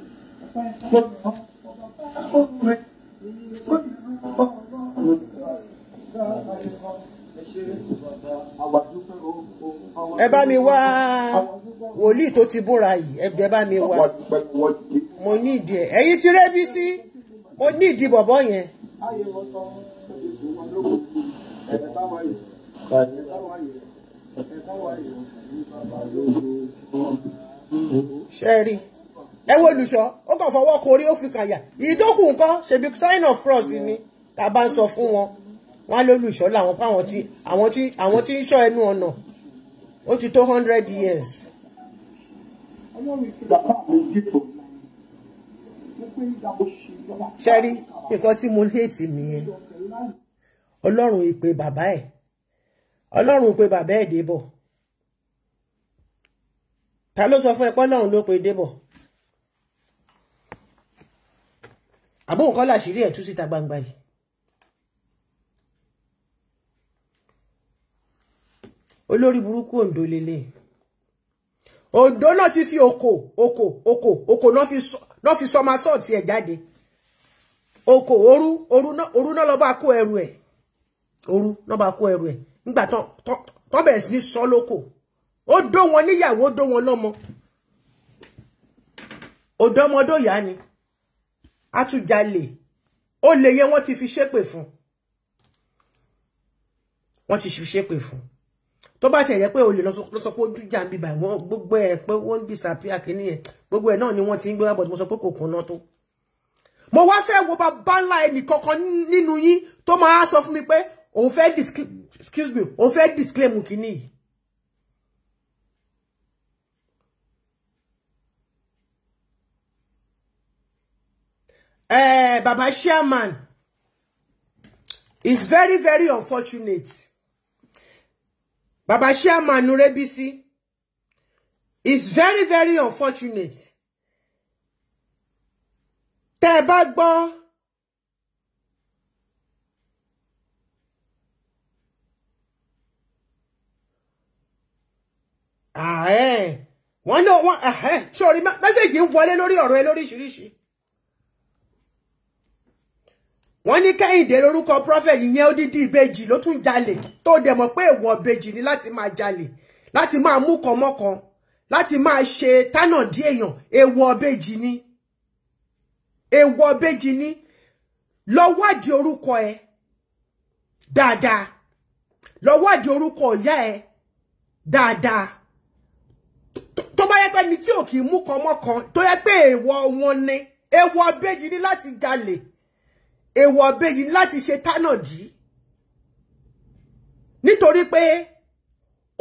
ẹ bá mi wá wòlíì tó ti búra yìí ẹ bá mi wá mo ní ìdí ẹ ẹ̀yin ti rẹbí sí mo ní ìdí bọbọ yẹn. ṣe rí i ẹ wo olùṣọ́ ó kàn fọwọ́ korí ó fi kàyà ìdókù nǹkan ṣèbí sign of cross ni tá a bá ń sọ fún wọn wọn lólùṣọ́ làwọn pa àwọn tí àwọn tí àwọn tí ń ṣọ́ ẹnu ọ̀nà ó ti tó hundred years. ṣẹ́rí nǹkan tí mo léètì nìyẹn ọlọ́run ìpè bàbá ẹ̀ ọlọ́run ìpè bàbá ẹ̀ débọ̀ ta ló sọ fún ẹ pé ọlọ́run ló pe débọ̀. àbóhùn kọ́ làṣírí ẹ̀ tú síta gbangba yìí olórí burúkú Ondo lélẹ̀ Ondo náà ti fi oko oko oko oko náà fi sọma sọ́ọ̀tì ẹ̀ jáde oko òru òru náà òru náà lọ́ba kó ẹrù ẹ̀ òru náà bá kó ẹrù ẹ̀ nígbà tán bẹ̀rẹ̀ sí ní sọ lóko ó dó wọn níyàwó ó dó wọn lọ́mọ òdọ́mọdó yá ni àtújalè ó lè yẹ wọ́n ti fi ṣépè fún wọ́n ti fi ṣépè fún tó bá ti ẹ̀yẹ pé olè lọ sọ pé ojú jà ń bíbà wọ́n gbogbo ẹ̀ pé wọ́n disappear kini. ẹ̀ gbogbo ẹ̀ náà ni wọ́n ti ń gbé mo sọ pé kò kùnà tó mo wá fẹ́ wo bàbá ńlá ẹnì kankan nínú yín tó máa sọ fún mi pé òun fẹ́ disclaim òun fẹ́ disclaim kini. yìí uh, Baba Chairman it's very, very unfortunate. Baba Chairman Nurebisi it's very, very unfortunate. Tẹ́ bá gbọ́ Ah eh. Wọ́n no ah eh. Sorry, eh, message ń wọlé lórí or ẹ lórí ṣiríṣi. wọ́n ní kẹ́hìndé lórúkọ prophet yìnyẹn odidi ìbejì ló tún jalè tó dẹ̀ mọ̀ pé èèwọ̀ ìbejì ni láti máa jalè láti máa mú kan mọ́kan láti máa ṣe tánà dí èèyàn èèwọ̀ ìbejì ni èèwọ̀ ìbejì ni lọ wádìí orúkọ ẹ dáadáa lọ wádìí orúkọ ìyá ẹ dáadáa tó bá yẹ pé ẹni tí ò kì í mú kan mọ́kan tó yẹ pé èèwọ̀ wọn ni èèwọ̀ ìbejì ni láti jalè èèwọ̀ bèjì láti ṣe tánàdí nítorí pé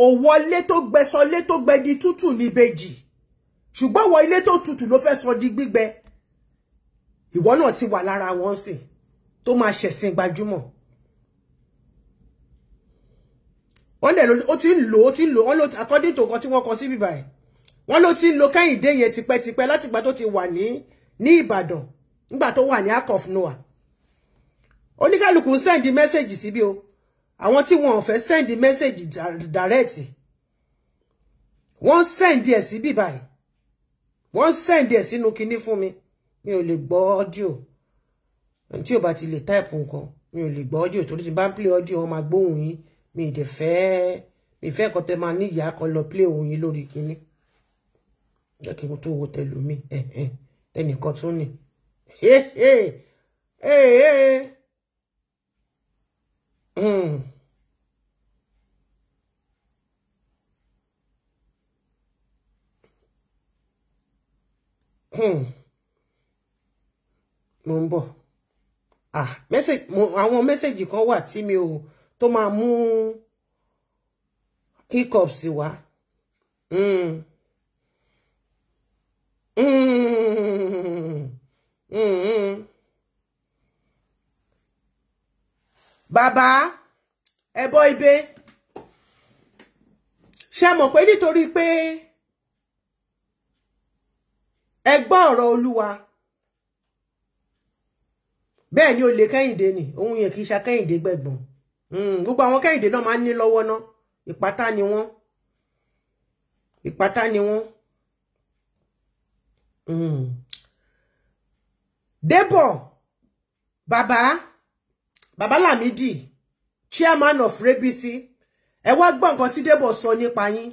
òwò ilé tó gbẹsọ ilé tó gbẹ di tútù ní bèjì ṣùgbọ́n wọ ilé tó tútù ló fẹ́ sọ di gbígbẹ ìwọ náà ti wà lára wọn sì tó máa ṣẹ̀sìn gbajúmọ̀ wọ́n dẹ̀ ó ti ń lò ó ti ń lò wọ́n ló according to nǹkan tí wọ́n kọ sí bíbá ẹ̀ wọ́n ló ti ń lo Kẹ́hìndé yẹn tipẹ́tipẹ́ látìgbà tó ti wà ní ní Ìbàdàn nígbà tó wà ní Ark oníkálukú ń sẹ́ndì mẹ́sẹ̀jì síbí o àwọn tí wọn ò fẹ́ sẹ́ndì mẹ́sẹ̀jì dàrẹ́ẹ̀tì wọ́n sẹ́ndì ẹ̀ síbí báyìí wọ́n sẹ́ndì ẹ̀ sínú kinní fún mi mi ò lè gbọ́ ọ́díò tí ò bá ti lè táìpù nǹkan mi ò lè gbọ́ ọ́díò torí ti bá ń play ọ́díò wọn máa gbóhùn yín mi ì dẹ̀ fẹ́ mi fẹ́ kọ́ tẹ máa ní ìyá kan lọ play òun yín lórí kinní jẹ́ kí n tó wo tẹlómi hey. tẹnìkan tún nì. Mm. mm. mo ń bọ̀ ah message mo àwọn message kan wà tí mi ò tó máa mú hiccups wá mm. Mm. Hmm. Mm. mm. bàbá ẹ bọ́ ibẹ̀ ṣe mọ̀ pé nítorí pé ẹ gbọ́ ọ̀rọ̀ olúwa bẹ́ẹ̀ ni olè kẹ́hìndé ni ohun yẹn kì í ṣa kẹ́hìndé gbẹ̀gbọ̀n hmm, gbogbo àwọn kẹ́hìndé náà máa ń ní lọ́wọ́ náà ìpátá ni wọ́n ìpátá ni wọ́n hmm. débọ̀ bàbá Bàbá Lamidi, chairman of Rebisi, ẹ wá gbọ́ nǹkan tí Débọ̀ sọ nípa yín.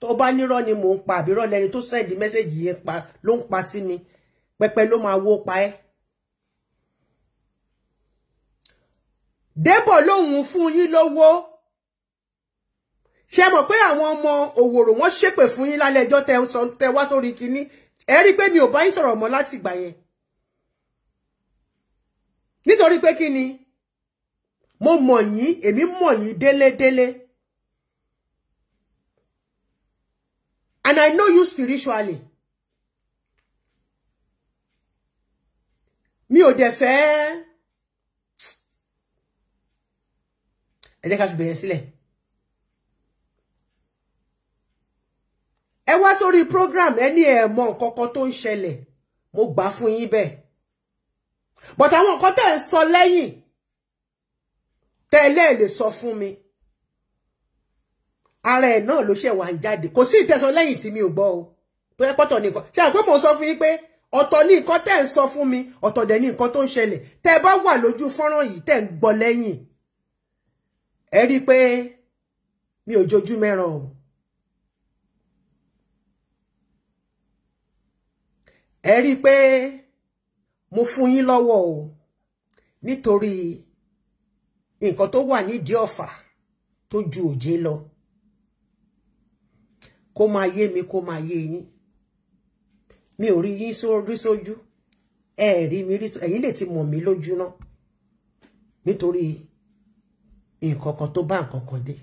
Tó bá nírọ́ ni mò ń pa àbírọ́ lẹni tó send message yẹn pa ló ń pa sí mi. Pẹpẹ ló máa pa e, Débọ̀ lóhùn fún yín lówó. Ṣé mọ̀ pé àwọn ọmọ òwòrò wọ́n ṣépè fún yín lálẹ́ te tẹ wá sórí kinní. Ẹ rí i pé mi ò bá yín sọ̀rọ̀ mọ́ láti ìgbà yẹn nítorí pé kí ni mo mọ̀ yín èmi mọ̀ yín délédélé and I know you spiritually mi ò dẹ̀ fẹ́ ẹ jẹ́ ká fi bẹ̀yẹn sílẹ̀ ẹ wá sórí program ẹ ní ẹ mọ̀ nǹkan tó ń ṣẹlẹ̀ mo gbà fún yín bẹ́ẹ̀ but àwọn nǹkan tẹ́ ń sọ lẹ́yìn tẹ́lẹ̀ le sọ fún mi ara ẹ̀ náà ló ṣe wà ń jáde kò sí ìtẹ́sọ lẹ́yìn tí mi ò gbọ́ o tó yẹ pọ́tọ̀ nìkan ṣe àpé mò ń sọ fún yín pé ọ̀tọ̀ ní nǹkan tẹ́ ń sọ fún mi ọ̀tọ̀ dẹ̀ ní nǹkan tó ń ṣẹlẹ̀ tẹ́ bá wà lójú fọ́nrán yìí tẹ́ ń gbọ́ lẹ́yìn ẹ rí i pé mi ò jojú mẹ́ràn o ẹ rí i pé mo fún yín lọ́wọ́ o nítorí nǹkan tó wà nídìí ọ̀fà tó ju òjé lọ kó máa yé mi kó máa yé yín mi ò rí yín rí sójú ẹ rí mi rí ẹ̀yin lè ti mọ̀ mí lójú náà nítorí nǹkan kan tó bá nǹkan kan dé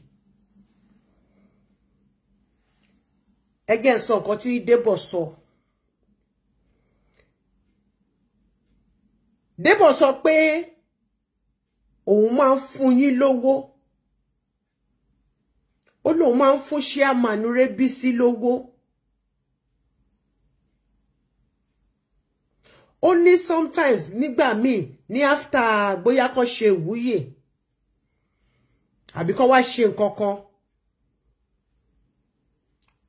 ẹgbẹ́ sọ nǹkan tí Débọ̀ So Débọ̀ sọ pé òun máa ń fún yín lówó ó lóun máa ń fún ṣíàmánu Rẹ́bísí lówó ó ní sometimes nígbà míì ní after bóyá kan ṣe ìwúyè àbí kan wá ṣe nǹkan kan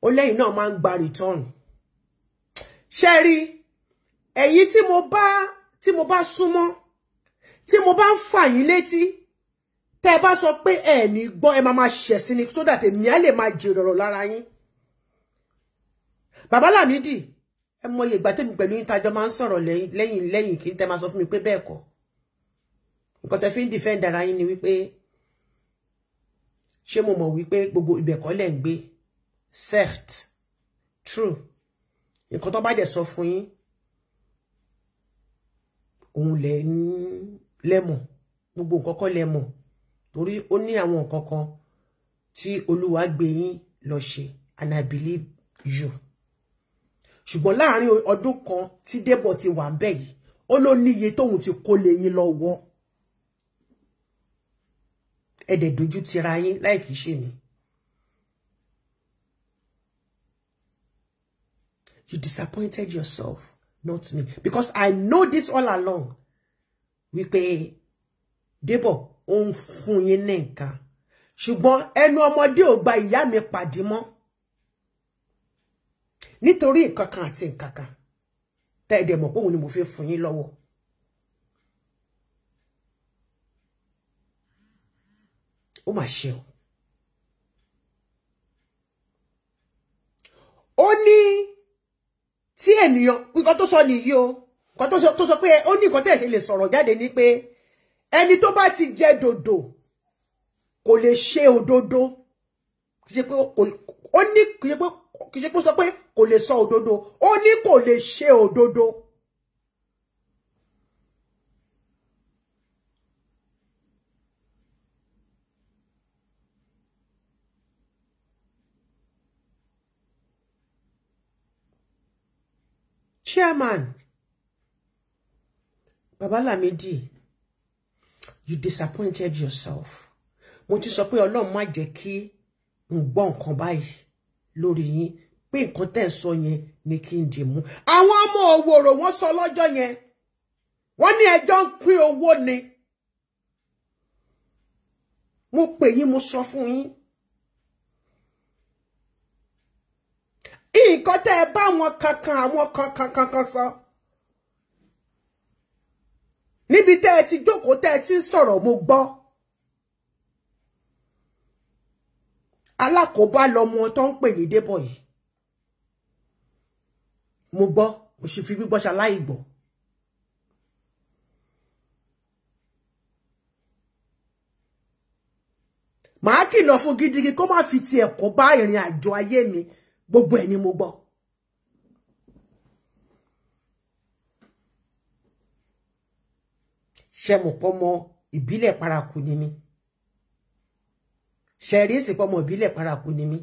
ó lẹ́yìn náà máa ń gba return ṣe rí tí mo bá tí mo bá súnmọ́ tí mo bá ń fà yín létí tẹ́ ẹ bá sọ pé ẹ ní gbọ́ ẹ máa máa ṣẹ̀sìn ni tó dàtẹ̀ mí á lè máa jèrè ọ̀rọ̀ lára yín bàbá Lámídì ẹ mọye ìgbà tèmi pẹ̀lú yín tájọ máa ń sọ̀rọ̀ lẹ́yìn lẹ́yìn kí n tẹ́ máa sọ fún mi pé bẹ́ẹ̀ kọ́ nǹkan tẹ́ fi ń ara yín ni wípé ṣé mo mọ̀ wípé gbogbo ìbẹ̀kọ́ lẹ̀ ń gbé cert true nǹkan tó bá dẹ̀ sọ fún yín òun lẹ ń lẹ́mọ̀ gbogbo nǹkan kan lẹ́mọ̀ torí ó ní àwọn nǹkan kan tí olúwa gbé yín lọ ṣe and i believe you ṣùgbọ́n láàrin ọdún kan tí débọ̀ ti wà ń bẹ̀ yìí ó ló níye tóun ti kó lé yín lọ́wọ́ ẹ̀dẹ̀ dojú tira yín láì kìí ṣe ni. You disappointed yourself not me because I know this all along We pay. Debo, ń fún yín ní nǹkan ṣùgbọ́n ẹnu ọmọdé ò gba ìyá mi pàdé mọ́ nítorí nǹkan kan àti nǹkan kan tẹ́ ẹ dẹ̀ mo fi fún yín lọ́wọ́. ó mà o ó tí ènìyàn nǹkan tó sọ nìyí o nǹkan tó sọ pé ó ní nǹkan tẹ̀ ṣe lè sọ̀rọ̀ jáde ni pé ẹni tó bá ti jẹ dodo, kò lè ṣe òdodo kì í ṣe pé ó ní kì í ṣe pé ó sọ pé kò lè sọ òdodo ó ní kò lè ṣe òdodo. chairman baba Lamidi you disappointed yourself mo ti sọ pé Ọlọ́run má jẹ́ kí n gbọ́ nǹkan báyìí lórí yín pé nǹkan tẹ́ ń sọ yẹn ni kí n dì mú àwọn ọmọ òwòrò wọ́n sọ lọ́jọ́ yẹn wọ́n ní ẹjọ́ ń ni mo pè yín mo sọ fún yín nǹkan tẹ́ ẹ bá wọn kankan àwọn kankan kankan sọ níbi tẹ́ ẹ ti jókòó tẹ́ ẹ ti ń sọ̀rọ̀ mo gbọ́ alákòóbá lọmọ tó ń pè ní débọ̀ yìí mo gbọ́ mo sì fi gbígbọ́ ṣaláì gbọ́. màá kìlọ̀ fún gidigidi kó má fi tiẹ̀ kó bá ìrìn àjò ayé mi gbogbo ẹ̀ ni mo gbọ́. ṣe mọ̀ pọ́ mọ ìbílẹ̀ paraku ni mí ṣẹ̀rí sì pọ́ mọ ìbílẹ̀ paraku ni mí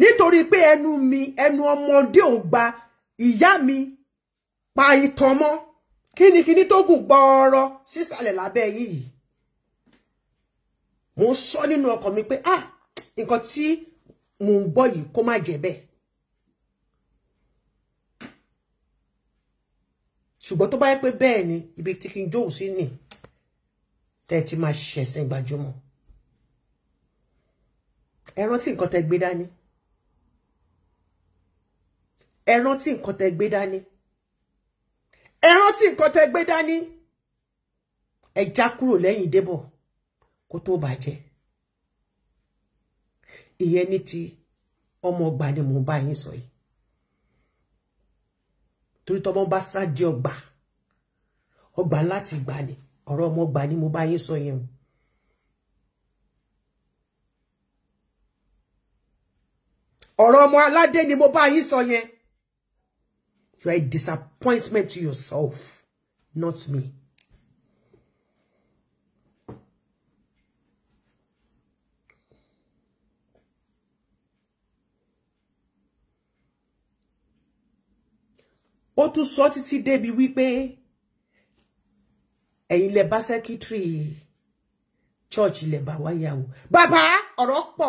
nítorí pé ẹnu mi ẹnu ọmọdé ò gba ìyá mi pa ìtàn mọ́ kínníkínní tó gùn gbọ́ọ̀rọ̀ sísàlẹ̀ lábẹ́ yìí mo sọ nínú ọkàn mi pé ah nǹkan tí mò ń gbọ́ yìí kó má jẹ́ bẹ́ẹ̀ ṣùgbọ́n tó bá yẹ pé bẹ́ẹ̀ ni ibi tí kí n jóhùn sí nì tẹ́ ẹ ti máa ṣẹ̀sìn gbajúmọ̀ ẹ rántí nǹkan tẹ́ gbé dání ẹ rántí nǹkan tẹ́ gbé dání ẹ rántí nǹkan tẹ́ gbé dání ẹ já kúrò lẹ́yìn débọ̀ kó tó bàjẹ́ ìyẹn ní ti ọmọ ọgbà ni mò bá yín sọ yìí torí tọmọ bá sáde ọgbà ọgbà láti gbà ni ọ̀rọ̀ ọmọ ọgbà ni mo bá yín sọ yẹn o ọ̀rọ̀ ọmọ aládé ni mo bá yín sọ yẹn you are a disappointment to yourself not me. ó tún sọ títí débi wípé ẹ̀yin lẹ bá sẹ́kítírì church le bá wáyàwó bàbá ọ̀rọ̀ orokpo,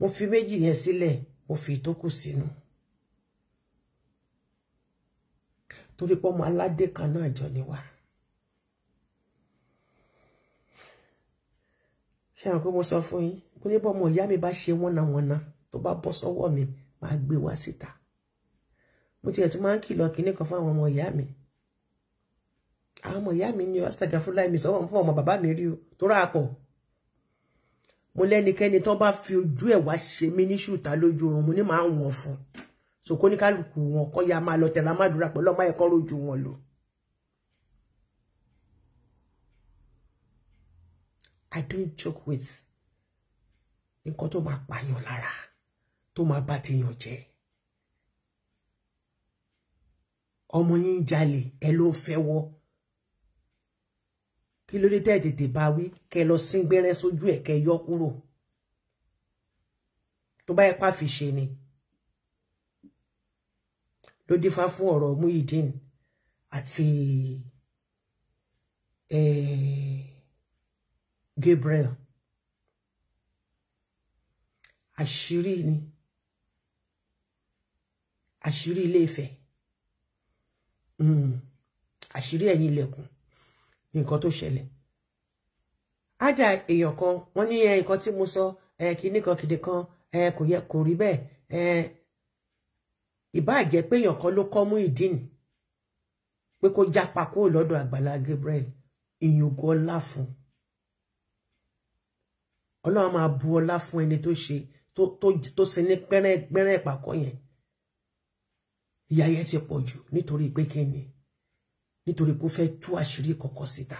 mo fi méjì yẹn sílẹ̀ mo fi ìtókù sínú torí pé ọmọ aládé kan náà jọ ni wá ṣé àwọn mo sọ fún yín mo ní bọ́ ọmọ ìyá mi bá ṣe wọ́nàwọ́nà tó bá bọ́ sọ́wọ́ mi máa gbé wá mo tiẹ̀ tún máa ń kìlọ̀ kinní kan fún àwọn ọmọ ìyá mi àwọn ọmọ ìyá mi ni ọ́sítàjà fún láìmí sọ́wọ́n fún ọmọ bàbá mi rí o tó rà pọ̀ mo lẹ́nikẹ́ni tó bá fi ojú ẹ̀ wá ṣe mí ní ṣùtá lójú oorun mo ní máa wọ̀n fún so ní kálukú wọn kọ́ ya máa lọ tẹ̀lé amádùúrà pẹ̀lú ọmọ ẹ̀kọ́ rojú wọn lò. I don't joke with nǹkan tó máa pààyàn lára tó máa bá ti jẹ́. ọmọ yín ń jalè ẹ ló fẹ́ wọ́ kí ló dé tẹ́ tètè bá wí kẹ lọ sín gbẹ́rẹ́ sójú ẹ̀ kẹ yọ kúrò tó bá ipá fi ṣe ni ló dífá fún ọ̀rọ̀ Muyideen àti eh, Gabriel àṣírí ni àṣírí Ilé-Ifẹ̀. Hmm. àṣírí ẹ̀yìn ilẹ̀kùn nǹkan tó ṣẹlẹ̀ ádà èèyàn kan wọ́n ní nǹkan tí mo sọ kinní kan kìdì kan kò yẹ kò rí bẹ́ẹ̀ ìbáà jẹ́ pé èèyàn kan ló kọ́ mú ìdí nì pé kó jápa kúrò lọ́dọ̀ àgbàlá Gabriel ìyògo ọlá fún Ọlọ́run máa bu ọlá fún ẹni tó ṣe tó sin ní pẹ́rẹ́ pàkọ́ yẹn ìyá yẹn ti pọ̀ jù nítorí pé kí ni nítorí pé ó fẹ́ tú àṣírí kọ̀ọ̀kan síta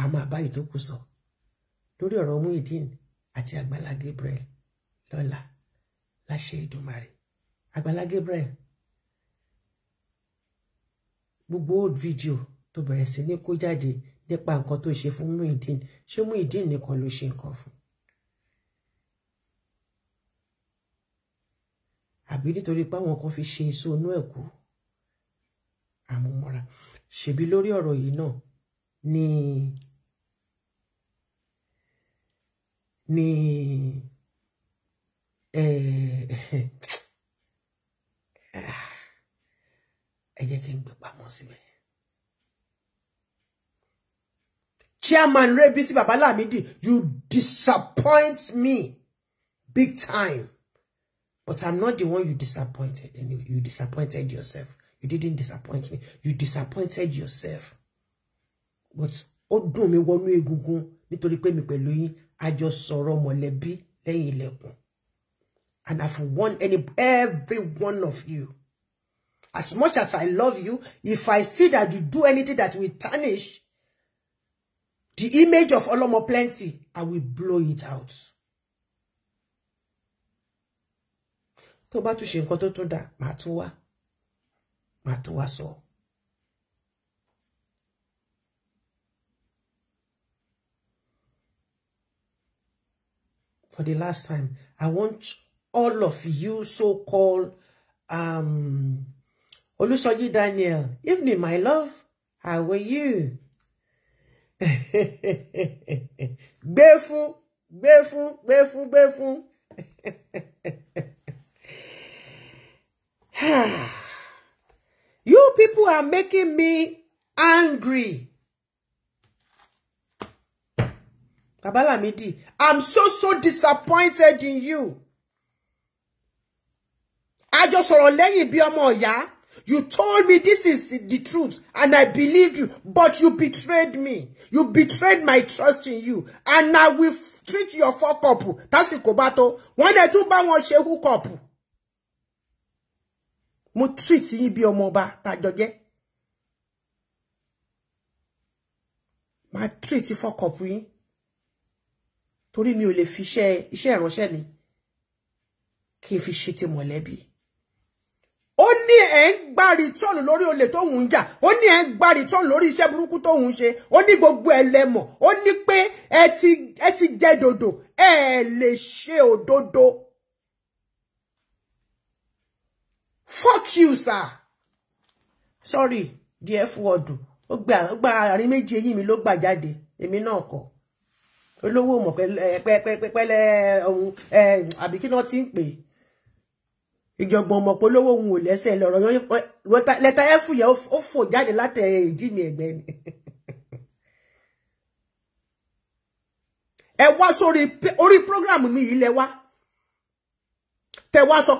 a máa bá ìdókù sọ lórí ọ̀rọ̀ Muyideen àti Àgbàlá Gabriel lọ́la láṣẹ Èdùmàrè Àgbàlá Gabriel gbogbo old video tó bẹ̀rẹ̀ sí ní kó jáde nípa nǹkan tó ṣe fún Muyideen ṣé Muyideen nìkan ló ṣe nǹkan fún àbí nítorí pé àwọn kan fi ṣe èso inú ẹ̀ kú ṣèbí lórí ọ̀rọ̀ yìí náà ni ni ẹ jẹ́ kí n gbé pamọ́ síbẹ̀. chairman rebisi babalamidi you disappoint me big time. But I'm not the one you disappointed. And you disappointed yourself. You didn't disappoint me. You disappointed yourself. But ó dùn wonu wọnú egungun nítorí pé mi pelu yín a jọ sọ̀rọ̀ mọ̀lẹ́bí lẹ́yìn ilẹ̀kùn. And I've warned any every one of you. As much as I love you, if I see that you do anything that will tarnish the image of Olomo Plenty, I will blow it out. tó bá tún ṣe nǹkan tó tún dà màá tún wá màá tún wá sọ. For the last time, I want all of you so-called um, Olusoji Daniel, evening, my love. How are you? Gbé fún, gbé fún, gbé fún, gbé fún. you people are making me angry. midi. I'm so, so disappointed in you. I just sọ̀rọ̀ lẹ́yìn bí You told me this is the truth and I believed you, but you betrayed me. You betrayed my trust in you and I will treat your fuck up. Tásìkò bá tó. Wọ́n dẹ̀ tún bá wọn ṣe hook mo treat yín bí ọmọ ọba tàjọ jẹ́ máa treat fọ́kọ̀pù yín torí mi ò lè fi iṣẹ́ iṣẹ́ ìránṣẹ́ mi kí fi ṣe ti mọ̀lẹ́bí ó ní ẹ̀ ń gba return lórí olè tó ń jà ó ní ẹ̀ ń gba lori lórí iṣẹ́ burúkú tó ń ṣe ó ní gbogbo ẹ̀ lẹ́mọ̀ ó ní pé ẹ ti jẹ́ dòdò ẹ lè ṣe òdodo. fuck you sir sorry the f word o gba ó gba àárín méjì eyín mi ló gbà jáde èmi náà ohun eh, eh, àbí ti ń pè ìjọ̀gbọ̀n mọ̀ pé olówó òun ò lẹ́sẹ̀ lọ́rọ̀ lẹ́tà f yẹn ó fò jáde láti ìdí mi ni. ẹ wá sórí orí program mi sọ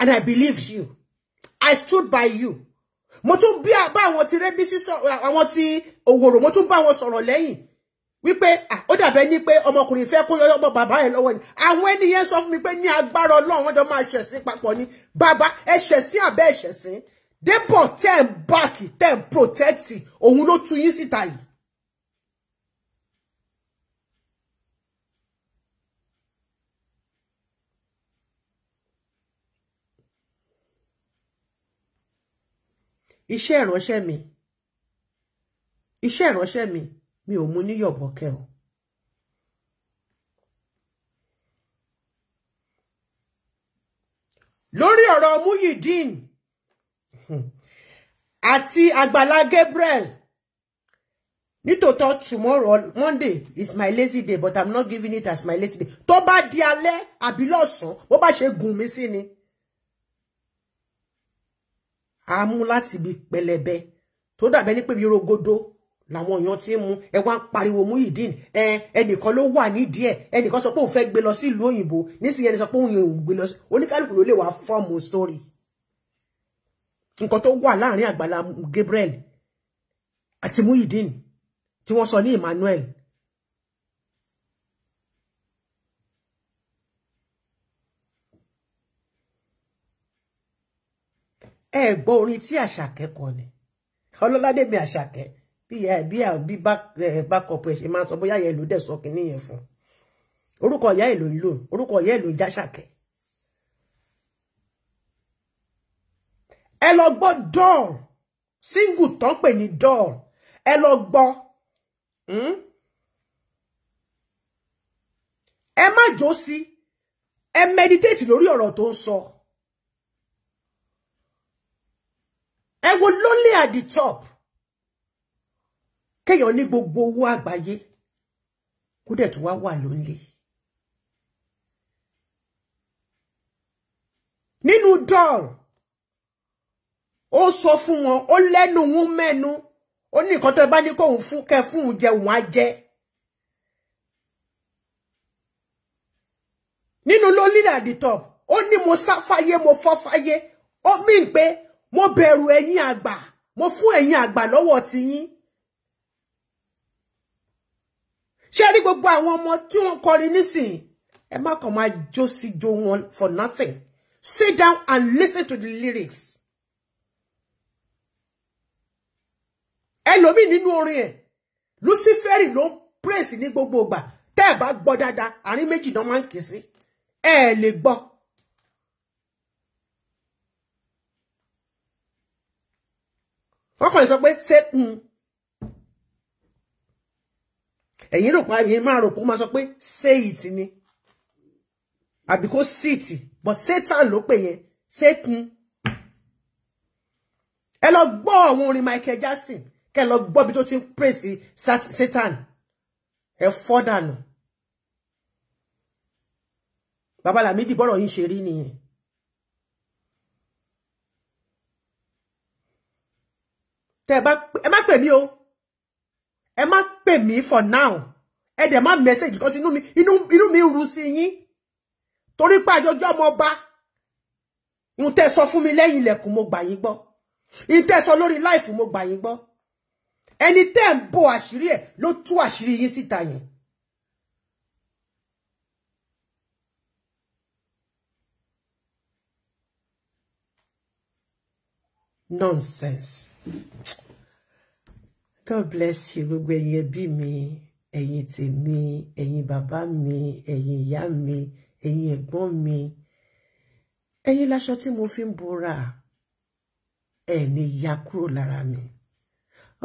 and I believed you. I stood by you. Mo tún bí àbá àwọn tí Rẹ́bísí sọ̀rọ̀ àwọn tí Òwòrò mo tún bá wọn sọ̀rọ̀ lẹ́yìn wípé ó dàbẹ́ ní pé ọmọkùnrin fẹ́ kó yọ́yọ́ bàbá ẹ̀ lọ́wọ́ ni àwọn ènìyàn sọ fún mi pé ní agbára Ọlọ́run wọ́n jọ máa ṣẹ̀sín papọ̀ ni bàbá ẹ ṣẹ̀sín àbẹ́ ẹ ṣẹ̀sín Débọ̀ tẹ̀ ń báàkì tẹ̀ ń protẹ́tì òun ló tu yín síta yìí iṣẹ́ ìránṣẹ́ mi iṣẹ́ ìránṣẹ́ mi mi ò mú ní yọ̀bọ̀kẹ́ o. lórí ọ̀rọ̀ Muyideen àti Àgbàlá Gabriel nítòótọ́ tomorrow Monday is my lazy day but I'm not giving it as my lazy day tó bá di alẹ́ àbí lọ́sàn-án bó bá ṣe gùn mí sí ni a mú láti ibi pẹlẹbẹ tó dàbẹ ní pé bí rogodo làwọn èèyàn ti ń mu ẹ wá ń pariwo Muyideen ẹ ẹnìkan ló wà nídìí ẹ ẹnìkan sọ pé òun fẹ́ gbé lọ sí ìlú òyìnbó nísìnyẹn ni sọ pé òun yóò gbé lọ sí oníkálukú ló lè wá fọ́ọ̀mù sórí nǹkan tó wà láàrin Àgbàlá Gabriel àti Muyideen tí wọ́n sọ ní Emmanuel ẹ gbọ́ orin tí àṣàkẹ́ kọ ni ọlọ́ládé mi àṣàkẹ́ bí ẹ bí ẹ bí back ẹ ṣe máa sọ bóyá yẹn ló dẹ̀ sọ kínní yẹn fún orúkọ ìyá ẹ̀ ló ń lò orúkọ ìyá ẹ̀ ló ń já ṣàkẹ́ ẹ lọ gbọ́ dọ́ọ̀l single tán pè ní dọ́ọ̀l ẹ lọ gbọ́ hmm? ẹ má jó sí ẹ meditate lórí ọ̀rọ̀ tó ń So. ẹ wo lonely at the top kéèyàn ní gbogbo owó àgbáyé kó dẹ̀ tún wa wà lonely nínú doll ó sọ fún wọn o lẹ́nu ń mẹ́nu ó ní nǹkan tó bá Ni kóun fún kẹ fún un jẹ òun á jẹ lonely at the top O ni mo sáfáyé mo fọ́fáyé o mí pé mo bẹ̀rù ẹ̀yin àgbà mo fún ẹ̀yin àgbà lọ́wọ́ ti yín ṣé rí gbogbo àwọn ọmọ tí wọ́n kọrin nísìn ẹ má kàn máa jó sí jó wọn for nothing sit down and listen to the lyrics ẹlòmíì nínú orin ẹ̀ luciferi ló ń praise ní gbogbo ìgbà tẹ́ ẹ bá gbọ́ dáadáa àárín méjì náà máa ń kì í sí ẹ lè gbọ́. wọ́n kàn lè sọ pé ṣé ẹ̀yin rò pa ẹ̀yin máa rò pé ó máa sọ pé ṣé ìtì ni àbí kó síìtì but satan ló pè yẹn satan ẹ lọ gbọ́ àwọn orin Michael Jackson kẹ lọ gbọ́ bí tó ti ń pèsè satan ẹ fọ́ dànù Bàbá Lámídì bọ́rọ̀ yín ṣe rí nìyẹn. tẹ́ bá ẹ má pè mí o ẹ má pè mí for now ẹ dẹ̀ má message because inú mi inú inú mi rú sí yín torí pé àjọjọ́ ọmọ ọba ìhun tẹ́ sọ fún mi lẹ́yìn ilẹ̀kùn mo gbà yín gbọ́ ìhun tẹ́ sọ lórí láìfù mo gbà yín gbọ́ ẹni tẹ́ ń bo àṣírí lo ló ashiri àṣírí yín síta yẹn. Nonsense. God bless you gbogbo ẹ̀yin ẹbí mi ẹ̀yin tèmi ẹ̀yin bàbá mi ẹ̀yin ìyá mi ẹ̀yin ẹ̀gbọ́n mi ẹ̀yin láṣọ tí mo fi ń bora ẹ̀ ní ya kúrò lára mi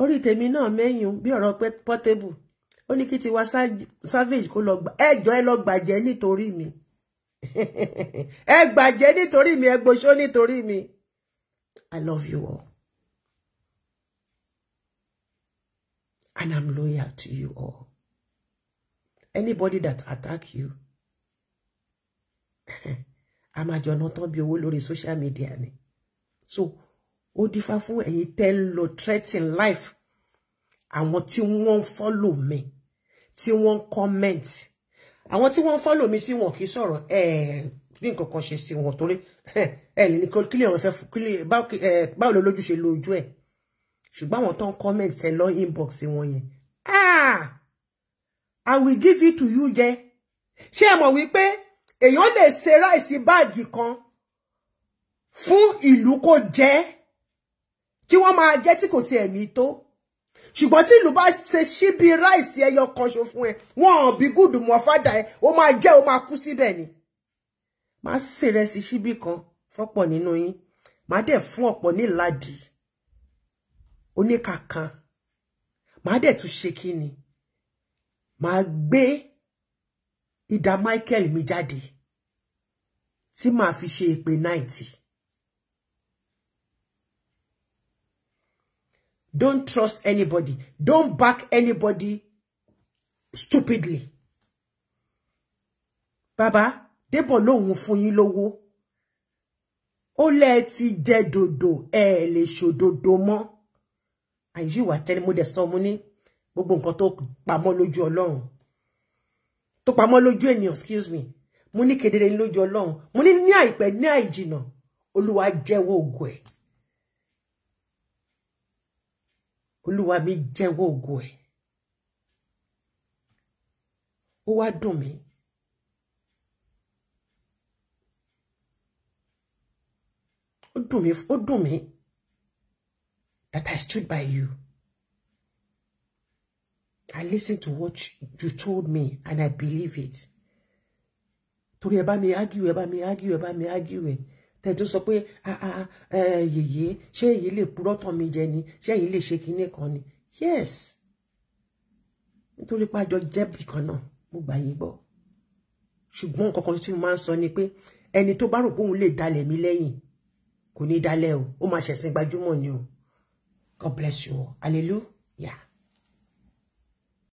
orí tèmi náà mẹ́yìn bí ọ̀rọ̀ pọ́tébù ó ní kí Tiwa Savage kó lọ gbà ẹjọ́ ẹ lọ gbàjẹ́ nítorí mi ẹ gbàjẹ́ nítorí mi ẹ gbóṣó nítorí mi I love you all. And I'm loyal to you all. Anybody that attack you, a máa jọ náà tán bí owó lórí social media ni. So, ó dífá fún ẹ̀yin tẹ́ ń lo threatening life. Àwọn tí you won't follow me, tí won't comment. Àwọn tí you won't follow me tí won't kì í sọ̀rọ̀ ẹ̀ ní nǹkan kan ṣe sí wọn Eh. ẹ̀ ní kílẹ̀ wọn fẹ́ báwo lójú ṣe lo ojú ẹ̀ ṣùgbọ́n àwọn tó ń comment ẹ lọ inbox wọn yẹn ah i will give it to you jẹ ṣé ẹ mọ̀ wípé èèyàn lè ṣe ráìsì báàgì kan fún ìlú kó jẹ kí wọ́n máa jẹ tí kò tiẹ̀ ní tó ṣùgbọ́n tí ìlú bá ṣe síbi ráìsì ẹyọ kan ṣo fún ẹ wọn bí gúdù mọ fádà ẹ ó máa jẹ ó máa kú síbẹ̀ ni máa ṣèrẹsì síbi kan fọ́pọ̀ nínú yín máa dẹ̀ fún ọ̀pọ̀ níládìí oníkà kan màá dẹ̀ tún ṣe kí ni màá gbé ìdá Michael mi jáde tí màá fi ṣe ìpè náìtì. Don't trust anybody. Don't back anybody stupidly. Bàbá Débọ̀ lòun fún yín lówó. Ó lẹ́ẹ̀ ti jẹ dòdò ẹ̀ lè ṣòdodo mọ́ àìsí ìwà tẹ́lẹ̀ mo dẹ̀ sọ mo ní gbogbo nǹkan tó pamọ́ lójú ọlọ́run tó pamọ́ lójú ènìyàn excuse me mo ní kedere ní lójú ọlọ́run mo ní ní àìpẹ́ ní àìjìnà olúwa jẹ́wọ́ ògo ẹ̀ olúwa mi jẹ́wọ́ ògo ẹ̀ ó wá dùn mí. ó dùn mí ó dùn mí that I stood by you. I listened to what you told me and I believe it. To ẹ bá me argue, ẹ bá mi argue, ẹ bá mi argue. Tẹ́ tó sọ pé ah, ah, ah, eh, yèyé ṣé èyí ye. purọ́ tàn mí jẹ ni She èyí lè ṣe kinní kan ni. Yes. To pàjọ jẹ́bi kan náà mo gbà yín gbọ́. Ṣùgbọ́n nǹkan kan tí mo máa ń sọ ni pé ẹni tó bá rò pé òun lè dalẹ̀ mí lẹ́yìn kò ní dalẹ̀ o, ó máa ṣẹ̀sìn o. God bless you all. Hallelujah.